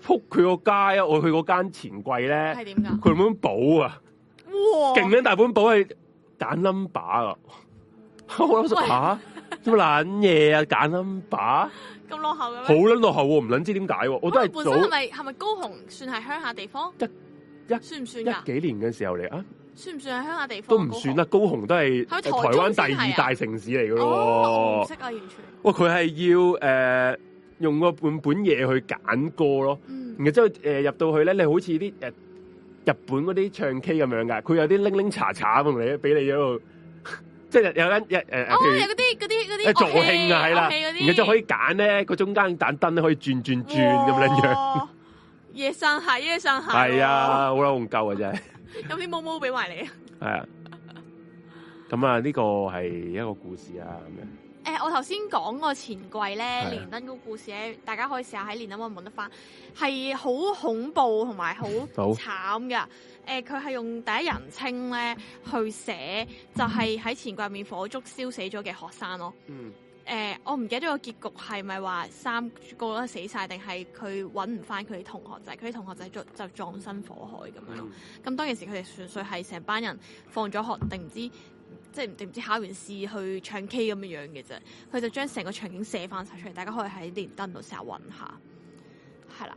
撲佢個街啊！我去嗰間錢櫃咧，係點噶？大本寶啊！哇，勁啊！大本寶係揀 number 啊！ [laughs] 啊、喂，嚇？咁撚嘢啊，揀 number？咁落後嘅咩？好撚落後喎，唔撚知點解喎？我都係早。係咪高雄算係鄉下地方？一一算唔算？一幾年嘅時候嚟啊？算唔算係鄉下地方、啊？都唔算啦，高雄都係台，台灣第二大城市嚟嘅咯。我唔識啊，完全。哇！佢係要、呃、用個半本嘢去揀歌咯，嗯、然之後、呃、入到去咧，你好似啲誒、呃、日本嗰啲唱 K 咁樣㗎，佢有啲拎拎查查咁嚟俾你喺度。即係有間一誒，哦，有嗰啲嗰啲嗰啲，一助興啊，係啦，okay, okay, 然後就可以揀咧，個中間盞燈可以轉轉轉咁樣樣。夜上海， [laughs] 夜上海，係、嗯、啊，好難夠嘅真係。咁啲毛毛俾埋你啊。係啊。咁啊，呢個係一個故事啊，咁樣。誒，我頭先講個錢櫃咧，連登個故事咧，大家可以試下喺連登嗰度搵得翻，係好恐怖同埋 [laughs] 好慘噶。誒佢係用第一人稱咧去寫，就係喺錢櫃入面火燭燒死咗嘅學生咯。嗯。誒、呃，我唔記得咗個結局係咪話三個都死晒，定係佢揾唔翻佢啲同學仔？佢啲同學仔就就葬身火海咁樣咯。咁、嗯、當其時佢哋純粹係成班人放咗學，定唔知即係定唔知道考完試去唱 K 咁樣樣嘅啫。佢就將成個場景寫翻晒出嚟，大家可以喺連登度成日揾下。係啦。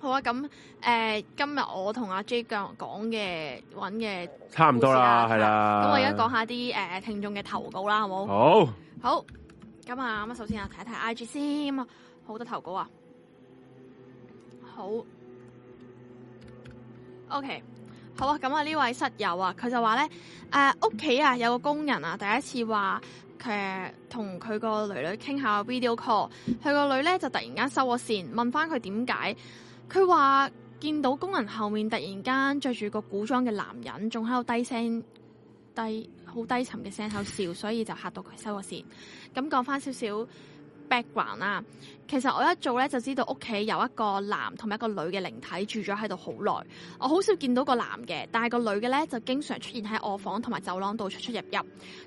好啊，咁誒、呃，今日我同阿 J 講嘅揾嘅差唔多啦，係啦。咁我而家講下啲誒聽眾嘅投稿啦，好冇？好，好咁啊，咁啊，首先啊，睇一睇 I G 先啊，好多投稿啊，好 OK，好啊，咁啊呢位室友啊，佢就話咧誒屋企啊有個工人啊，第一次話佢同佢個女女傾下的 video call，佢個女咧就突然間收咗線，問翻佢點解。佢話見到工人後面突然間着住個古裝嘅男人，仲喺度低聲低好低沉嘅聲口笑，所以就嚇到佢收個線。咁講翻少少 background 啦，其實我一早咧就知道屋企有一個男同埋一個女嘅靈體住咗喺度好耐。我好少見到個男嘅，但係個女嘅咧就經常出現喺我房同埋走廊度出出入入，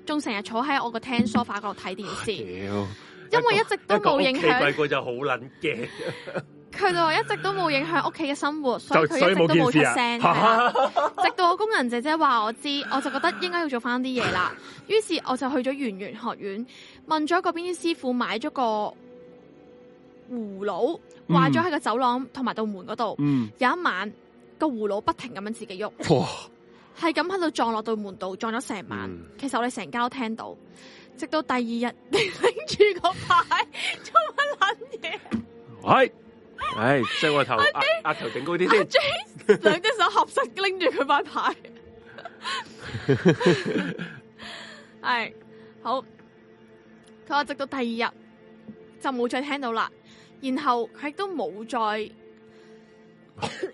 仲成日坐喺我個廳 sofa 度睇電視、 [laughs] 啊。因為一直都冇影響。我細個就好捻驚佢就我一直都冇影響屋企嘅生活，所以佢一直都冇出聲。啊、 [laughs] 直到我工人姐姐話我知，我就覺得應該要做翻啲嘢啦。於 [laughs] 是我就去咗圓玄學院，問咗嗰邊啲師傅買了，買咗個葫蘆，掛咗喺個走廊同埋道門嗰度。 [laughs] 有一晚，個葫蘆不停咁樣自己喐，係咁喺度撞落到門度，撞咗成晚。 [laughs] 其實我哋成家都聽到，直到第二日拎住個牌做乜撚嘢？係。 [laughs] 唉、哎，將個頭，額、啊、頭頂高啲先、啊。兩、啊、隻手合實拎住佢把牌。 [laughs] [laughs] [laughs] 係好，佢話直到第二日就冇再聽到啦，然後佢亦都冇再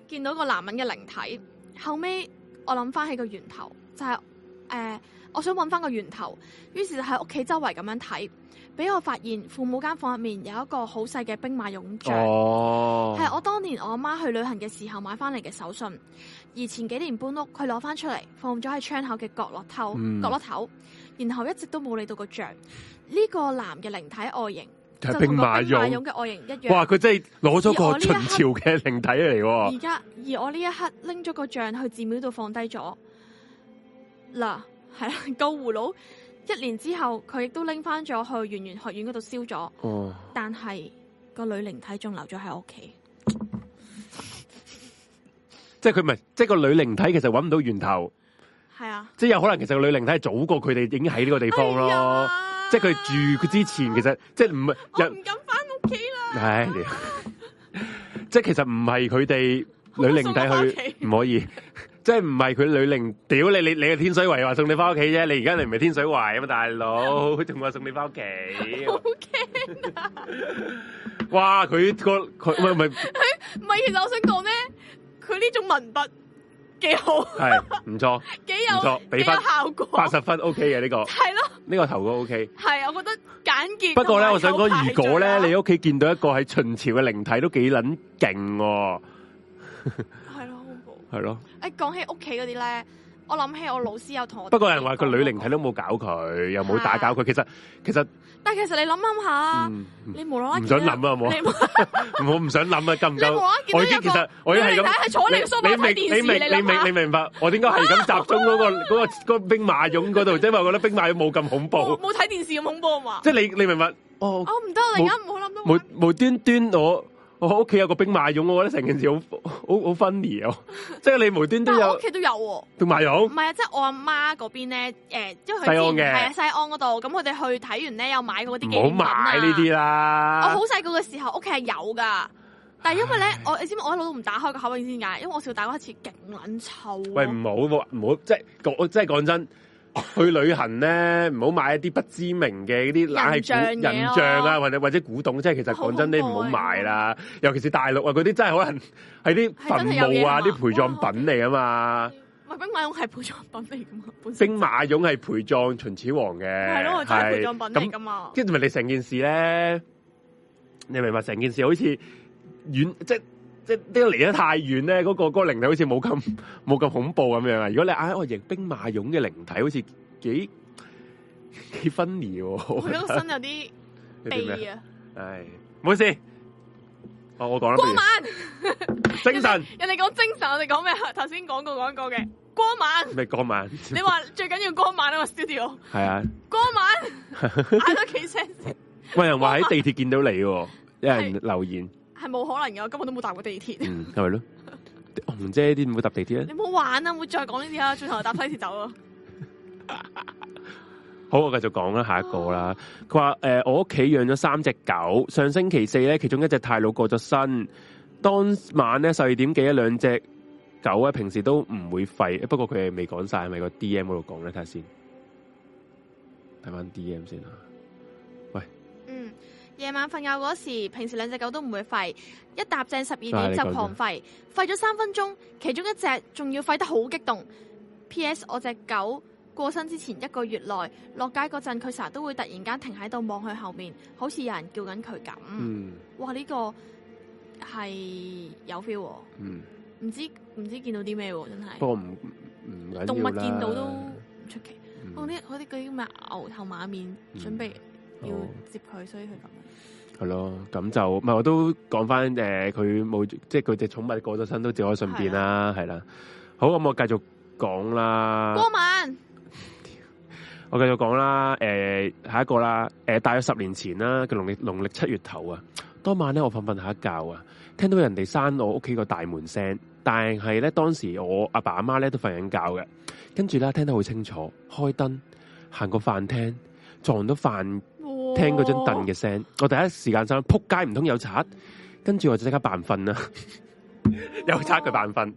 [laughs] 見到個男人嘅靈體。後尾，我諗翻起個源頭，就係、是、誒、呃，我想揾翻個源頭，於是就喺屋企周圍咁樣睇。俾我發現父母間房入面有一個好細嘅兵馬俑像，係我當年我阿媽去旅行嘅時候買翻嚟嘅手信。而前幾年搬屋，佢攞翻出嚟放咗喺窗口嘅角落頭，角落頭，然後一直都冇理到個像。呢個男嘅靈體外形就兵馬俑嘅外形一樣。哇！佢真係攞咗個秦朝嘅靈體嚟。而家而我呢一刻拎咗個像去寺廟度放低咗。嗱，係啦，救葫蘆。一年之後，佢亦都拎翻咗去圓玄學院嗰度燒咗。Oh. 但係個女靈體仲留咗喺屋企，即係佢唔係，即係個女靈體其實揾唔到源頭。係啊，即係有可能其實個女靈體係早過佢哋已經喺呢個地方咯、哎。即係佢住佢之前，其實即係唔係。我唔敢翻屋企啦。係，即係 [laughs] 其實唔係佢哋女靈體去，唔可以。 [laughs] 即係唔係佢女靈屌你你你，你係天水圍話送你翻屋企啫，你而家你唔係天水圍啊嘛，大佬仲話送你翻屋企，好 [laughs] 驚啊！ [laughs] 哇，佢、個佢唔咪，唔係其實我想講咩，佢呢種文筆幾好，係唔錯，幾 [laughs] 有幾有效果，八十分 OK 嘅呢、個，係咯，呢、個頭哥 OK，係，我覺得簡潔。不過咧，我想講如果咧，你屋企見到一個喺秦朝嘅靈體都，都幾捻勁。係咯，誒，講起屋企嗰啲咧，我諗起我老師有同我。不過人話個女靈體都冇搞佢，又冇打攪佢。其實其實，但其實你諗諗下，你無啦。唔想諗啦，好冇？我唔想諗啊，咁就我已經其實我已經係咁。你明？你明？你明？你明？你明白？我點解係咁集中嗰個嗰個嗰兵馬俑嗰度？即係話我覺得兵馬俑冇咁恐怖，冇睇電視咁恐怖啊嘛？即係你你明白？哦，我唔得，你而家唔好諗到。無無端端我。我屋企有個兵馬俑，我覺得成件事好好好 funny 哦！即係你無端端有，但係我屋企都有兵馬俑。唔 [laughs] 係啊，就是、啊，即係我阿媽嗰邊咧，誒，即係佢係啊西安嗰度，咁佢哋去睇完咧，又買過啲紀念品啊。好買呢啲啦！我好細個嘅時候，屋企係有噶，但係因為咧， [laughs] 我你知我一路都唔打開個口吻先解，因為我試過打開一次，勁撚臭、啊。喂，唔好唔好，即係我即係我係講真。去旅行咧，唔好買一啲不知名嘅嗰啲冷係古人像啊、人像啊，或者或者古董，即係其實講真，你唔好買啦。尤其是大陸啊，嗰啲真係可能係啲墳墓啊啲陪葬品嚟啊嘛。兵馬俑係陪葬品嚟噶嘛？兵馬俑係陪葬秦始皇嘅，係囉，即係咪你成件事咧？你明唔明啊？成件事好似遠即係。即係呢個離得太遠咧，嗰、那個嗰、那個靈體好似冇咁冇咁恐怖咁樣啊！如果你嗌、哎、我型兵馬俑嘅靈體好像，好似幾幾 funny 佢個身有啲痹啊！唉，唔好意思，我我講啦，光晚精神，人哋講精神，我哋講咩？頭先講過講過嘅光晚，咩光晚？你話最緊要光晚啊嘛，Studio 係啊，光晚嗌多幾聲，有 [laughs] 人話喺地鐵見到你，啊，有人留言。係冇可能噶，我根本都冇搭過地鐵，係咪咯？紅姐啲唔會搭地鐵啊！你唔好玩啦，唔好再講呢啲啦，轉頭搭西鐵走咯。好，我繼續講啦，下一個啦。佢話誒，我屋企養咗三隻狗，上星期四咧，其中一隻太老過咗身，當晚咧十二點幾，兩隻狗咧平時都唔會吠，不過佢哋未講晒，係咪個 D M 嗰度講咧？睇下先，睇翻 D M 先啊。夜晚瞓覺嗰時，平時兩隻狗都唔會吠，一搭正十二點就狂吠，啊、吠咗三分鐘，其中一隻仲要吠得好激動。P.S. 我隻狗過身之前一個月內，落街嗰陣佢成日都會突然間停喺度望去後面，好似有人叫緊佢咁。哇呢個係有 feel。嗯，唔、這個嗯、知唔知見到啲咩真係。不過唔唔動物見到都唔出奇。我啲啲嗰咩牛頭馬面、嗯、準備。要接佢，所以佢咁。係咯，咁就唔係我都講翻誒，佢，呃，冇即係佢隻寵物過咗身都照可順便啦，係啦。好，咁我繼續講啦。嗰晚我繼續講啦，誒，呃，下一個啦，誒，呃，大約十年前啦，佢農曆農曆七月頭啊，當晚咧我瞓瞓下一覺啊，聽到人哋閂我屋企個大門聲，但係咧當時我阿爸阿媽咧都瞓緊覺嘅，跟住咧聽得好清楚，開燈行過飯廳，撞到飯。聽嗰張凳嘅聲，我第一時間就扑街，唔通有賊？跟住我就即刻扮瞓啦， [laughs] 有賊佢扮瞓，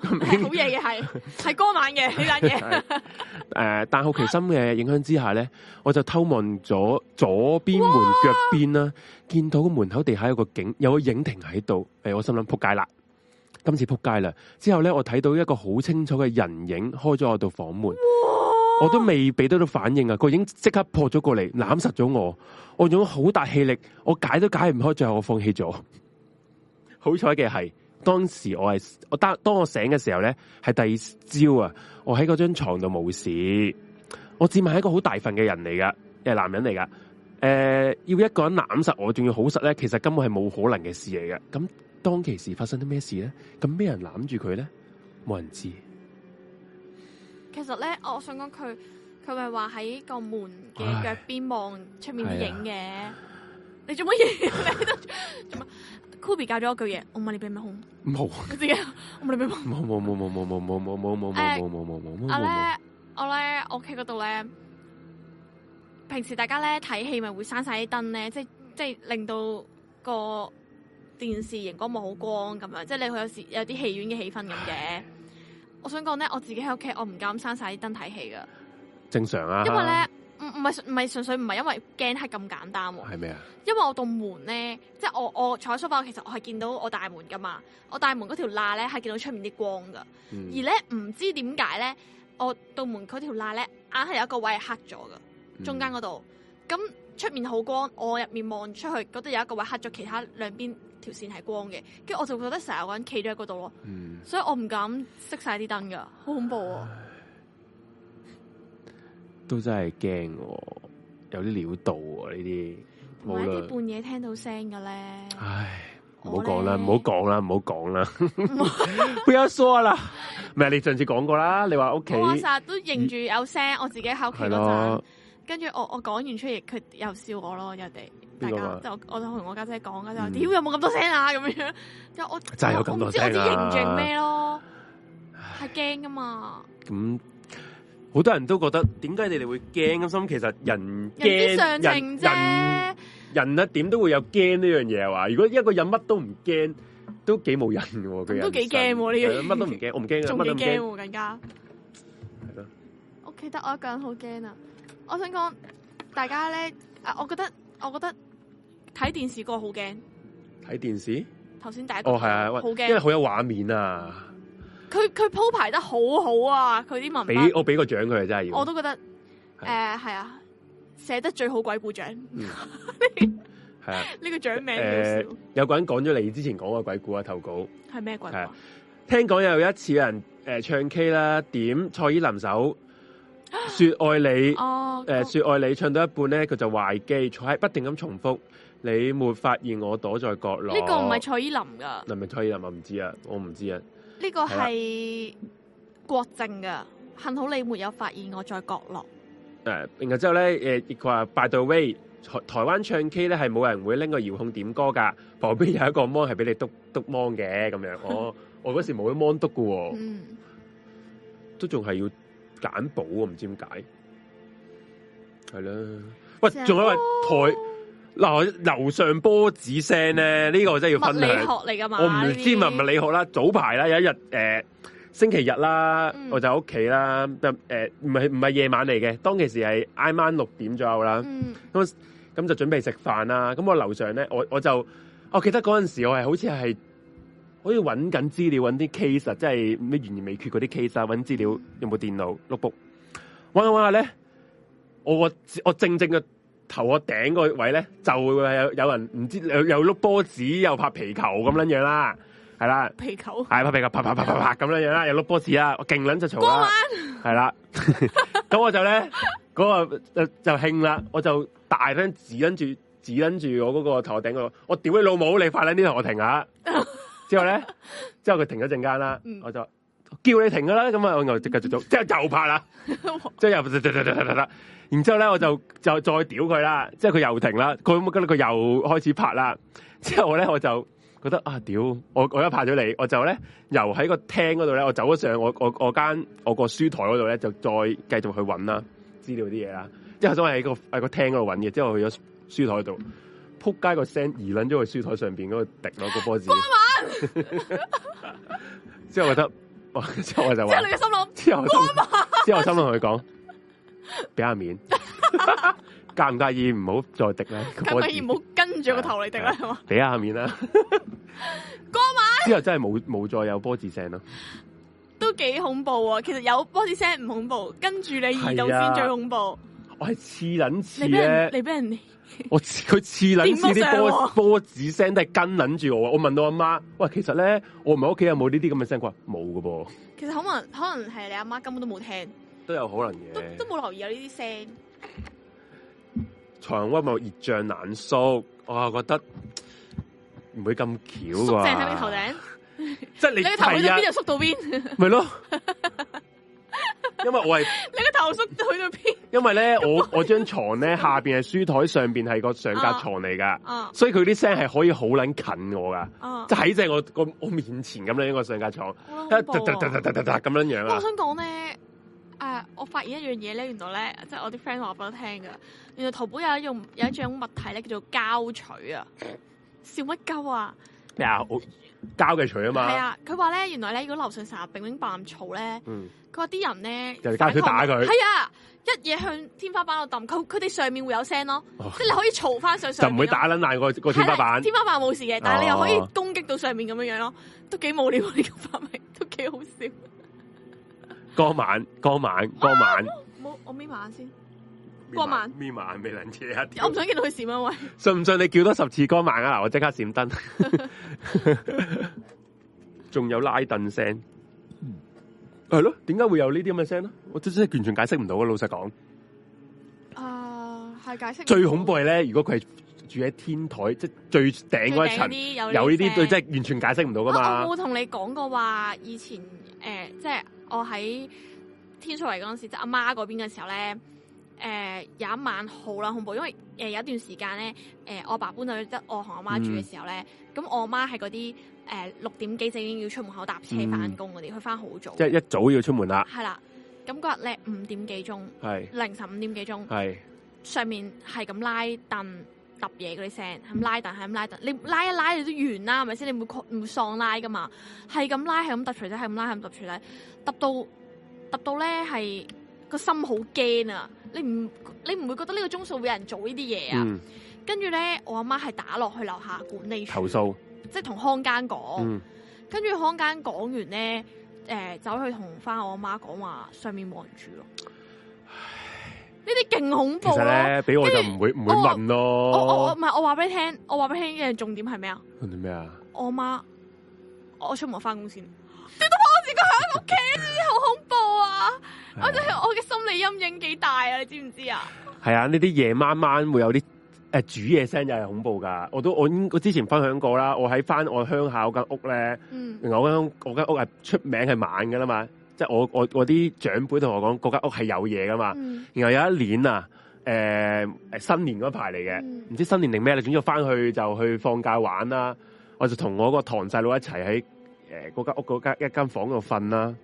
好嘢嘅係係哥玩嘅，你玩嘅。誒、 [laughs] [laughs] 呃，但好奇心嘅影響之下咧，我就偷望咗左邊門腳邊啦，見到個門口地下有個景，有個影停喺度。誒，我心諗扑街啦，今次扑街啦。之後咧，我睇到一個好清楚嘅人影開咗我度房門。我都未俾到到反應啊！佢已經即刻破咗過嚟攬實咗我，我用咗好大氣力，我解都解唔開，最後我放棄咗。 [laughs] 好彩嘅係當時我係我得，我，當我醒嘅時候咧，係第二朝啊，我喺嗰張床度冇事。我自問係一個好大份嘅人嚟噶，係男人嚟噶、呃。要一個人攬實我仲要好實咧，其實根本係冇可能嘅事嚟嘅。咁當其時發生啲咩事咧？咁咩人攬住佢咧？冇人知。其實咧，我我想講佢佢咪話喺個門嘅腳邊望出面影嘅。你做乜嘢？做乜？Kobe 教咗我一句嘢，我問你邊咪好？冇。我冇冇冇冇冇冇冇冇冇冇冇冇冇冇冇冇。我咧我咧屋企度咧，平時大家咧睇戲咪會閂晒啲燈咧，即係即係令到個電視熒光幕好光咁樣，即係你會有時有啲戲院嘅氣氛咁嘅。我想講咧，我自己喺屋企，我唔敢閂晒啲燈睇戲噶。正常啊，唔唔唔唔係因為咧唔唔係唔係純粹唔係因為驚黑係咁簡單，係咩啊？因為我度門咧，即係我我坐喺梳化，其實我係見到我大門噶嘛。我大門嗰條罅咧係見到出面啲光噶，而咧唔知點解咧，我度門嗰條罅咧，硬係有一個位係黑咗噶，中間嗰度。咁出面好光，我入面望出去，覺得有一個位黑咗，其他兩邊。條線係光嘅，跟住我就覺得成日有人企咗喺嗰度咯，所以我唔敢熄晒啲燈噶，好恐怖啊！都真係驚、哦，有啲料到啊呢啲，同埋啲半夜聽到聲嘅咧，唉，唔好講啦，唔好講啦，唔好講啦，不要說啦，咩？不要說了 [laughs] [laughs] 你上次講過啦，你話 O K，我成日都認住有聲，我自己喺屋企嗰陣，跟住我我講完出嚟，佢又笑我咯，又地。大家、啊、就我就同我家姐講啦，就屌、嗯、有冇咁多聲啊咁樣樣，我就係、有咁多聲、啊、我唔知啲形象咩咯，係驚噶嘛。咁好多人都覺得點解你哋會驚咁，心 [laughs] 其實人驚人，人人咧點、 [laughs] 啊、都會有驚呢樣嘢啊！如果一個人乜都唔驚，都幾冇人嘅，、啊。佢 [laughs] 都幾驚呢樣，乜 [laughs] 都唔驚，我唔驚嘅，仲驚、啊、更加。係咯。屋企得我一個人好驚啊！我想講大家咧，啊，我覺得，我覺得。我覺得睇電視個好驚，睇電視頭先第一個哦係啊，好驚，因為好有畫面啊。佢佢鋪排得好好啊，佢啲文筆，俾我俾個獎佢啊，真係要。我都覺得誒係啊，寫、呃啊、得最好鬼故獎。係、嗯、 [laughs] [laughs] 是啊，呢 [laughs] 個獎名誒、呃、有個人講咗你之前講個鬼故啊，投稿係咩鬼故、啊？係、啊、聽講有一次有人誒、呃、唱 K 啦，點蔡依林首、啊《說愛你》呃。哦、啊，誒說愛你唱到一半咧，佢就壞機，坐喺，不停咁重複。你沒發現我躲在角落？呢個唔係蔡依林噶，係咪蔡依林我唔知啊，不不知道我唔知啊。呢、這個係郭靖噶，幸好你沒有發現我在角落。誒，然後之後咧，誒亦佢話，by the way，台台灣唱 K 咧係冇人會拎個遙控點歌噶，旁邊有一個 mon 係俾你篤篤 mon 嘅咁樣。 [laughs] 哦、我我嗰時冇咁 mon 篤嘅喎，都仲係要揀簿，我唔知點解。係啦，喂，仲有台。 [laughs] 嗱，樓上波子聲咧，呢、嗯這個我真係要分享。物理學嚟噶嘛？我唔知係唔係物理學啦。早排啦，有一日誒、呃，星期日啦，嗯、我就喺屋企啦。誒、呃，唔係唔係夜晚嚟嘅，當其時係挨晚六點左右啦。咁、嗯、咁就準備食飯啦。咁我樓上咧，我我就，我記得嗰陣時我係好似係，好似揾緊資料，揾啲 case 啊，即係咩懸而未決嗰啲 case 啊，揾資料用部電腦 notebook 揾下揾下咧，我我我靜靜嘅。頭我頂個位咧，就會有有人唔知又又碌波子，又拍皮球咁樣樣啦，係啦，皮球，係拍皮球，啪啪啪啪啪咁樣樣啦，又碌波子，啊、我勁捻就嘈啦，係啦，咁 [laughs] [laughs] 我就咧，嗰、嗰個就就興啦，我就大聲指撚住指撚住我嗰個頭頂嗰個，我屌你老母，你快撚啲同我停下 [laughs] 之呢，之後咧，之後佢停咗陣間啦，我就。叫你停噶啦，咁啊，我又直繼續做，之後又拍啦，之後又然之後咧我就就再屌佢啦，之後佢又停啦，佢咁跟住佢又開始拍啦，之後我咧我就覺得啊屌，我我一拍咗你，我就咧由喺個廳嗰度咧，我走咗上我我我間我個書台嗰度咧，就再繼續去揾啦資料啲嘢啦，之後都係喺個喺個廳嗰度揾嘅，之後去咗書台度，扑街個聲移捻咗去書台上邊嗰個滴落個波子，關門，之 [laughs] 後我覺得。之 [laughs] 後我就話，之後你心諗，之後心，之後心諗同佢講，俾 [laughs] 下面， [laughs] 介唔介意唔好再滴咧，介唔介意？唔好跟住個頭嚟滴啦，係嘛？俾下面啦、啊，哥買，之後真係冇冇再有波子聲咯、啊，都幾恐怖啊，其實有波子聲唔恐怖，跟住你移動先最恐怖，是啊、我係似緊似你嚟俾人 [laughs] 我佢似捻似啲波波子聲， [laughs] 子聲都係跟捻住我。我問到阿媽，喂，其實咧，我唔係屋企有冇呢啲咁嘅聲？佢話冇㗎噃。其實可能可能係你阿媽根本都冇聽，都有可能嘅，都冇留意有呢啲聲。長溫有熱脹冷縮，我覺得唔會咁巧的啊！即係你頭頂， [laughs] [laughs] [laughs] [laughs] [laughs] 你頭去到邊就縮到邊，咪咯。 [laughs] 因為我係你個頭叔去到邊？因為咧，我我張床咧下邊係書台，上邊係個上架床嚟噶，uh, uh, 所以佢啲聲係可以好撚近我噶，就喺即係我個我面前咁樣一個上架床，噠噠噠噠噠噠咁樣這樣、啊、我想講咧，誒、呃，我發現一樣嘢咧，原來咧，即、就、係、是、我啲 friend 話俾我聽噶，原來淘寶有一種有一種物體咧叫做膠錘啊，笑乜鳩啊？咩啊？交嘅錘啊嘛，係啊！佢話咧，原來咧，如果樓上成日乒乒乓咁嘈咧，佢話啲人咧，就教佢打佢，係啊，一嘢向天花板度抌，佢佢哋上面會有聲咯，即、哦、係你可以嘈翻上上面，就唔會打撚爛個個天花板，天花板冇事嘅，但係你又可以攻擊到上面咁樣樣咯、哦這個，都幾無聊你個發明，都幾好笑。個晚個晚個晚，冇、啊、我眯埋眼先。你一啲，我唔想見到佢閃、啊、喂，信唔信你叫多十次光猛啊？我即刻閃燈。仲 [laughs] [laughs] 有拉凳聲，係、嗯、咯？點、啊、解會有呢啲咁嘅聲咧？我真真係完全解釋唔到啊。老實講，啊，係解釋。最恐怖係咧，如果佢係住喺天台，即係最頂嗰一層，有呢啲、啊，即係完全解釋唔到噶嘛。啊、我冇同你講過話，以前誒、呃，即係我喺天水圍嚟嗰陣時，即阿媽嗰邊嘅時候咧。誒、呃、有一晚好啦恐怖，因為誒有一段時間咧，誒、呃、我爸搬走得我同我媽住嘅時候咧，咁、嗯嗯、我媽係嗰啲誒六點幾就已經要出門口搭車翻工嗰啲，佢翻好早，即係一早要出門啦。係啦，咁嗰日咧五點幾鐘，係凌晨五點幾鐘，係上面係咁拉凳揼嘢嗰啲聲，咁拉凳，係咁拉凳，你拉一拉你都完啦，係咪先？你唔會唔會喪拉㗎嘛？係咁拉，係咁揼除仔，係咁拉，係咁揼除仔，揼到揼到咧，係個心好驚啊！你唔你唔會覺得呢個鐘數會有人做呢啲嘢啊？跟住咧，我阿媽係打落去樓下管理處投訴，即係同看更講。嗯呃、跟住看更講完咧，誒，走去同翻我阿媽講話上面冇人住咯。呢啲勁恐怖。其實咧，俾我就唔會唔會問咯。我我唔係我話俾你聽，我話俾你聽嘅重點係咩啊？咩啊？我阿媽，我出門翻工先。啊喺屋企呢啲好恐怖啊！ [laughs] 我哋我嘅心理陰影幾大啊，你知唔知道是啊？係啊，呢啲夜晚晚會有啲誒、呃、煮嘢聲又係恐怖噶。我都我之前分享過啦，我喺翻我鄉下嗰間屋咧，嗯，然後我間間屋係出名係晚噶啦嘛，即、就、係、是、我我我啲長輩同我講嗰間屋係有嘢噶嘛、嗯。然後有一年啊，誒、呃、誒新年嗰排嚟嘅，唔、嗯、知道新年定咩你總之我翻去就去放假玩啦，我就同我個堂細佬一齊喺。誒、呃，嗰、那、間、個、屋嗰間、那個那個那個、一間房度瞓啦。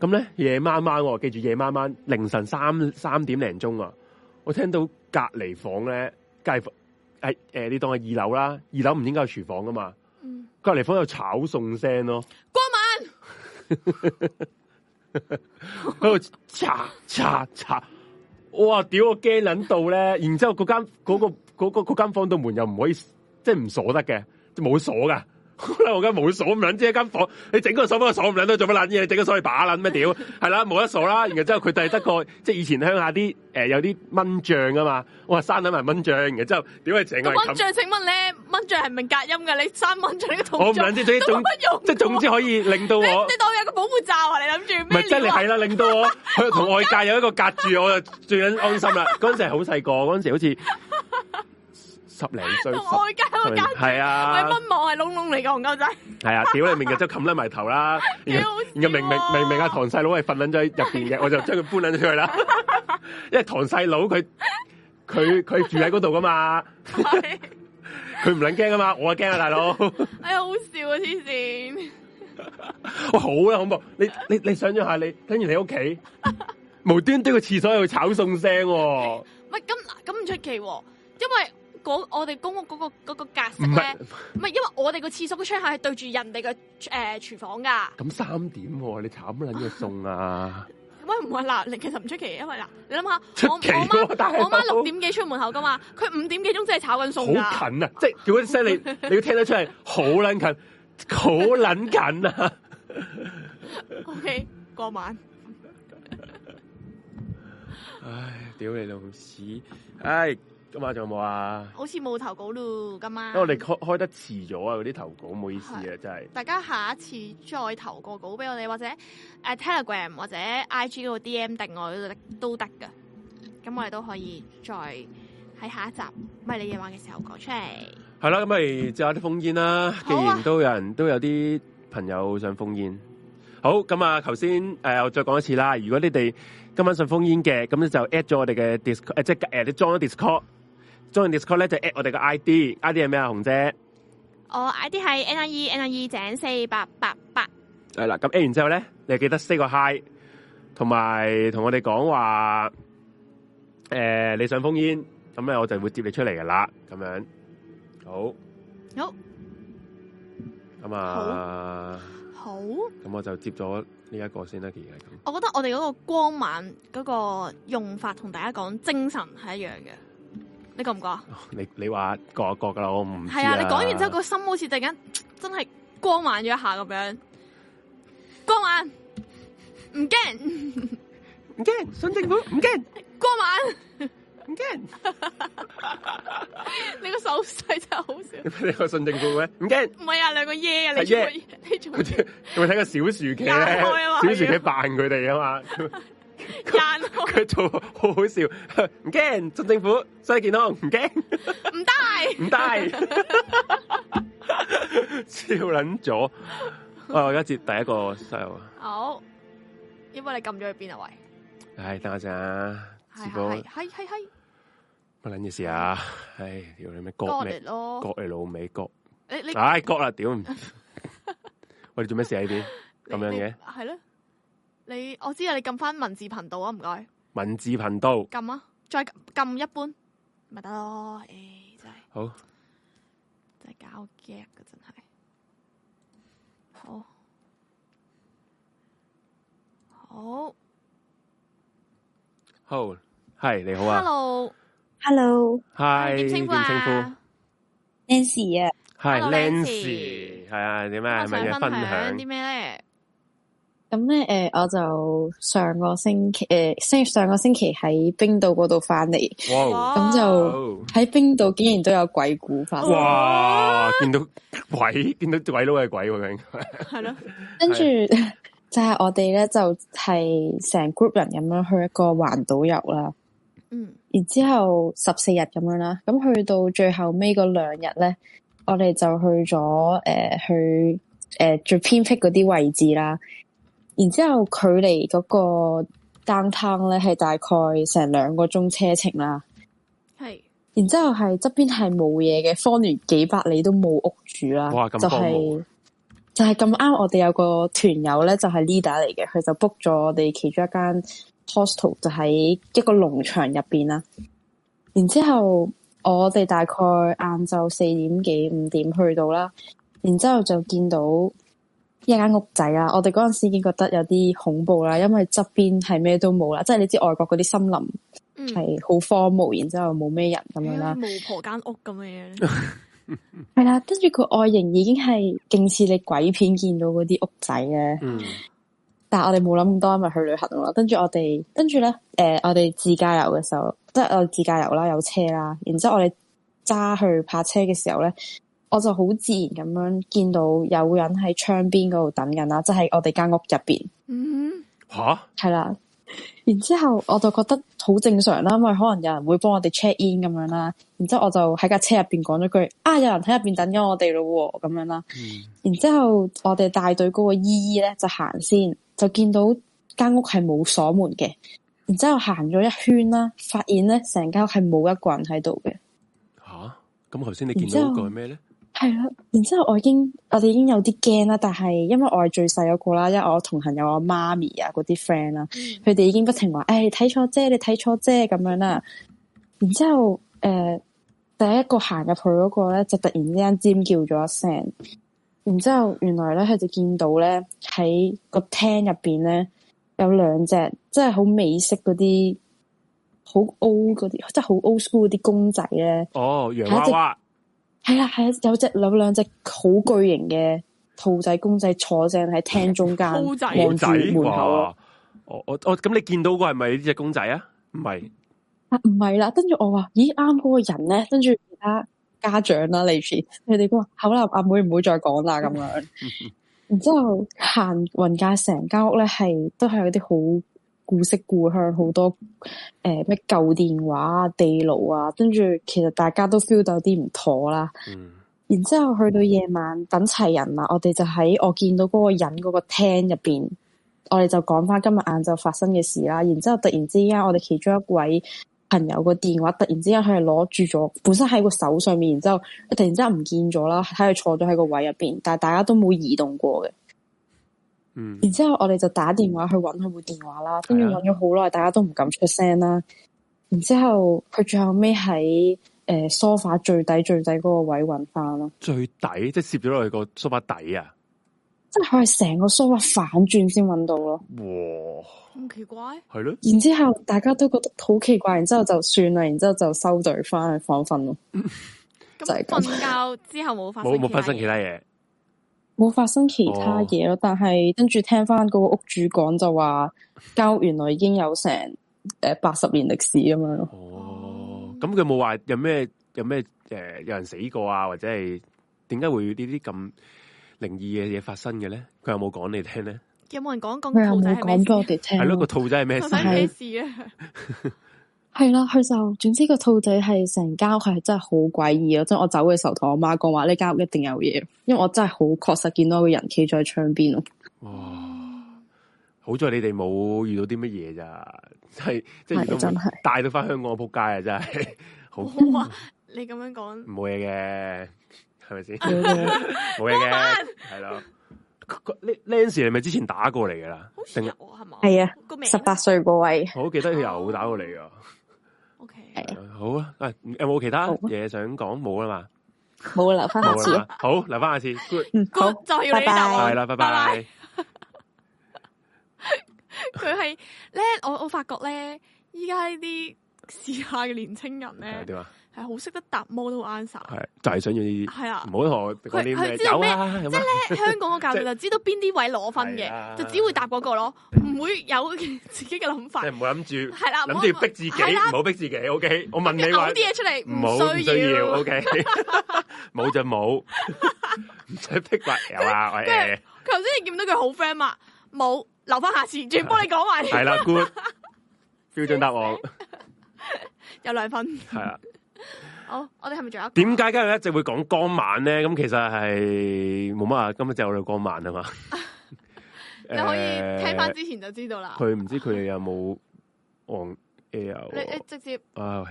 咁咧夜晚晚，記住夜晚晚凌晨三三點零鐘啊！我聽到隔籬房咧，隔誒誒、欸欸，你當係二樓啦，二樓唔應該係廚房噶嘛。隔、嗯、籬房有炒餸聲咯，關敏，喺度炒炒炒，哇！屌我驚捻到咧，然之後嗰間、那個、那個間、那個那個、房度門又唔可以，即係唔鎖得嘅，冇鎖噶。 [laughs] 我而家冇鎖唔捻知一間房間，你整個鎖乜鎖咁捻都做乜捻嘢？你整個鎖去把捻咩？屌，係啦，冇 [laughs] 得鎖啦。然後之後佢第得個， [laughs] 即係以前鄉下啲誒、呃、有啲蚊帳啊嘛。我話閂捻埋蚊帳，然後之後點啊整？個蚊帳請問咧，蚊帳係咪隔音噶？你閂蚊帳嘅動作我唔捻知總都冇用、啊？即係總之可以令到我。你，你當我有一個保護罩啊？你諗住咩？唔係，即係你係啦，令到我同 [laughs] 外界有一個隔住，我就最緊安心啦。嗰 [laughs] 陣時係好細個，嗰陣時好似。十零歲，係啊，唔係蚊毛，係窿窿嚟個戇鳩仔，係啊，屌你面嘅，即係冚笠埋頭啦，然後，然後明明明明阿唐細佬係瞓緊喺入邊嘅，我就將佢搬捻咗出嚟啦，因為唐細佬佢佢佢住喺嗰度噶嘛，佢唔捻驚噶嘛，我啊驚啊大佬，哎呀好笑啊黐線，哇好啊恐怖，你你你想像下，你等於你屋企無端端個廁所又炒餸聲，喂咁咁唔出奇，因為。嗰個、我哋公屋嗰、嗰個嗰個格式咧，唔係因為我哋個廁所嘅窗口係對住人哋嘅誒廚房噶。咁三點、哦，你炒緊乜嘢餸啊？ [laughs] 喂，唔係嗱，你其實唔出奇，因為嗱，你諗下、啊，我我媽我媽六點幾出門口噶嘛，佢五點幾鐘真係炒緊餸好近啊！即係點講先？你你要聽得出嚟，好 [laughs] 撚近，好撚近啊 [laughs] ！OK，過晚。 [laughs] 唉，屌你老屎！唉。今晚仲有冇啊？好似冇投稿咯，今晚。因為我哋開,開得遲咗啊，嗰啲投稿唔好意思啊，真係。大家下一次再投個稿俾我哋，或者誒、啊、Telegram 或者 IG 嗰度 DM 定我都得噶。咁、嗯、我哋都可以再喺下一集唔係你夜晚嘅時候講出嚟。係、嗯、啦，咁咪就有啲 phone in 啦。既然都有人都有啲朋友想 phone in，好咁啊！頭先誒，我再講一次啦。如果你哋今晚上 phone in 嘅，咁、呃就是呃、你就 at 咗我哋嘅 Discord 即係誒你裝咗 Discord。中 Discord 咧就 at 我哋個 ID，ID 係咩啊？紅姐，我 ID 係 NIE NIE 井四八八八。係啦，咁 at 完之後咧，你記得 say 個 hi，同埋同我哋講話，誒、呃，你想 phone in，咁咧我就會接你出嚟噶啦。咁樣好，好，咁、oh. 啊，好，咁我就接咗呢一個先啦。其實，我覺得我哋嗰個光猛嗰個用法同大家講精神係一樣嘅。你覺唔覺？你你話覺啊覺噶啦，我唔係啊，啊！你講完之後個心好似突然間真係光猛咗一下咁樣，光猛唔驚唔驚，信政府唔驚，光猛唔驚。你個手勢真係好笑，你個信政府咩？唔驚？唔係啊，兩個耶、yeah, 啊、yeah.，你個你仲仲咪睇個小薯茄嘅小薯茄嘅扮佢哋啊嘛？ [laughs] 佢做好好笑，唔驚，做政府身體健康唔驚，唔戴，唔戴，笑撚咗。喂，我而家接第一個 call。好，因為你撳咗去邊啊？喂，唉，等下先啊，直播，係係係，乜捻嘢事啊？唉，屌你咩？割你老味割，你你唉割啦，屌！我哋做咩事喺呢邊咁樣嘅？係咯。你我知道你撳翻文字頻道啊，唔該。文字頻道。撳啊，再撳一般，咪得咯。誒，真係。好。真係搞驚噶，真係。好。好。好，係你好啊。Hello。Hello。係點稱呼？Lancy 啊。係 Lancy，係啊？點咩？Nancy 啊，我想分享啲咩咧？咁、嗯、咧，誒、呃，我就上個星期，誒、呃，上個星期喺冰島嗰度返嚟，咁就喺冰島竟然都有鬼故化，哇！見到鬼，見到鬼都係鬼喎、啊，應該係咯。跟住就係我哋咧，就係成 group 人咁樣去一個環島遊啦，嗯，然之後十四日咁樣啦，咁去到最後尾嗰兩日咧，我哋就去咗，誒、呃，去，誒、呃，最偏僻嗰啲位置啦。然之後，距離嗰個 down town 咧係大概成兩個鐘車程啦。係，然之後係側邊係冇嘢嘅，方圓幾百里都冇屋住啦、啊。就係、是、就係咁啱，我哋有個團友咧就係、是、leader 嚟嘅，佢就 book 咗我哋其中一間 hostel，就喺一個農場入邊啦。然之後我哋大概晏晝四點幾五點去到啦，然之後就見到。一間屋仔啊，我哋嗰陣時已經覺得有啲恐怖啦，因為側邊係咩都冇啦，即係你知外國嗰啲森林係好荒蕪、嗯，然之後冇咩人咁樣啦，巫婆間屋咁嘅樣，係 [laughs] 啦，跟住佢外形已經係勁似你鬼片見到嗰啲屋仔咧，嗯，但係我哋冇諗咁多，因咪去旅行咯。跟住我哋跟住咧，誒、呃，我哋自駕遊嘅時候，即係我哋自駕遊啦，有車啦，然之後我哋揸去泊車嘅時候咧。我就好自然咁樣見到有人喺窗邊嗰度等緊啦，即係我哋間屋入邊。嗯，吓係啦。然之後我就覺得好正常啦，因為可能有人會幫我哋 check in 咁樣啦。然之後我就喺架車入邊講咗句啊，有人喺入邊等緊我哋咯，咁樣啦。嗯。然之後我哋帶隊嗰個姨姨咧就行先，就見到間屋係冇鎖門嘅。然之後行咗一圈啦，發現咧成間屋係冇一個人喺度嘅。吓咁，頭先你見到嗰個係咩咧？係啦，然之後我已經，我哋已經有啲驚啦，但係因為我係最細嗰個啦，因為我同行有我媽咪啊，嗰啲 friend 啦，佢、嗯、哋已經不停話，誒、哎、睇錯啫，你睇錯啫咁樣啦。然之後，誒、呃、第一個行入去嗰，那個咧，就突然之間尖叫咗一聲。然之後，原來咧佢就見到咧喺個廳入邊咧有兩隻，即係好美式嗰啲，好 old 嗰啲，即係好 old school 嗰啲公仔咧。哦，洋係啦係啊，有只有兩隻好巨型嘅兔仔公仔坐正喺廳中間望 [laughs] 住門口。我我我咁你見到個係咪呢隻公仔唔係啊？唔係啊，唔係啦。跟住我話，咦啱嗰個人咧，跟住其他家長啦，黎 Sir 你佢哋都話好啦，阿妹唔好再講啦，咁樣。 [laughs] 然之後行云架成間屋咧，係都係有啲好。古色古香好多，誒咩舊電話啊、地牢啊，跟住其實大家都 feel 到有啲唔妥啦，嗯。然之後去到夜晚等齊人啦，我哋就喺我見到嗰個人嗰個廳入邊，我哋就講翻今日晏晝發生嘅事啦。然之後突然之間，我哋其中一位朋友個電話突然之間佢係攞住咗，本身喺個手上他他個面，然之後突然之間唔見咗啦，喺佢坐咗喺個位入邊，但係大家都冇移動過嘅。嗯，然之後我哋就打電話去搵佢部電話啦，跟住搵咗好耐，大家都唔敢出聲啦。然之後佢最後尾喺誒沙發最底最底嗰個位搵翻咯，最底即係攝咗落去個沙發底啊，即係佢係成個沙發反轉先搵到咯。哇，咁奇怪係咯。然之後大家都覺得好奇怪，然之後就算啦，然之後就收隊翻去放瞓咯。咁、嗯、瞓、就係、覺之後冇發冇冇發生其他嘢。冇發生其他嘢咯，哦，但係跟住聽翻嗰個屋主講就話，交原來已經有成誒八十年歷史咁樣咯。哦，咁佢冇話有咩有咩誒有，呃、有人死過啊，或者係點解會呢啲咁靈異嘅嘢發生嘅咧？佢有冇講你聽咧？有冇人講講，嗯、兔仔，啊？沒有我冇講俾我哋聽，啊，係咯個兔仔係咩事，啊？ [laughs] 係啦，佢就總之個兔仔係成間屋係真係好詭異啊。即係我走嘅時候同我媽講話呢間屋一定有嘢，因為我真係好確實見到個人企咗喺窗邊咯。哦、就是，好在 [laughs] 你哋冇遇到啲乜嘢咋，係即係真係帶到翻香港扑街啊！真係好你咁樣講冇嘢嘅，係咪先冇嘢嘅？係咯，呢呢陣時係咪之前打過嚟噶啦？定係？係啊，十八歲個位，我 [laughs] 記得佢又打過嚟噶。Uh, 好啊，誒、欸，有冇其他嘢想講？冇啊嘛，好、啊、留翻下一次。 [laughs] 好，留翻下次 Good. Good. 好。好，再見，拜拜。係啦，拜拜。佢係咧，我我發覺咧，依家呢啲時下嘅年青人咧。啊係好識得答 multiple answer，係就係、是、想要呢啲，係啊，唔好同我講呢啲有啊，即係咧，香港嘅教育就知道邊啲位攞分嘅、啊，就只會答嗰個咯，唔會有自己嘅諗法。即係唔好諗住，係啦、啊，諗住逼自己，唔好、啊、逼自己。啊啊、o、okay? K，我問你話，啲嘢出嚟，唔好需要。O K，冇就冇，唔 [laughs] 使逼屈又啊！誒，頭先你見到佢好 friend 嘛？冇留翻下次，幫完全幫你講埋。係啦，官標準答案有兩分。係啊。 [laughs] 是啊 good, [laughs] man . [laughs] 好、哦，我哋係咪仲有、啊？點解今日一直會講江晚咧？咁其實係冇乜啊，今日就我哋江晚係嘛。 [laughs] 你可以聽翻之前就知道啦。佢、呃、唔知佢有冇 on air？你你直接啊？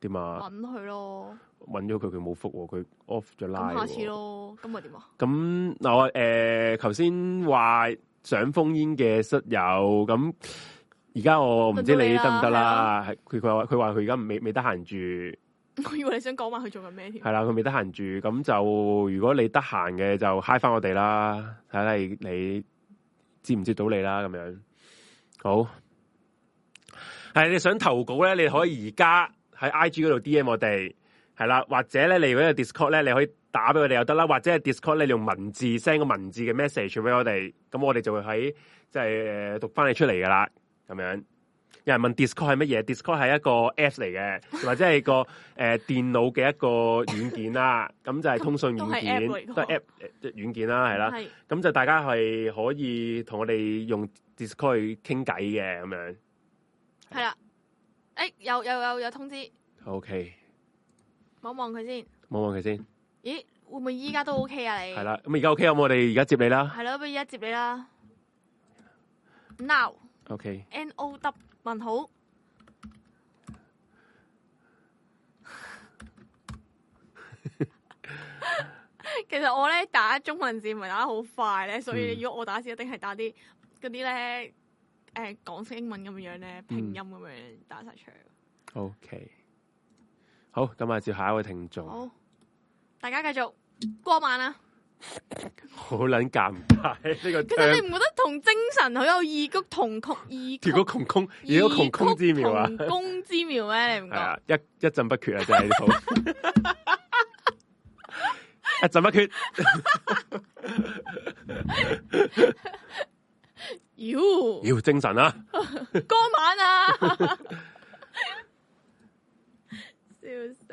點啊？搵佢咯，搵咗佢，佢冇覆，佢 off 咗 line。咁下次咯，咁咪點啊？咁嗱誒，頭先話想烽煙嘅室友，咁而家我唔知你得唔得啦。佢佢話佢話佢而家未未得閒住。 [laughs] 我以為你想講埋佢做緊咩添？係啦，佢未得閒住，咁就如果你得閒嘅就嗨翻我哋啦，睇睇你接唔接到你啦，咁樣好。係你想投稿咧，你可以而家喺 I G 嗰度 D M 我哋，係啦，或者咧嚟嗰個 Discord 咧，你可以打俾我哋又得啦，或者係 Discord 咧用文字 send 個文字嘅 message 俾我哋，咁我哋就會喺即係誒讀翻你出嚟噶啦，咁樣。人問 Discord 係乜嘢？Discord 係一個 app 嚟嘅，或者係個誒電腦嘅一個軟件啦。咁就係通訊軟件，都係 app 誒軟件啦，係啦。咁就大家係可以同我哋用 Discord 傾偈嘅，咁樣係啦。誒，有有有有通知，OK，望望佢先，望望佢先。咦，會唔會依家都 OK 啊？你係啦，咁而家 OK，咁我哋而家接你啦。係啦，不如而家接你啦。Now，OK，N O W。問好 [laughs] [laughs] 其實我咧打中文字唔係打得好快咧，所以如果我打字，一定係打啲嗰啲咧，誒、呃，港式英文咁樣咧，拼音咁樣打晒出嚟。嗯、o、okay. K，好，咁啊接下一位聽眾，好，大家繼續過萬啦。好撚尷尬呢、這個，其實你唔覺得同精神好有異曲同、嗯、曲異曲同工，如果同工之妙啊？係啊， [laughs] 一一陣不缺啊，真係 [laughs] 一陣陣不缺。妖妖精神啊，歌晚啊 [laughs] [laughs] 笑死！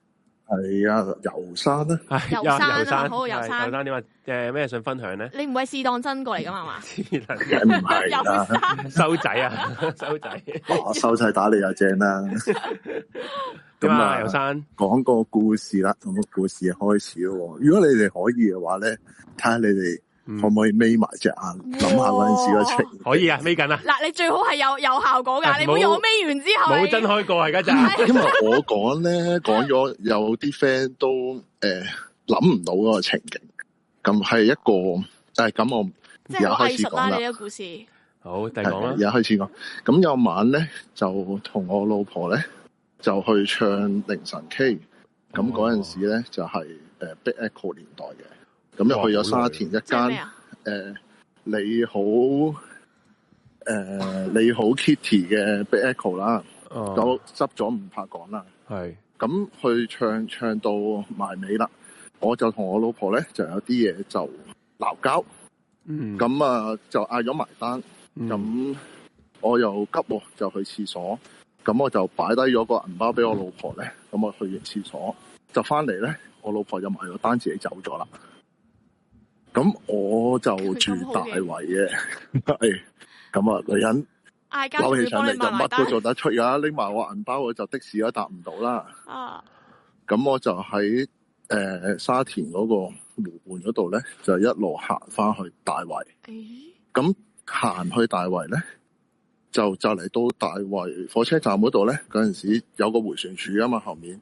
係啊，游山啊，遊、啊、山啦、啊，好遊山。遊山你啊？誒、呃，咩想分享咧？你唔係試當真過嚟噶嘛？試 [laughs] 當唔係收仔啊， [laughs] 收仔、啊，收仔打你又正啦。咁 [laughs] 啊，遊、啊、山講個故事啦，同個故事開始咯。如果你哋可以嘅話咧，睇下你哋。可、嗯、唔可以眯埋隻眼諗下嗰陣時嘅情、哦？可以啊，眯緊啊！嗱，你最好係有有效果噶。你唔好我眯完之後。冇真開過啊，家姐。因為我講咧，講咗 [laughs] 有啲 friend 都誒諗唔到嗰個情景。咁係一個誒咁我。即係藝術啦，呢個故事。好，第二講。而家開始講。咁有一晚咧，就同我老婆咧，就去唱《凌晨 K》。咁嗰陣時咧，就係、是、誒 Big Echo 年代嘅。哦哦咁又去咗沙田一間誒、呃、你好誒、呃、你好 Kitty 嘅 Big Echo 啦，咁執咗唔怕講啦。係咁，哦、去唱唱到埋尾啦。我就同我老婆咧就有啲嘢就鬧交，嗯，咁啊就嗌咗埋單。咁、嗯、我又急，就去廁所。咁我就擺低咗個銀包俾我老婆咧。咁、嗯、我去完廁所就翻嚟咧，我老婆就埋咗單自己走咗啦。咁我就住大圍嘅，咁 [laughs] 啊女人扭起上嚟就乜都做得出噶，拎埋我銀包，我就的士都搭唔到啦。啊！咁我就喺誒、呃、沙田嗰個湖畔嗰度咧，就一路行翻去大圍。咁、哎、行去大圍咧，就就嚟到大圍火車站嗰度咧，嗰陣時有個回旋處啊嘛，後面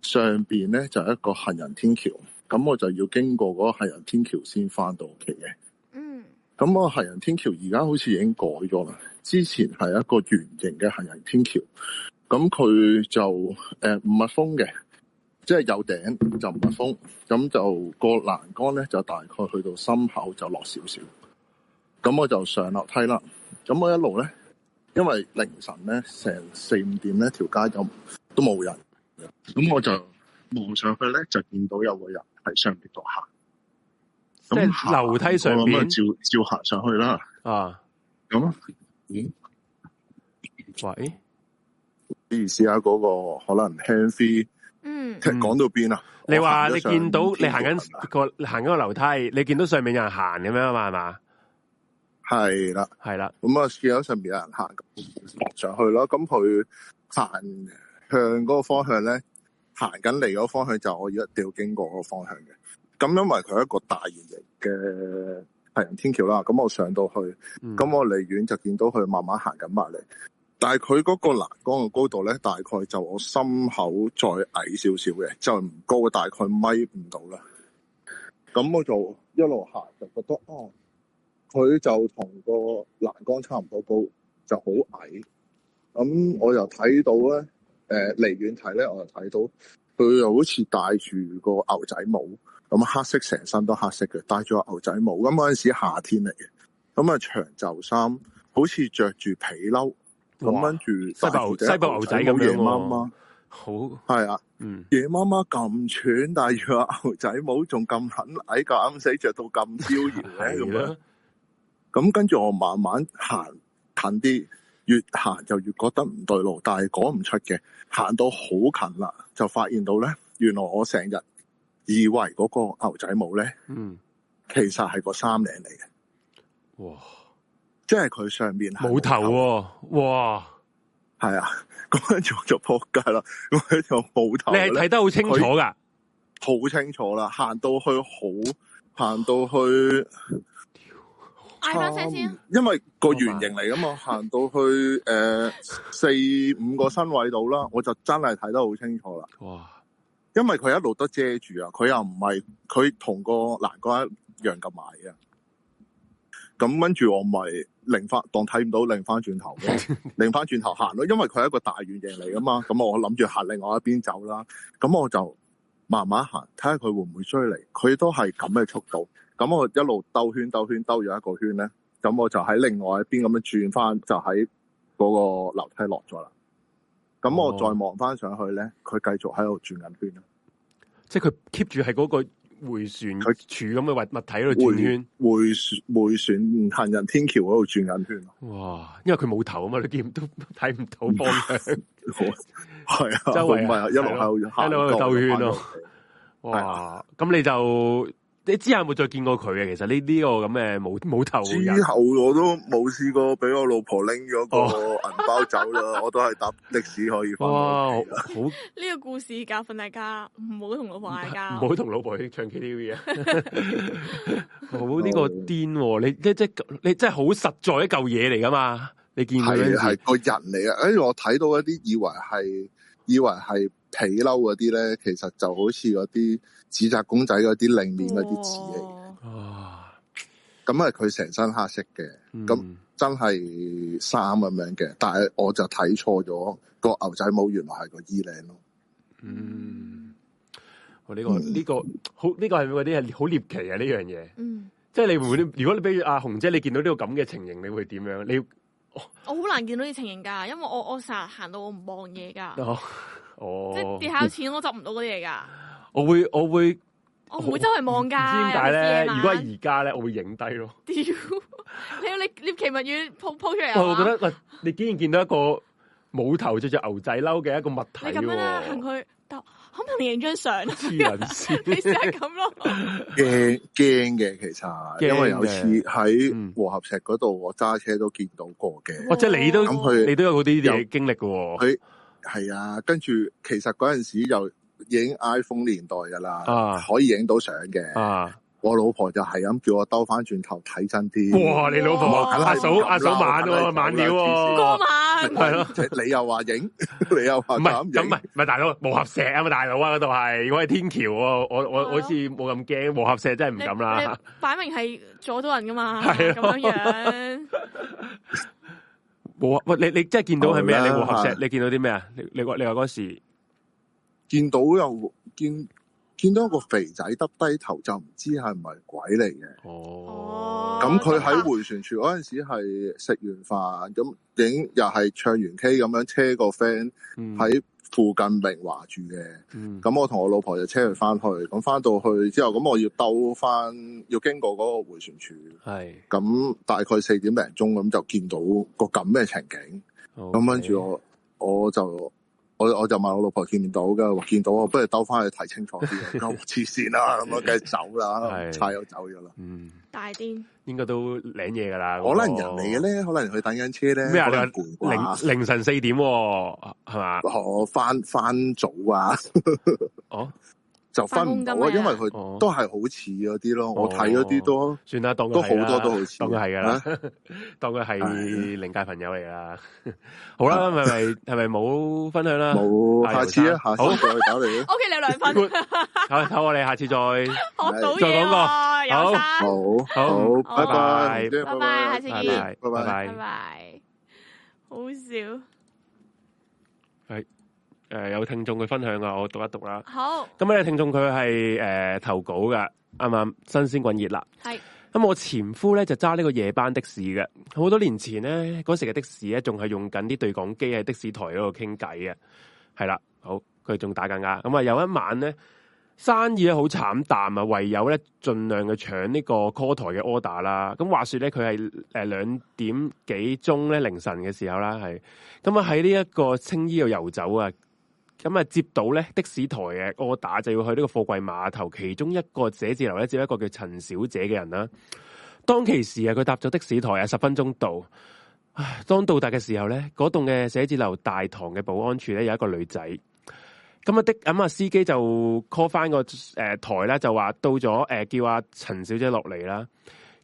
上邊咧就係、一個行人天橋。咁我就要經過嗰個行人天橋先翻到屋企嘅。嗯。咁個行人天橋而家好似已經改咗啦。之前係一個圓形嘅行人天橋。咁佢就誒唔密封嘅，即係有頂就唔密封。咁就個欄杆咧，就大概去到心口就落少少。咁我就上樓梯啦。咁我一路咧，因為凌晨咧成四五點咧，條街咁都冇人。咁我就望上去咧，就見到有個人。喺上邊度行，咁即係樓梯上邊，咁照照行上去啦。啊，咁，咦？喂，不如試下嗰個可能輕啲。嗯，講到邊啊？你話你見到，到你行緊個行緊個樓梯，你見到上面有人行咁樣嘛？係嘛？係啦，係啦，咁啊，我見到上邊有人行，落上去咯。咁佢行向嗰個方向咧。行緊嚟嗰方向就我要一定要經過嗰方向嘅，咁因為佢係一個大圓形嘅行人天橋啦，咁我上到去，咁、嗯、我離遠就見到佢慢慢行緊埋嚟，但係佢嗰個欄杆嘅高度咧，大概就我心口再矮少少嘅，就係唔高，大概米唔到啦。咁我就一路行就覺得，哦，佢就同個欄杆差唔多高，就好矮。咁我又睇到咧。誒，離遠睇咧，我就睇到佢又好似戴住個牛仔帽，咁黑色成身都黑色嘅，戴住個牛仔帽。咁嗰陣時夏天嚟嘅，咁啊長袖衫，好似着住皮褸，咁跟住西部牛仔咁嘅夜媽媽，啊、好係啊、嗯，夜媽媽咁喘，戴住個牛仔帽，仲咁狠矮，啱死着到咁焦熱嘅咁樣，咁跟住我慢慢行，褪啲。越行就越覺得唔對路，但係講唔出嘅。行到好近啦，就發現到咧，原來我成日以為嗰個牛仔帽咧，嗯，其實係個衫領嚟嘅。哇！即係佢上面冇頭，啊。哇！係啊，嗰做就扑街啦。咁佢就冇頭。你係睇得好清楚噶，好清楚啦。行到去好，行到去。嗯、因為個圓形嚟㗎嘛，行、oh、到去誒四五個身位度啦，我就真係睇得好清楚啦。哇、oh.！因為佢一路都遮住啊，佢又唔係，佢同個欄杆一樣咁埋嘅。咁、oh、跟住我咪擰翻，當睇唔到擰翻轉頭嘅，擰翻轉頭行咯。因為佢係一個大圓形嚟㗎嘛，咁我諗住行另外一邊走啦。咁我就慢慢行，睇下佢會唔會追嚟。佢都係咁嘅速度。咁我一路兜圈兜圈，兜咗一個圈咧，咁我就喺另外一邊咁樣轉翻，就喺嗰個樓梯落咗啦。咁我再望翻上去咧，佢、哦、繼續喺度轉緊圈咯。即係佢 keep 住喺嗰個回旋，佢柱咁嘅物物體喺度轉圈，回旋回旋，行人天橋嗰度轉緊圈。哇！因為佢冇頭啊嘛，你點都睇唔 [laughs] [laughs] 到方向。係 [laughs] 啊，即係唔係一路喺度喺度兜圈咯。哇！咁、嗯嗯嗯嗯、你就。你之後有冇再見過佢嘅？其實呢呢個咁嘅冇冇頭人之後我都冇試過俾我老婆拎咗個銀包走啦、哦、 [laughs] 我都係搭的士可以翻。哇，好呢、 [laughs] 這個故事教訓大家，唔好同老婆嗌交，唔好同老婆去唱 K T V 啊！ [laughs] [laughs] [laughs] [laughs] 好呢、no. 個癲，你即即你真係好實在一嚿嘢嚟噶嘛？你見係係個人嚟啊？哎，我睇到一啲以為係以為係皮褸嗰啲咧，其實就好似嗰啲。指責公仔嗰啲另面嗰啲字嚟，哇！咁係佢成身黑色嘅，咁、嗯、真係衫咁樣嘅。但係我就睇錯咗個牛仔帽，原來係個衣領咯。嗯，我、哦、呢、這個呢、這個、嗯、好呢、這個係咪啲係好獵奇啊？呢樣嘢，嗯，即係你會唔會，如果你比如阿紅姐，你見到呢個咁嘅情形，你會點樣？你、哦、我好難見到呢個情形噶，因為我我成日行到我唔望嘢噶，哦，即係跌下錢我執唔到嗰啲嘢噶。我會我會我唔會周圍望架，知點解咧？如果係而家咧，我會影低咯。屌，你有你 [laughs] [laughs] [laughs] 你要你奇物園 po 出嚟，我覺得你竟然見到一個冇頭着住牛仔褸嘅一個物體。咁樣同佢， [laughs] 可唔可以影張相？黐人線，你即係咁咯。驚驚嘅，其實因為我有次喺和合石嗰度，我揸車都見到過嘅、嗯。哦，即係你都咁，佢你都有嗰啲嘢經歷嘅。佢係啊，跟住其實嗰陣時又。影 iPhone 年代噶啦、啊，可以影到相嘅、啊。我老婆就係咁叫我兜翻轉頭睇真啲。哇，你老婆阿嫂阿嫂猛喎猛料喎，係咯、啊啊嗯。你又話影， [laughs] 你又話唔係咁唔係唔係大佬磨合石啊嘛，大佬啊嗰度係，如果係天橋喎，我我，我好似冇咁驚磨合石真係唔敢啦。擺明係阻到人噶嘛，咁樣樣。冇啊，喂你你真係見到係咩？你磨合石，你見到啲咩啊？你你話你話嗰時。見，見，見到又見見到個肥仔耷低頭，就唔知係唔係鬼嚟嘅。哦，咁佢喺回旋處嗰陣時係食完飯，咁、哦、影、嗯、又係唱完 K 咁樣，車個 friend 喺附近明華住嘅。咁、嗯、我同我老婆就車佢翻去，咁翻到去之後，咁我要兜翻，要經過嗰個回旋處。係咁大概四點零鐘咁就見到個咁嘅情景。咁、哦、跟住我、okay. 我，我就。我我就問我老婆見唔到㗎？見到啊！不如兜翻去睇清楚啲，黐線啦。咁我梗係走啦，差 [laughs] 有走咗啦。大、嗯、啲，應該都領嘢㗎啦。可能人嚟嘅咧，可能佢等緊車咧。咩啊？凌凌晨四點喎，係嘛？我返返早啊！ [laughs] 哦。就分唔到，啊，因為佢都係好似嗰啲咯。哦、我睇嗰啲都算啦，當都好多都好似，當佢係嘅，當佢係靈界朋友嚟啦。 [laughs] 好啦，係咪係咪冇分享啦，啊？冇，啊，下次啊，下次好，我搞你。O K，你兩分。好，我哋下次再， [laughs] 再講個 [laughs] 好。好，好，好，拜拜，拜拜，拜拜，下次見，拜拜，拜拜，好笑！誒、呃，有聽眾佢分享啊，我讀一讀啦。好，咁、嗯、咧，聽眾佢係誒投稿㗎，啱啱，新鮮滾熱辣。係，咁、嗯、我前夫咧就揸呢個夜班的士嘅。好多年前咧，嗰時嘅的士咧仲係用緊啲對講機喺的士台嗰度傾偈嘅。係啦，好，佢仲打緊噶。咁、嗯、啊，有、嗯、一晚咧生意咧好慘淡啊，唯有咧盡量去搶呢個 call 台嘅 order 啦。咁、嗯、話說咧，佢係誒兩點幾鐘咧凌晨嘅時候啦，係咁啊喺呢一個青衣度游走啊。咁啊，接到咧的士台嘅柯打就要去呢個貨櫃碼頭其中一個寫字樓咧接一個叫陳小姐嘅人啦。當其時啊，佢搭咗的士台啊，十分鐘到。唉，當到達嘅時候咧，嗰棟嘅寫字樓大堂嘅保安處咧有一個女仔。咁啊的，咁啊司機就 call 翻，個誒、呃、台啦，就話到咗誒、呃，叫阿陳小姐落嚟啦。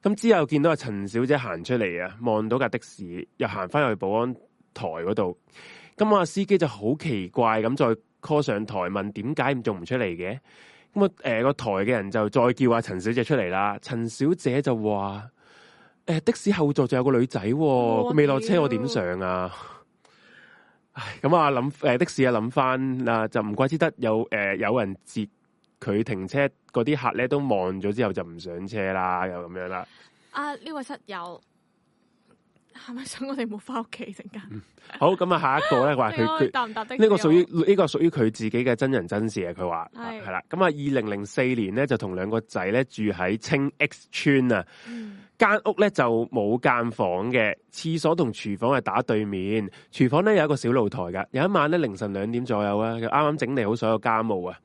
咁之後見到阿陳小姐行出嚟啊，望到架的士，又行翻去保安台嗰度。咁啊！司機就好奇怪咁再 call 上台問點解做唔出嚟嘅？咁啊誒個台嘅人就再叫阿陳小姐出嚟啦。陳小姐就話：誒、呃、的士後座仲有個女仔，哦，佢未落車，啊、我點上啊？唉，咁啊諗誒的士啊諗翻嗱，就唔怪之得有誒、呃、有人截佢停車嗰啲客咧都望咗之後就唔上車啦，又咁樣啦。啊！呢、這、位、個、室友。係咪想我哋冇翻屋企陣間？ [laughs] 好，咁啊，下一個咧話佢呢 [laughs] 答答、這個屬於呢個屬於佢自己嘅真人真事啊！佢話係啦，咁啊，二零零四年咧就同兩個仔咧住喺青 X 村啊，間屋咧就冇間房嘅，廁所同廚房係打對面，廚房咧有一個小露台噶。有一晚咧凌晨兩點左右啊，佢啱啱整理好所有家務啊，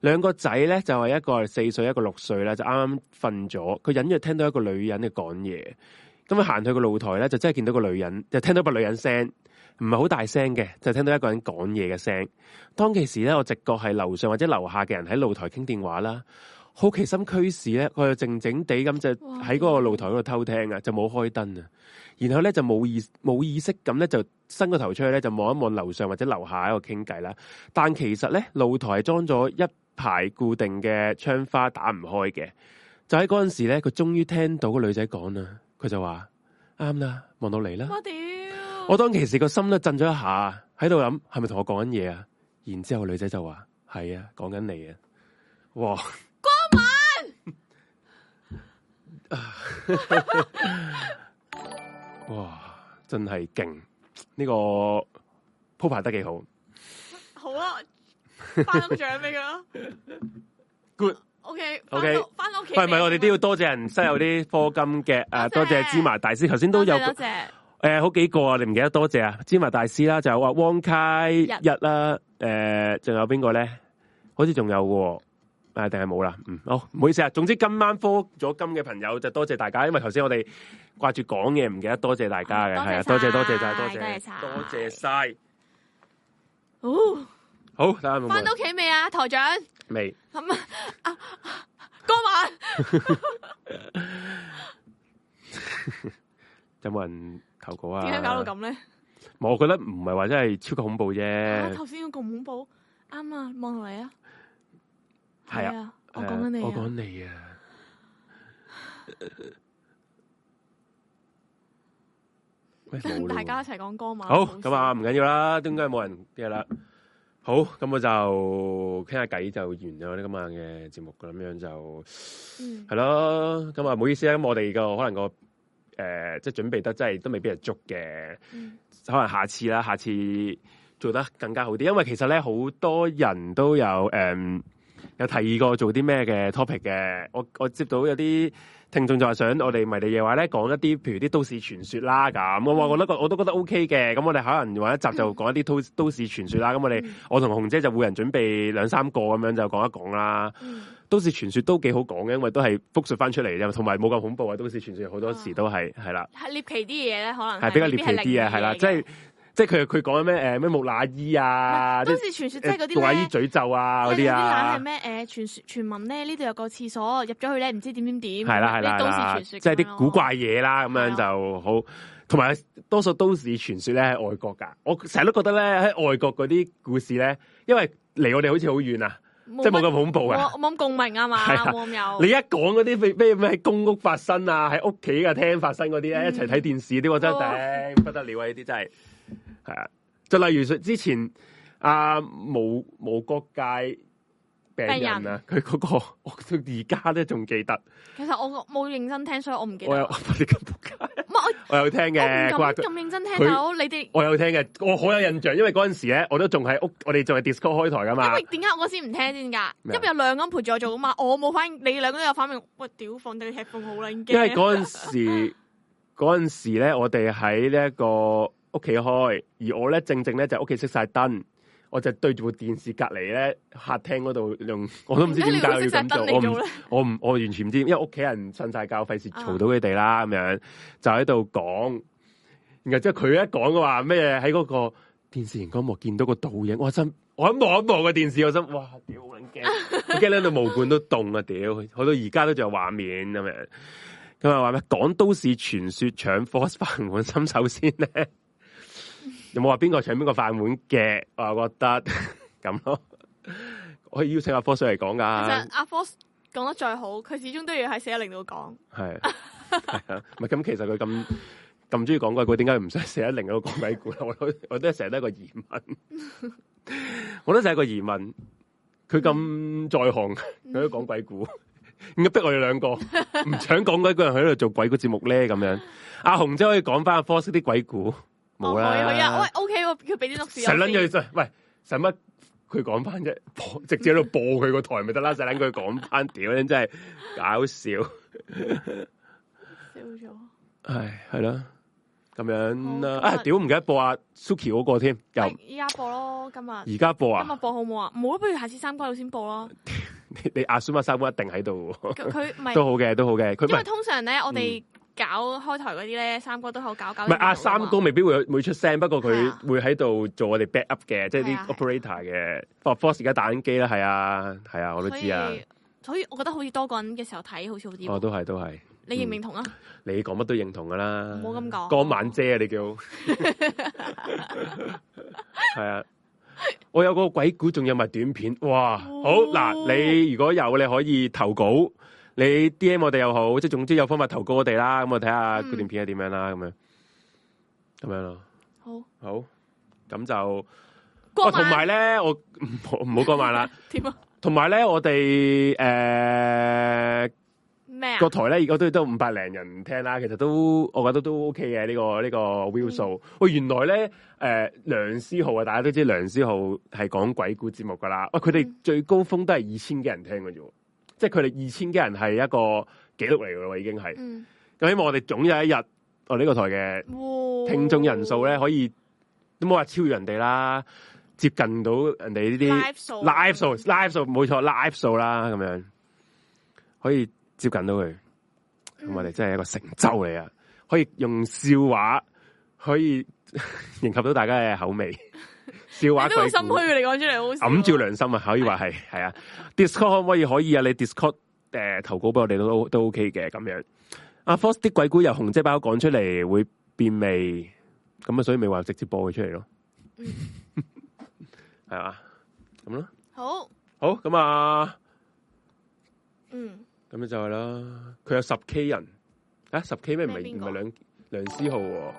兩個仔咧就係、是、一個四歲一個六歲啦，就啱啱瞓咗，佢隱約聽到一個女人嘅講嘢。咁佢行去個露台咧，就真係見到個女人，就聽到個女人聲，唔係好大聲嘅，就聽到一個人講嘢嘅聲。當其時咧，我直覺係樓上或者樓下嘅人喺露台傾電話啦。好奇心驅使咧，佢就靜靜地咁就喺嗰個露台嗰度偷聽啊，就冇開燈啊。然後咧就冇意冇意識咁咧，就伸個頭出去咧，就望一望樓上或者樓下喺度傾偈啦。但其實咧，露台裝咗一排固定嘅窗花，打唔開嘅。就喺嗰陣時咧，佢終於聽到個女仔講啦。佢就話啱啦，望到你啦。我屌、啊！我當其時個心都震咗一下，喺度諗係咪同我講緊嘢啊？然之後女仔就話係啊，講緊你啊。哇！光文 [laughs] [laughs] 哇，真係勁！呢、呢個鋪排得幾好。好啊，頒獎俾佢咯。Good。O K。O K。係咪我哋都要多謝人塞有啲課金嘅誒？多、嗯啊、謝芝麻大師，頭先都有多謝誒、呃，好幾個啊！你唔記得多謝啊？芝麻大師啦、啊，就話汪凱一啦，誒，仲、啊呃、有邊個咧？好似仲有嘅、啊，誒、啊，定係冇啦？嗯，好、哦、唔好意思啊！總之今晚課咗金嘅朋友就多謝大家，因為頭先我哋掛住講嘢，唔記得多謝大家嘅係、哦、啊！多謝多謝晒，多謝多謝晒，好，大家哦，好，返到屋企未啊？台長未咁 [laughs] 啊？啊歌晚，有冇人投稿啊？點解搞到咁咧？唔，我覺得唔係話真係超級恐怖啫。我頭先咁恐怖，啱啊！望落嚟啊，係啊，我講緊你，我講你啊。等大家一齊講歌晚。好，咁啊，唔緊要啦，點解冇人嘅啦？好，咁我就傾下偈就完咗呢今晚嘅節目，咁樣就，嗯，係咯，咁啊唔好意思啦，我哋個可能個誒、呃、即係準備得真係都未必係足嘅、嗯，可能下次啦，下次做得更加好啲，因為其實咧好多人都有誒、呃、有提議過做啲咩嘅 topic 嘅，我我接到有啲。聽眾就係想我哋迷你夜話咧講一啲，譬如啲都市傳說啦咁、嗯，我話我都覺得我都覺得 O K 嘅，咁我哋可能話一集就講一啲都都市傳說啦。咁、嗯、我哋我同紅姐就每人準備兩三個咁樣就講一講啦、嗯。都市傳說都幾好講嘅，因為都係復述翻出嚟啫，同埋冇咁恐怖。都市傳說好多時都係係啦，獵、啊、奇啲嘢咧可能係比較獵奇啲嘅，係啦，即係。就是即係佢佢講咩誒咩木乃伊啊，都市傳說，即係嗰啲木乃伊詛咒啊嗰啲啊。啲係咩誒傳說？傳聞咧呢度有個廁所，入咗去咧唔知點點點。係啦係啦，即係啲古怪嘢啦咁樣就好。同埋、啊、多數都市傳說咧喺外國噶，我成日都覺得咧喺外國嗰啲故事咧，因為離我哋好似好遠啊，沒即係冇咁恐怖噶、啊，冇咁共鳴啊嘛，啊有。你一講嗰啲咩咩喺公屋發生啊，喺屋企嘅廳發生嗰啲咧，一齊睇電視啲、嗯，我真係、嗯、不得了啊！呢啲真係。係啊，就例如之前阿無無國界病人啊，佢嗰、嗰個我到而家都仲記得。其實我冇認真聽，所以我唔記得。我有我 [laughs] 我有聽嘅，咁認真聽我你哋我有聽嘅，我好有印象，因為嗰陣時咧，我都仲喺屋，我哋仲係 Discord 開台噶嘛。因為點解我先唔聽先噶？因為有兩個人陪住我做啊嘛，我冇反應， [laughs] 你兩個都有反應，我屌放你踢縫好啦驚。因為嗰陣時嗰陣 [laughs] 時咧，我哋喺呢一個。屋企開，而我咧正正咧就屋企熄晒燈，我就對住部電視隔籬咧客廳嗰度用，我都唔知點解會咁做。我唔我，我完全唔知，因為屋企人瞓晒覺，費事嘈到佢哋啦。咁、啊、樣就喺度講，然後之後佢一講嘅話咩喺嗰個電視熒光幕見到個倒影，我心我一望一望個電視，我心哇屌好撚驚，驚到毛管都凍啊屌！去到而家都仲有畫面咁樣，咁啊話咩講都市傳說搶 force 飯碗，伸手先咧。有冇話邊個搶邊個飯碗嘅，我係覺得咁咯。這樣可以邀請阿 Force 嚟講噶。其實阿 Force 講得再好，佢始終都要喺四一零度講。係啊，唔係咁其實佢咁咁中意講鬼故，點解唔想四一零度講鬼故？ [laughs] 我我，我都係成日都一個疑問，我都係一個疑問。佢咁在行，佢都講鬼故，點 [laughs] 解逼我哋兩個唔想講鬼故，人喺度做鬼故節目咧？咁樣，阿紅姐可以講翻阿 Force 啲鬼故。冇啦，喂，O K 佢俾啲錄視。使捻佢上，喂，使乜佢講翻啫？播 [laughs] 直接喺度播佢個台咪得啦！使捻佢講翻，屌你 [laughs] 真係搞笑，笑咗，係係啦，咁樣啦，啊，屌唔記得播阿 Suki 嗰個添，又而家播咯，今日，而、哎、家播，、那個哎、播，播啊，今日播好唔好啊？冇咯，不如下次三瓜佬先播咯 [laughs] 你阿 Suki 三瓜一定喺度，佢咪？都好嘅，都好嘅，因為通常咧，我哋、嗯。搞開台嗰啲咧，三哥都好搞搞的。唔係阿三哥，未必會會出聲，不過佢會喺度做我哋 back up 嘅，即係啲 operator 嘅，而家打緊機啦。係啊，係、就是、啊，啊，啊，啊，我都知啊所。所以我覺得好似多個人嘅時候睇，好似好啲。哦，都係，都係。你認唔認同啊、嗯？你講乜都認同噶啦。冇咁講。江敏姐、啊，你叫係 [laughs] [laughs] [laughs] 啊？我有個鬼故，仲有埋短片。哇！哦、好嗱，你如果有，你可以投稿。你 D M 我哋又好，即係總之有方法投稿我哋啦，咁我睇下嗰段片係點樣啦，咁樣，咁樣咯。好，好，咁就，同埋咧，我唔唔好講埋啦。點 [laughs] 啊？同埋咧，我哋誒，咩、呃、啊？個台咧，而家都都五百零人聽啦，其實都我覺得都 O K 嘅呢個呢、這個 view 數。喂、嗯哦，原來咧，誒、呃，梁思浩啊，大家都知梁思浩係講鬼故節目噶啦。喂、嗯，佢、哦、哋最高峰都係二千幾人聽嘅啫。即係佢哋二千幾人係一個紀錄嚟噶咯，已經係咁、嗯、希望我哋總有一日，我呢個台嘅聽眾人數咧可以都冇話超越人哋啦，接近到人哋呢啲 live 數、live 數、live 數冇錯、live 數啦，咁樣可以接近到佢。咁、嗯、我哋真係一個成就嚟啊！可以用笑話，可以 [laughs] 迎合到大家嘅口味。笑話佢，心虛你講出嚟，好暗照良心啊，可以話係，係、哎、啊，Discord 可唔可以可以啊？你 Discord 誒、呃、投稿俾我哋都都 OK 嘅，咁樣阿 Force 啲鬼故由紅姐包講出嚟會變味，咁啊所以咪話直接播佢出嚟咯，係、嗯、嘛，咁 [laughs] 咯，好好咁啊，嗯，咁樣就係啦，佢有十 K 人啊，十 K 咩唔係唔係梁梁，梁思浩、啊？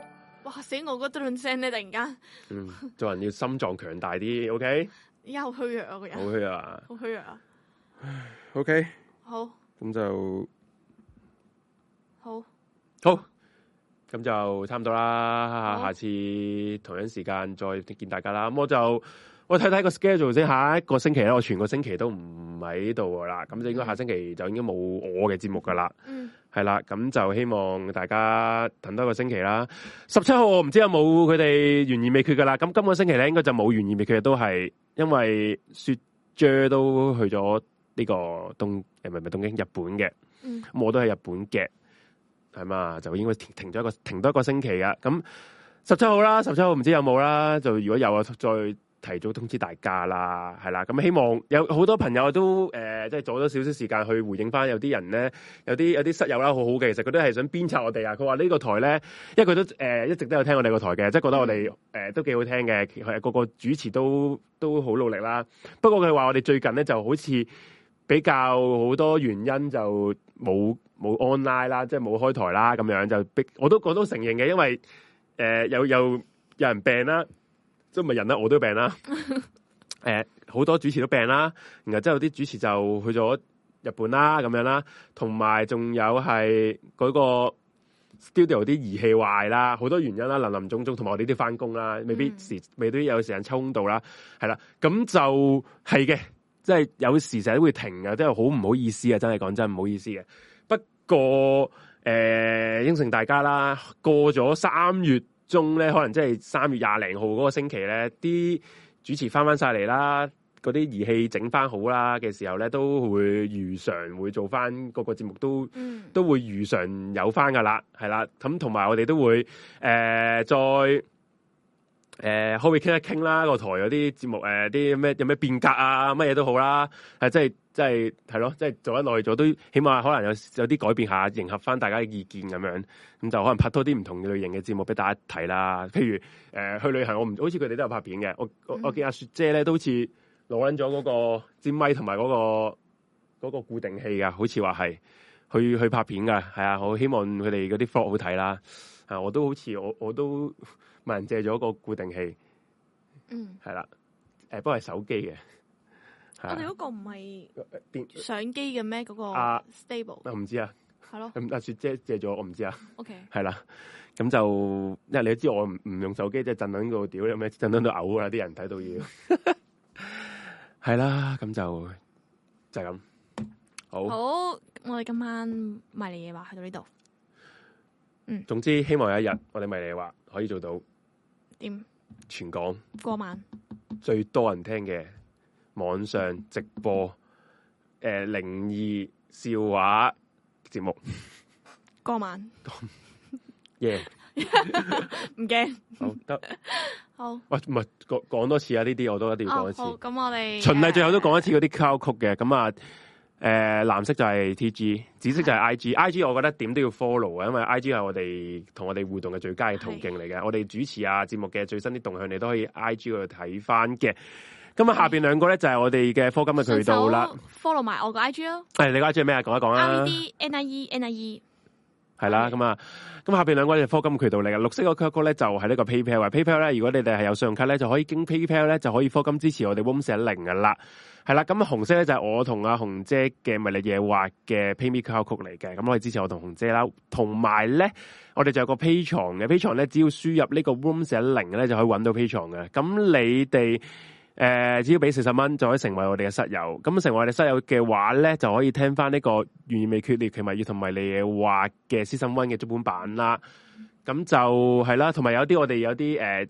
哇！死我嗰頓聲咧，突然間，嗯，做人要心臟強大啲，OK？而家好虛弱啊，個人好虛弱啊，好虛弱啊，OK？好，咁就好，好，咁就差唔多啦，下次同樣時間再見大家啦。咁我就。我睇睇個 schedule 先，下一個星期咧，我全個星期都唔喺度啦，咁就應該下星期就應該冇我嘅節目噶啦。嗯，係啦，咁就希望大家等多一個星期啦。十七號我唔知有冇佢哋懸而未決噶啦，咁今個星期咧應該就冇懸而未決，都係因為雪 j 都去咗呢個東誒係咪東京日本嘅，咁、嗯、我都係日本嘅係嘛，就應該停停咗一個停多一個星期噶。咁十七號啦，十七號唔知有冇啦，就如果有啊，再。提早通知大家啦，係啦，咁希望有好多朋友都誒，即係早咗少少時間去回應翻。有啲人咧，有啲有啲室友啦，好好嘅，其實佢都係想鞭策我哋啊。佢話呢個台咧，因為佢都誒、呃、一直都有聽我哋個台嘅，即係覺得我哋誒、呃、都幾好聽嘅，其實個個主持都都好努力啦。不過佢話我哋最近咧就好似比較好多原因就冇冇 online 啦，即係冇開台啦咁樣就逼。我都我都承認嘅，因為誒、呃、有有有人病啦。即係咪人啦、啊？我都病啦、啊。誒、 [laughs] 呃，好多主持都病啦、啊。然後之後啲主持就去咗日本啦、啊，咁樣啦、啊。同埋仲有係嗰個 studio 啲儀器壞啦、啊，好多原因啦、啊，林林總總。同埋我哋啲翻工啦，未必時，未必有時間抽到啦、啊。係、嗯、啦，咁就係嘅，即係有時成日都會停啊，即係好唔好意思啊！真係講真，唔好意思嘅。不過誒，呃、應承大家啦，過咗三月。中咧，可能即係三月廿零號嗰個星期咧，啲主持翻翻晒嚟啦，嗰啲儀器整翻好啦嘅時候咧，都會如常會做翻個個節目都都會如常有翻噶啦，係啦，咁同埋我哋都會誒、呃、再誒、呃、可唔可以傾一傾啦，個台有啲節目誒啲咩有咩變革啊，乜嘢都好啦，係即係。就是即係係咯，即係做得耐咗，都起碼可能有有啲改變下，迎合翻大家嘅意見咁樣，咁就可能拍多啲唔同嘅類型嘅節目俾大家睇啦。譬如、呃、去旅行，我唔好似佢哋都有拍片嘅。我、嗯、我我見阿雪姐咧都好似攞緊咗嗰個支咪同埋嗰個固定器噶，好似話係去去拍片噶。係啊，我希望佢哋嗰啲 foot 好睇啦、啊。我都好似我我都問人借咗個固定器，嗯，係啦、啊，不過係手機嘅。我哋嗰個唔係相機嘅咩？嗰啊 stable 我唔知啊，係、那、咯、個。阿、啊啊、 [laughs] 雪姐借咗我唔知道啊。O K，係啦，咁就因為你都知道我唔唔用手機，即、就、係、是、震，的震的到呢個屌有咩？震到到嘔啊！啲人睇到要係啦，咁就就係咁好。好，我哋今晚迷你嘢話去到呢度。嗯，總之希望有一日我哋迷你話可以做到點全港過萬最多人聽嘅。網上直播，誒靈異笑話節目，過晚，耶，唔驚，好得，好，喂，唔係講講多次啊？呢啲我都一定要講一次。咁、哦、我哋，循例最後都講一次嗰啲 c 曲嘅。咁啊，誒、呃、藍色就係 T G，紫色就係 I G，I G 我覺得點都要 follow 啊，因為 I G 係我哋同我哋互動嘅最佳嘅途徑嚟嘅。我哋主持啊節目嘅最新啲動向，你都可以 I G 嗰度睇翻嘅。咁下邊兩個咧就係我哋嘅課金嘅渠道啦。follow 埋我個 I G 咯。係你個 I G 係咩啊？講一講啊。N I D N I E N I E 係啦。咁啊，咁下邊兩個就課金渠道嚟嘅。綠色個曲曲咧就係呢個 PayPal，PayPal 咧，如果你哋係有信用卡咧，就可以經 PayPal 咧就可以課金支持我哋 Room 410㗎啦。係啦，咁紅色咧就係、是、我同阿紅姐嘅迷離夜話嘅 PayMe 曲曲嚟嘅。咁我哋支持我同紅姐啦。同埋咧，我哋就有個 Patreon 嘅 Patreon 咧，只要輸入呢個 Room 410咧就可以揾到 Patreon 嘅。咁你哋。誒、呃，只要俾四十蚊就可以成為我哋嘅室友。咁成為我哋室友嘅話咧，就可以聽翻呢個《緣未決裂》、《其埋要同埋《嘅話》嘅私心溫嘅足本版啦。咁就係啦，同埋有啲我哋有啲誒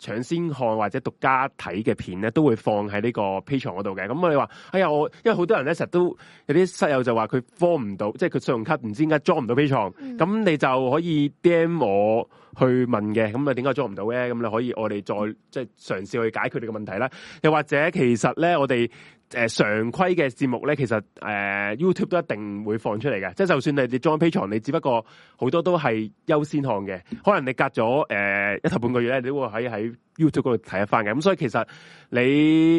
搶先看或者獨家睇嘅片咧，都會放喺呢個 P 床嗰度嘅。咁我哋話，哎呀，我因為好多人咧，日都有啲室友就話佢 form 唔到，即係佢信用卡唔知點解 join 唔到 P 床。咁你就可以釘我。去問嘅，咁啊點解裝唔到呢？咁你可以我哋再即係嘗試去解決你嘅問題啦。又或者其實咧，我哋誒、呃、常規嘅節目咧，其實誒、呃、YouTube 都一定會放出嚟嘅。即係就算你哋裝 Patreon，你只不過好多都係優先看嘅。可能你隔咗誒、呃、一頭半個月咧，你都會喺喺 YouTube 嗰度睇一翻嘅。咁所以其實你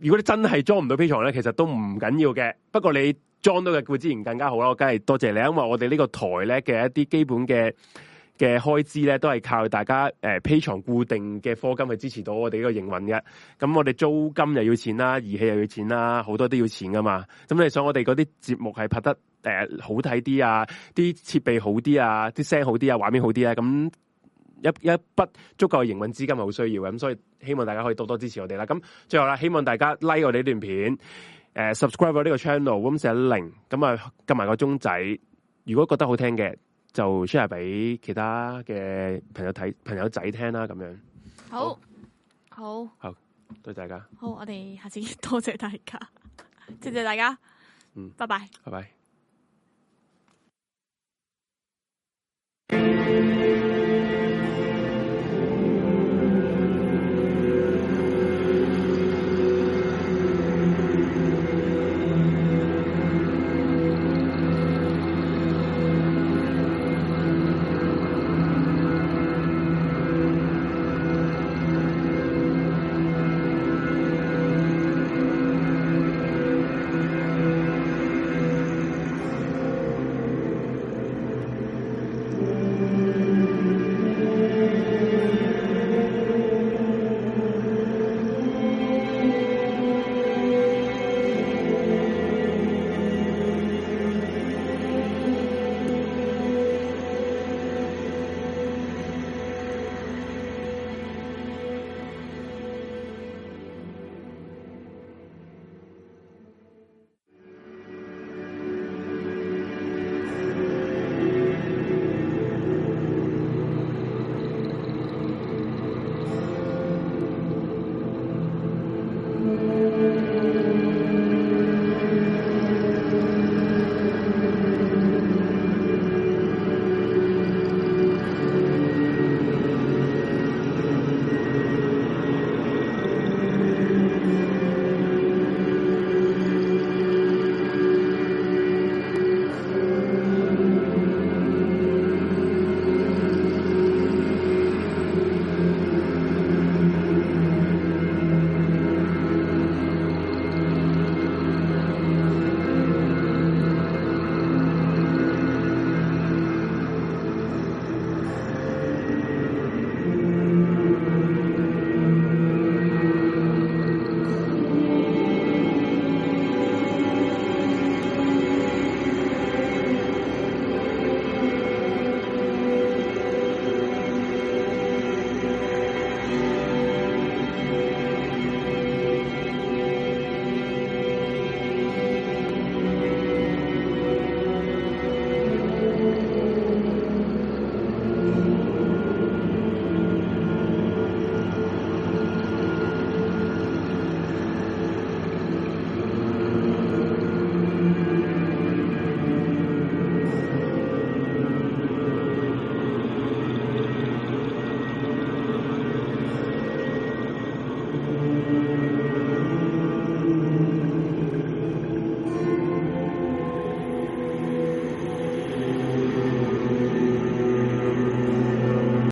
如果你真係裝唔到 Patreon 咧，其實都唔緊要嘅。不過你裝到嘅固之然更加好啦。我梗係多謝你，因為我哋呢個台咧嘅一啲基本嘅。嘅開支咧，都係靠大家誒 Patreon 固定嘅課金去支持到我哋呢個營運嘅。咁我哋租金又要錢啦，儀器又要錢啦，好多都要錢噶嘛。咁你想我哋嗰啲節目係拍得誒、呃、好睇啲啊，啲設備好啲啊，啲聲好啲啊，畫面好啲啊，咁一一筆足夠營運資金係好需要嘅。咁所以希望大家可以多多支持我哋啦。咁最後啦，希望大家 like 我哋呢段片，誒 subscribe 呢個 channel，咁寫零，咁、嗯、啊，撳埋個鐘仔。如果覺得好聽嘅，就 share 俾其他嘅朋友睇、朋友仔聽啦，咁樣。好，好，好，多謝大家。好，我哋下次多謝大家， [laughs] 謝謝大家，嗯，拜拜，拜拜。